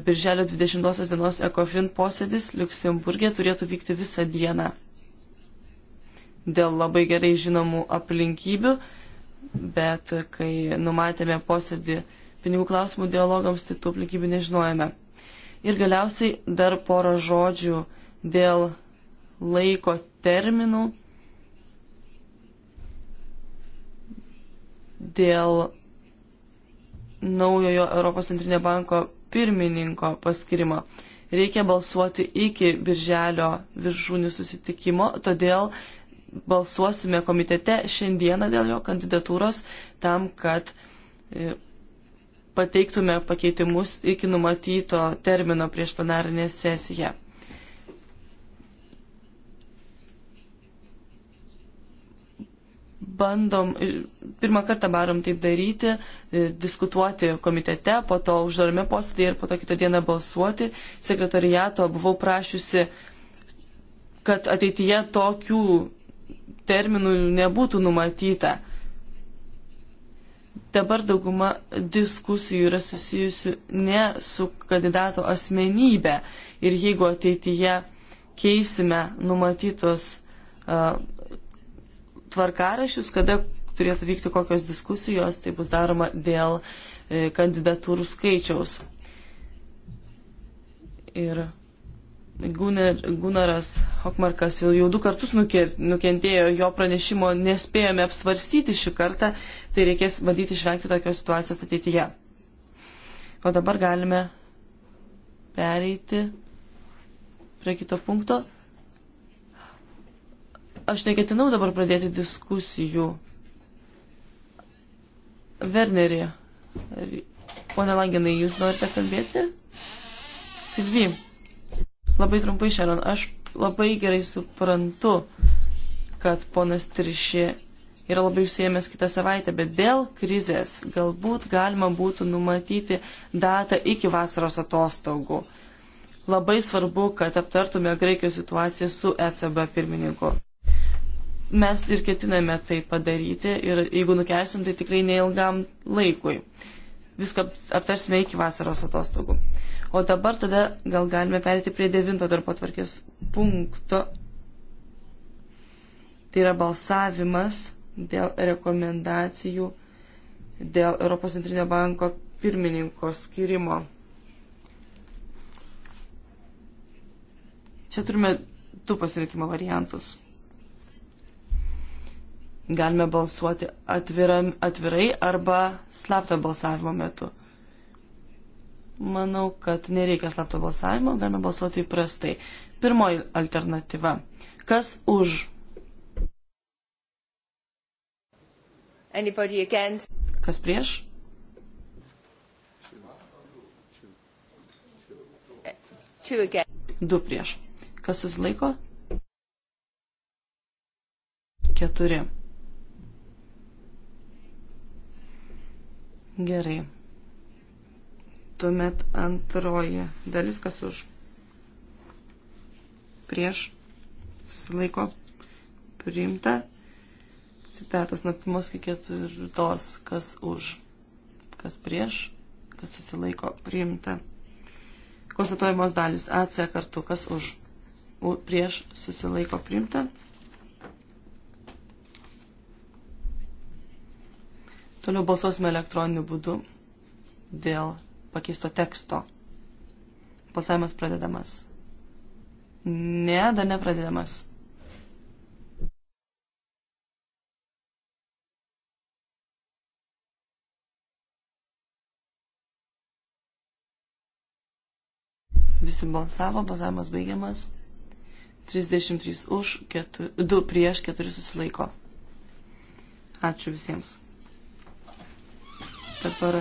Birželio 20 dienos ECOFIN posėdis Luksemburgė turėtų vykti visą dieną. Dėl labai gerai žinomų aplinkybių, bet kai numatėme posėdį pinigų klausimų dialogams, tai tų aplinkybių nežinojame. Ir galiausiai dar porą žodžių dėl laiko terminų, dėl naujojo Europos centrinio banko pirmininko paskirimo. Reikia balsuoti iki birželio viršūnių susitikimo, todėl balsuosime komitete šiandieną dėl jo kandidatūros tam, kad e, pateiktume pakeitimus iki numatyto termino prieš plenarinę sesiją. bandom, pirmą kartą barom taip daryti, e, diskutuoti komitete, po to uždarame posėdėje ir po to kitą dieną balsuoti. Sekretariato buvau prašiusi, kad ateityje tokių terminų nebūtų numatyta. Dabar dauguma diskusijų yra susijusi ne su kandidato asmenybė ir jeigu ateityje keisime numatytos uh, tvarkarašius, kada turėtų vykti kokios diskusijos, tai bus daroma dėl e, kandidatūrų skaičiaus. Ir Guner, Gunaras Hokmarkas jau, jau du kartus nukentėjo, jo pranešimo nespėjome apsvarstyti šį kartą, tai reikės bandyti išvengti tokios situacijos ateityje. O dabar galime pereiti prie kito punkto. Aš neketinau dabar pradėti diskusijų. Wernerį, pone Langenai, jūs norite kalbėti? Silvi, labai trumpai, Šeron, aš labai gerai suprantu, kad ponas Trišė yra labai užsiemęs kitą savaitę, bet dėl krizės galbūt galima būtų numatyti datą iki vasaros atostogų. Labai svarbu, kad aptartume Graikijos situaciją su ECB pirmininku mes ir ketiname tai padaryti ir jeigu nukelsim, tai tikrai neilgam laikui. Viską aptarsime iki vasaros atostogų. O dabar tada gal galime perėti prie devinto darbo tvarkės punkto. Tai yra balsavimas dėl rekomendacijų dėl Europos centrinio banko pirmininko skirimo. Čia turime du pasirinkimo variantus. Galime balsuoti atviram, atvirai arba slapto balsavimo metu. Manau, kad nereikia slapto balsavimo, galime balsuoti įprastai. Pirmoji alternatyva. Kas už? Anybody against? Kas prieš? Du prieš. Kas susilaiko? Keturi. Gerai. Tuomet antroji dalis, kas už prieš susilaiko priimta. Citatos nuo pirmos iki ketvirtos, kas už, kas prieš, kas susilaiko priimta. Konstatuojamos dalis AC kartu, kas už, U, prieš susilaiko priimta. Toliau balsuosime elektroniniu būdu dėl pakeisto teksto. Balsavimas pradedamas. Ne, dar nepradedamas. Visi balsavo, balsavimas baigiamas. 33 už, 4, 2 prieš, 4 susilaiko. Ačiū visiems. Dabar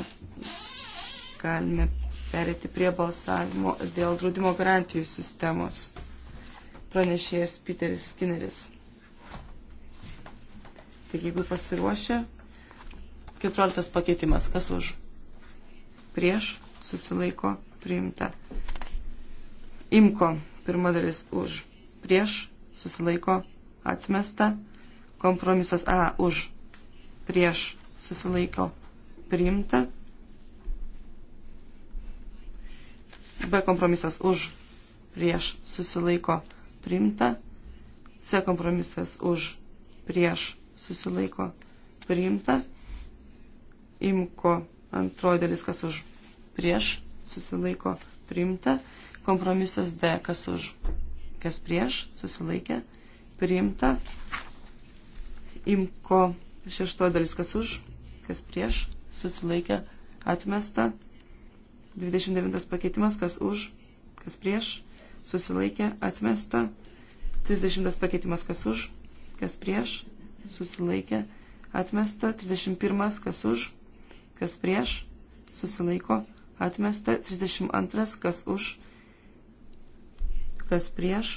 galime perėti prie balsavimo dėl draudimo garantijų sistemos. Pranešėjas Peteris Skinneris. Taigi, jeigu pasiruošę, 14 pakeitimas. Kas už? Prieš susilaiko priimta. Imko. Pirma dalis už. Prieš susilaiko atmesta. Kompromisas A už. Prieš susilaiko priimta. B kompromisas už prieš susilaiko priimta. C kompromisas už prieš susilaiko priimta. Imko antroji dalis, kas už prieš susilaiko priimta. Kompromisas D, kas už kas prieš susilaikė priimta. Imko šešto dalis, kas už kas prieš susilaikė, atmesta. 29 pakeitimas, kas už, kas prieš, susilaikė, atmesta. 30 pakeitimas, kas už, kas prieš, susilaikė, atmesta. 31, kas už, kas prieš, susilaiko, atmesta. 32, kas už, kas prieš,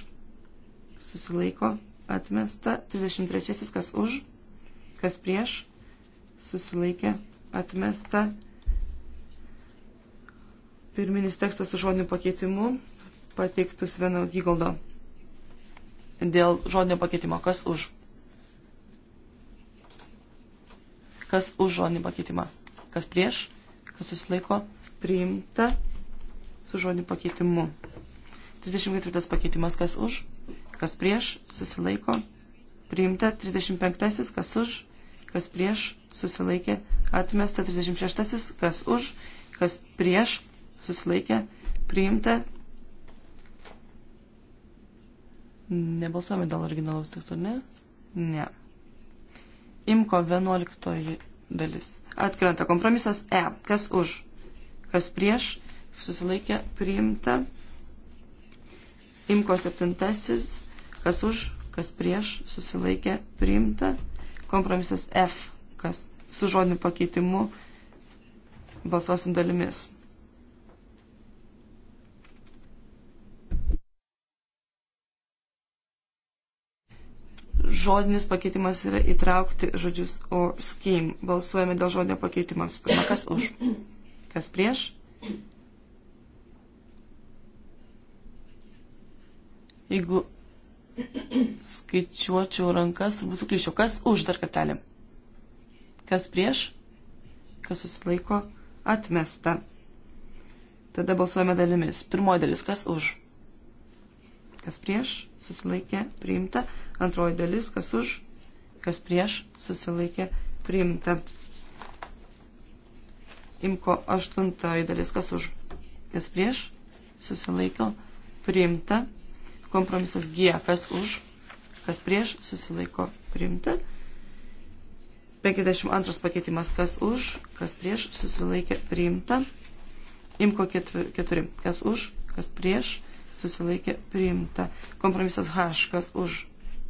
susilaiko, atmesta. 33, kas už, kas prieš, susilaikė, atmesta. Pirminis tekstas su žodiniu pakeitimu pateiktus vieno gygaldo. Dėl žodinio pakeitimo. Kas už? Kas už žodinį pakeitimą? Kas prieš? Kas susilaiko? Priimta su žodiniu pakeitimu. 34 pakeitimas. Kas už? Kas prieš? Susilaiko? Priimta. 35. Kas už? Kas prieš? susilaikė, atmesta 36, kas už, kas prieš, susilaikė, priimta. Nebalsuojame dėl originalaus teksto, ne? Ne. Imko 11 dalis. Atkrenta kompromisas E. Kas už, kas prieš, susilaikė, priimta. Imko 7, kas už, kas prieš, susilaikė, priimta. Kompromisas F kas su žodiniu pakeitimu balsuosim dalimis. Žodinis pakeitimas yra įtraukti žodžius or scheme. Balsuojame dėl žodinio pakeitimams. Pirma, kas už? Kas prieš? Jeigu skaičiuočiau rankas, turbūt suklyščiau. Kas už dar kartelį? Kas prieš? Kas susilaiko? Atmesta. Tada balsuojame dalimis. Pirmoji dalis, kas už? Kas prieš? Susilaikė, priimta. Antroji dalis, kas už? Kas prieš? Susilaikė, priimta. Imko aštuntoji dalis, kas už? Kas prieš? Susilaiko, priimta. Kompromisas G, kas už? Kas prieš? Susilaiko, priimta. 52 pakeitimas, kas už, kas prieš, susilaikė priimta. Imko 4, kas už, kas prieš, susilaikė priimta. Kompromisas H, kas už,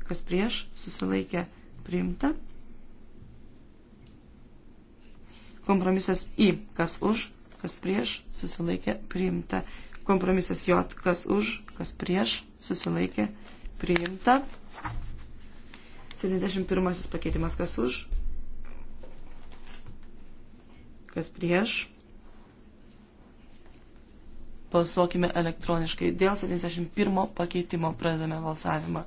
kas prieš, susilaikė priimta. Kompromisas I, kas už, kas prieš, susilaikė priimta. Kompromisas J, kas už, kas prieš, susilaikė priimta. 71 pakeitimas, kas už, kas prieš. Balsuokime elektroniškai. Dėl 71 pakeitimo pradedame balsavimą.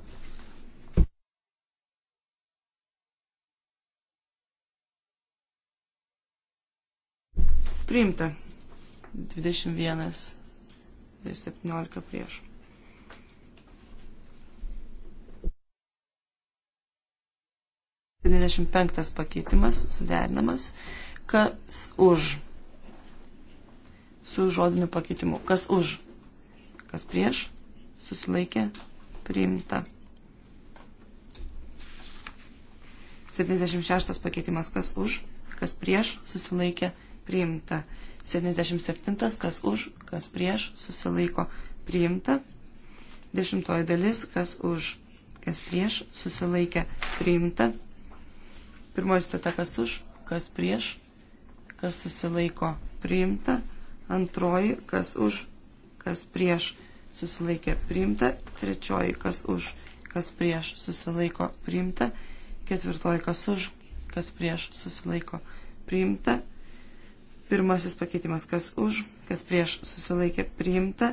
Priimta. 21 ir 17 prieš. Septyniasdešimt penktas pakeitimas suderinamas. Kas už? Su žodiniu pakeitimu. Kas už? Kas prieš? Susilaikė. Priimta. 76 pakeitimas. Kas už? Kas prieš? Susilaikė. Priimta. 77. Kas už? Kas prieš? Susilaiko. Priimta. Dešimtoji dalis. Kas už? Kas prieš? Susilaikė. Priimta. Pirmoji citata. Kas už? Kas prieš? kas susilaiko priimta, antroji, kas už, kas prieš susilaikė priimta, trečioji, kas už, kas prieš susilaiko priimta, ketvirtoji, kas už, kas prieš susilaiko priimta, pirmasis pakeitimas, kas už, kas prieš susilaikė priimta,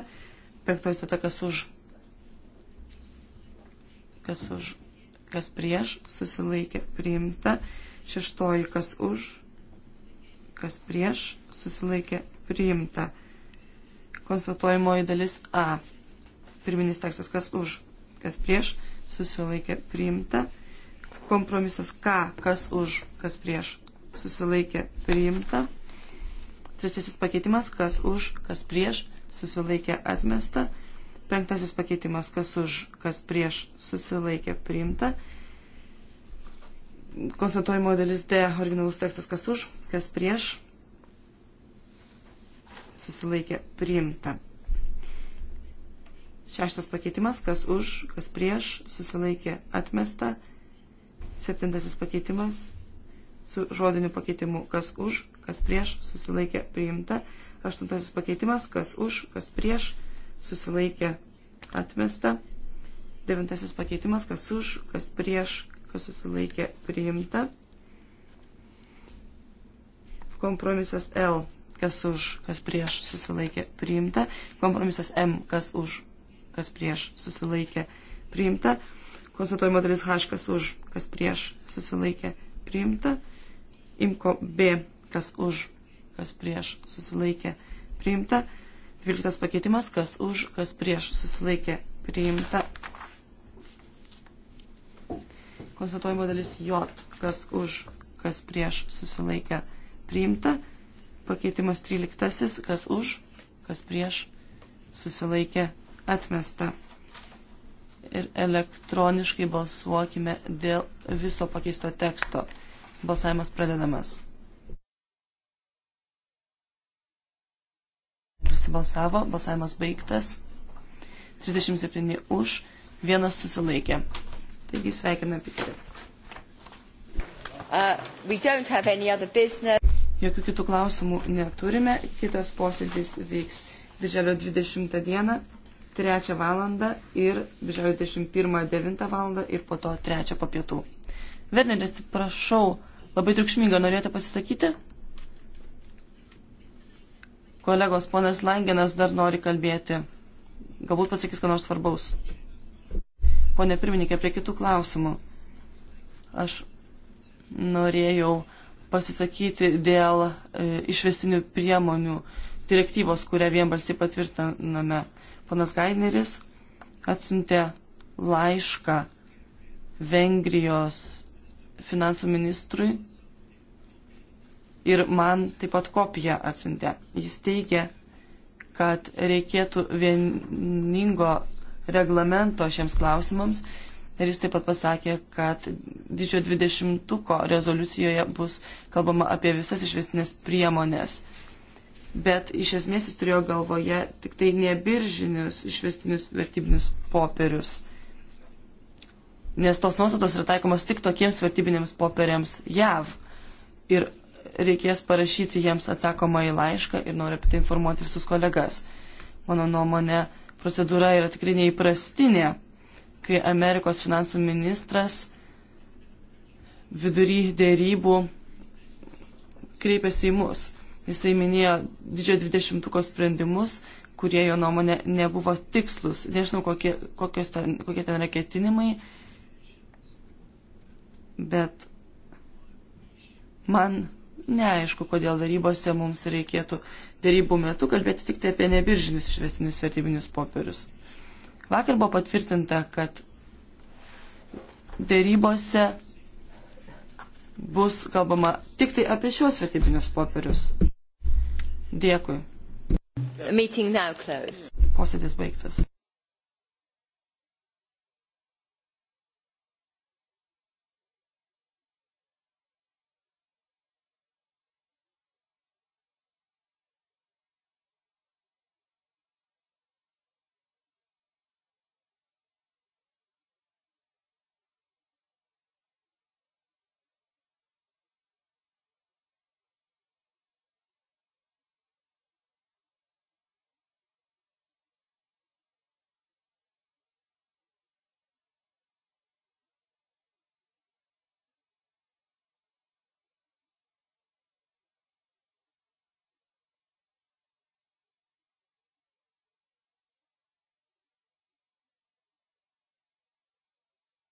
penktoji stata, kas už, kas už, kas prieš susilaikė priimta, šeštoji, kas už, kas prieš, susilaikė priimta. Konsultuojamoji dalis A. Pirminis tekstas, kas už, kas prieš, susilaikė priimta. Kompromisas K, kas už, kas prieš, susilaikė priimta. Trečiasis pakeitimas, kas už, kas prieš, susilaikė atmesta. Penktasis pakeitimas, kas už, kas prieš, susilaikė priimta konstatuojimo dalis D, originalus tekstas kas už, kas prieš, susilaikė priimta. Šeštas pakeitimas, kas už, kas prieš, susilaikė atmesta. Septintasis pakeitimas su žodiniu pakeitimu, kas už, kas prieš, susilaikė priimta. Aštuntasis pakeitimas, kas už, kas prieš, susilaikė atmesta. Devintasis pakeitimas, kas už, kas prieš, kas susilaikė priimta. Kompromisas L, kas už, kas prieš susilaikė priimta. Kompromisas M, kas už, kas prieš susilaikė priimta. Konstatuojama dalis H, kas už, kas prieš susilaikė priimta. Imko B, kas už, kas prieš susilaikė priimta. Dvyliktas pakeitimas, kas už, kas prieš susilaikė priimta. Konstatuojama dalis J, kas už, kas prieš susilaikė priimta. Pakeitimas 13, kas už, kas prieš susilaikė atmesta. Ir elektroniškai balsuokime dėl viso pakeisto teksto. Balsavimas pradedamas. Visi balsavo, balsavimas baigtas. 37 už, vienas susilaikė. Taigi sveikiname Piterį. Uh, Jokių kitų klausimų neturime. Kitas posėdis vyks birželio 20 dieną, 3 valandą ir birželio 21 9 valandą ir po to 3 po pietų. Verneri, atsiprašau, labai triukšminga, norėjote pasisakyti? Kolegos, ponas Langenas dar nori kalbėti. Galbūt pasakys, ką nors svarbaus. Pone pirmininkė, prie kitų klausimų. Aš norėjau pasisakyti dėl e, išvestinių priemonių direktyvos, kurią vienbalsiai patvirtiname. Panas Gaineris atsiuntė laišką Vengrijos finansų ministrui ir man taip pat kopiją atsiuntė. Jis teigia, kad reikėtų vieningo reglamento šiems klausimams. Ir jis taip pat pasakė, kad didžiojo dvidešimtuko rezoliucijoje bus kalbama apie visas išvestinės priemonės. Bet iš esmės jis turėjo galvoje tik tai nebiržinius išvestinius vertybinius popierius. Nes tos nuostatos yra taikomos tik tokiems vertybinėms popieriams JAV. Ir reikės parašyti jiems atsakomą į laišką ir noriu apie tai informuoti visus kolegas. Mano nuomonė, procedūra yra tikrai neįprastinė, kai Amerikos finansų ministras vidury dėrybų kreipėsi į mus. Jisai minėjo didžiojo dvidešimtuko sprendimus, kurie jo nuomonė nebuvo tikslus. Nežinau, kokie, ten, kokie ten yra ketinimai, bet man neaišku, kodėl darybose mums reikėtų darybų metu kalbėti tik tai apie nebiržinius išvestinius vertybinius popierius. Vakar buvo patvirtinta, kad darybose bus kalbama tik tai apie šios vertybinius popierius. Dėkui. Posėdis baigtas.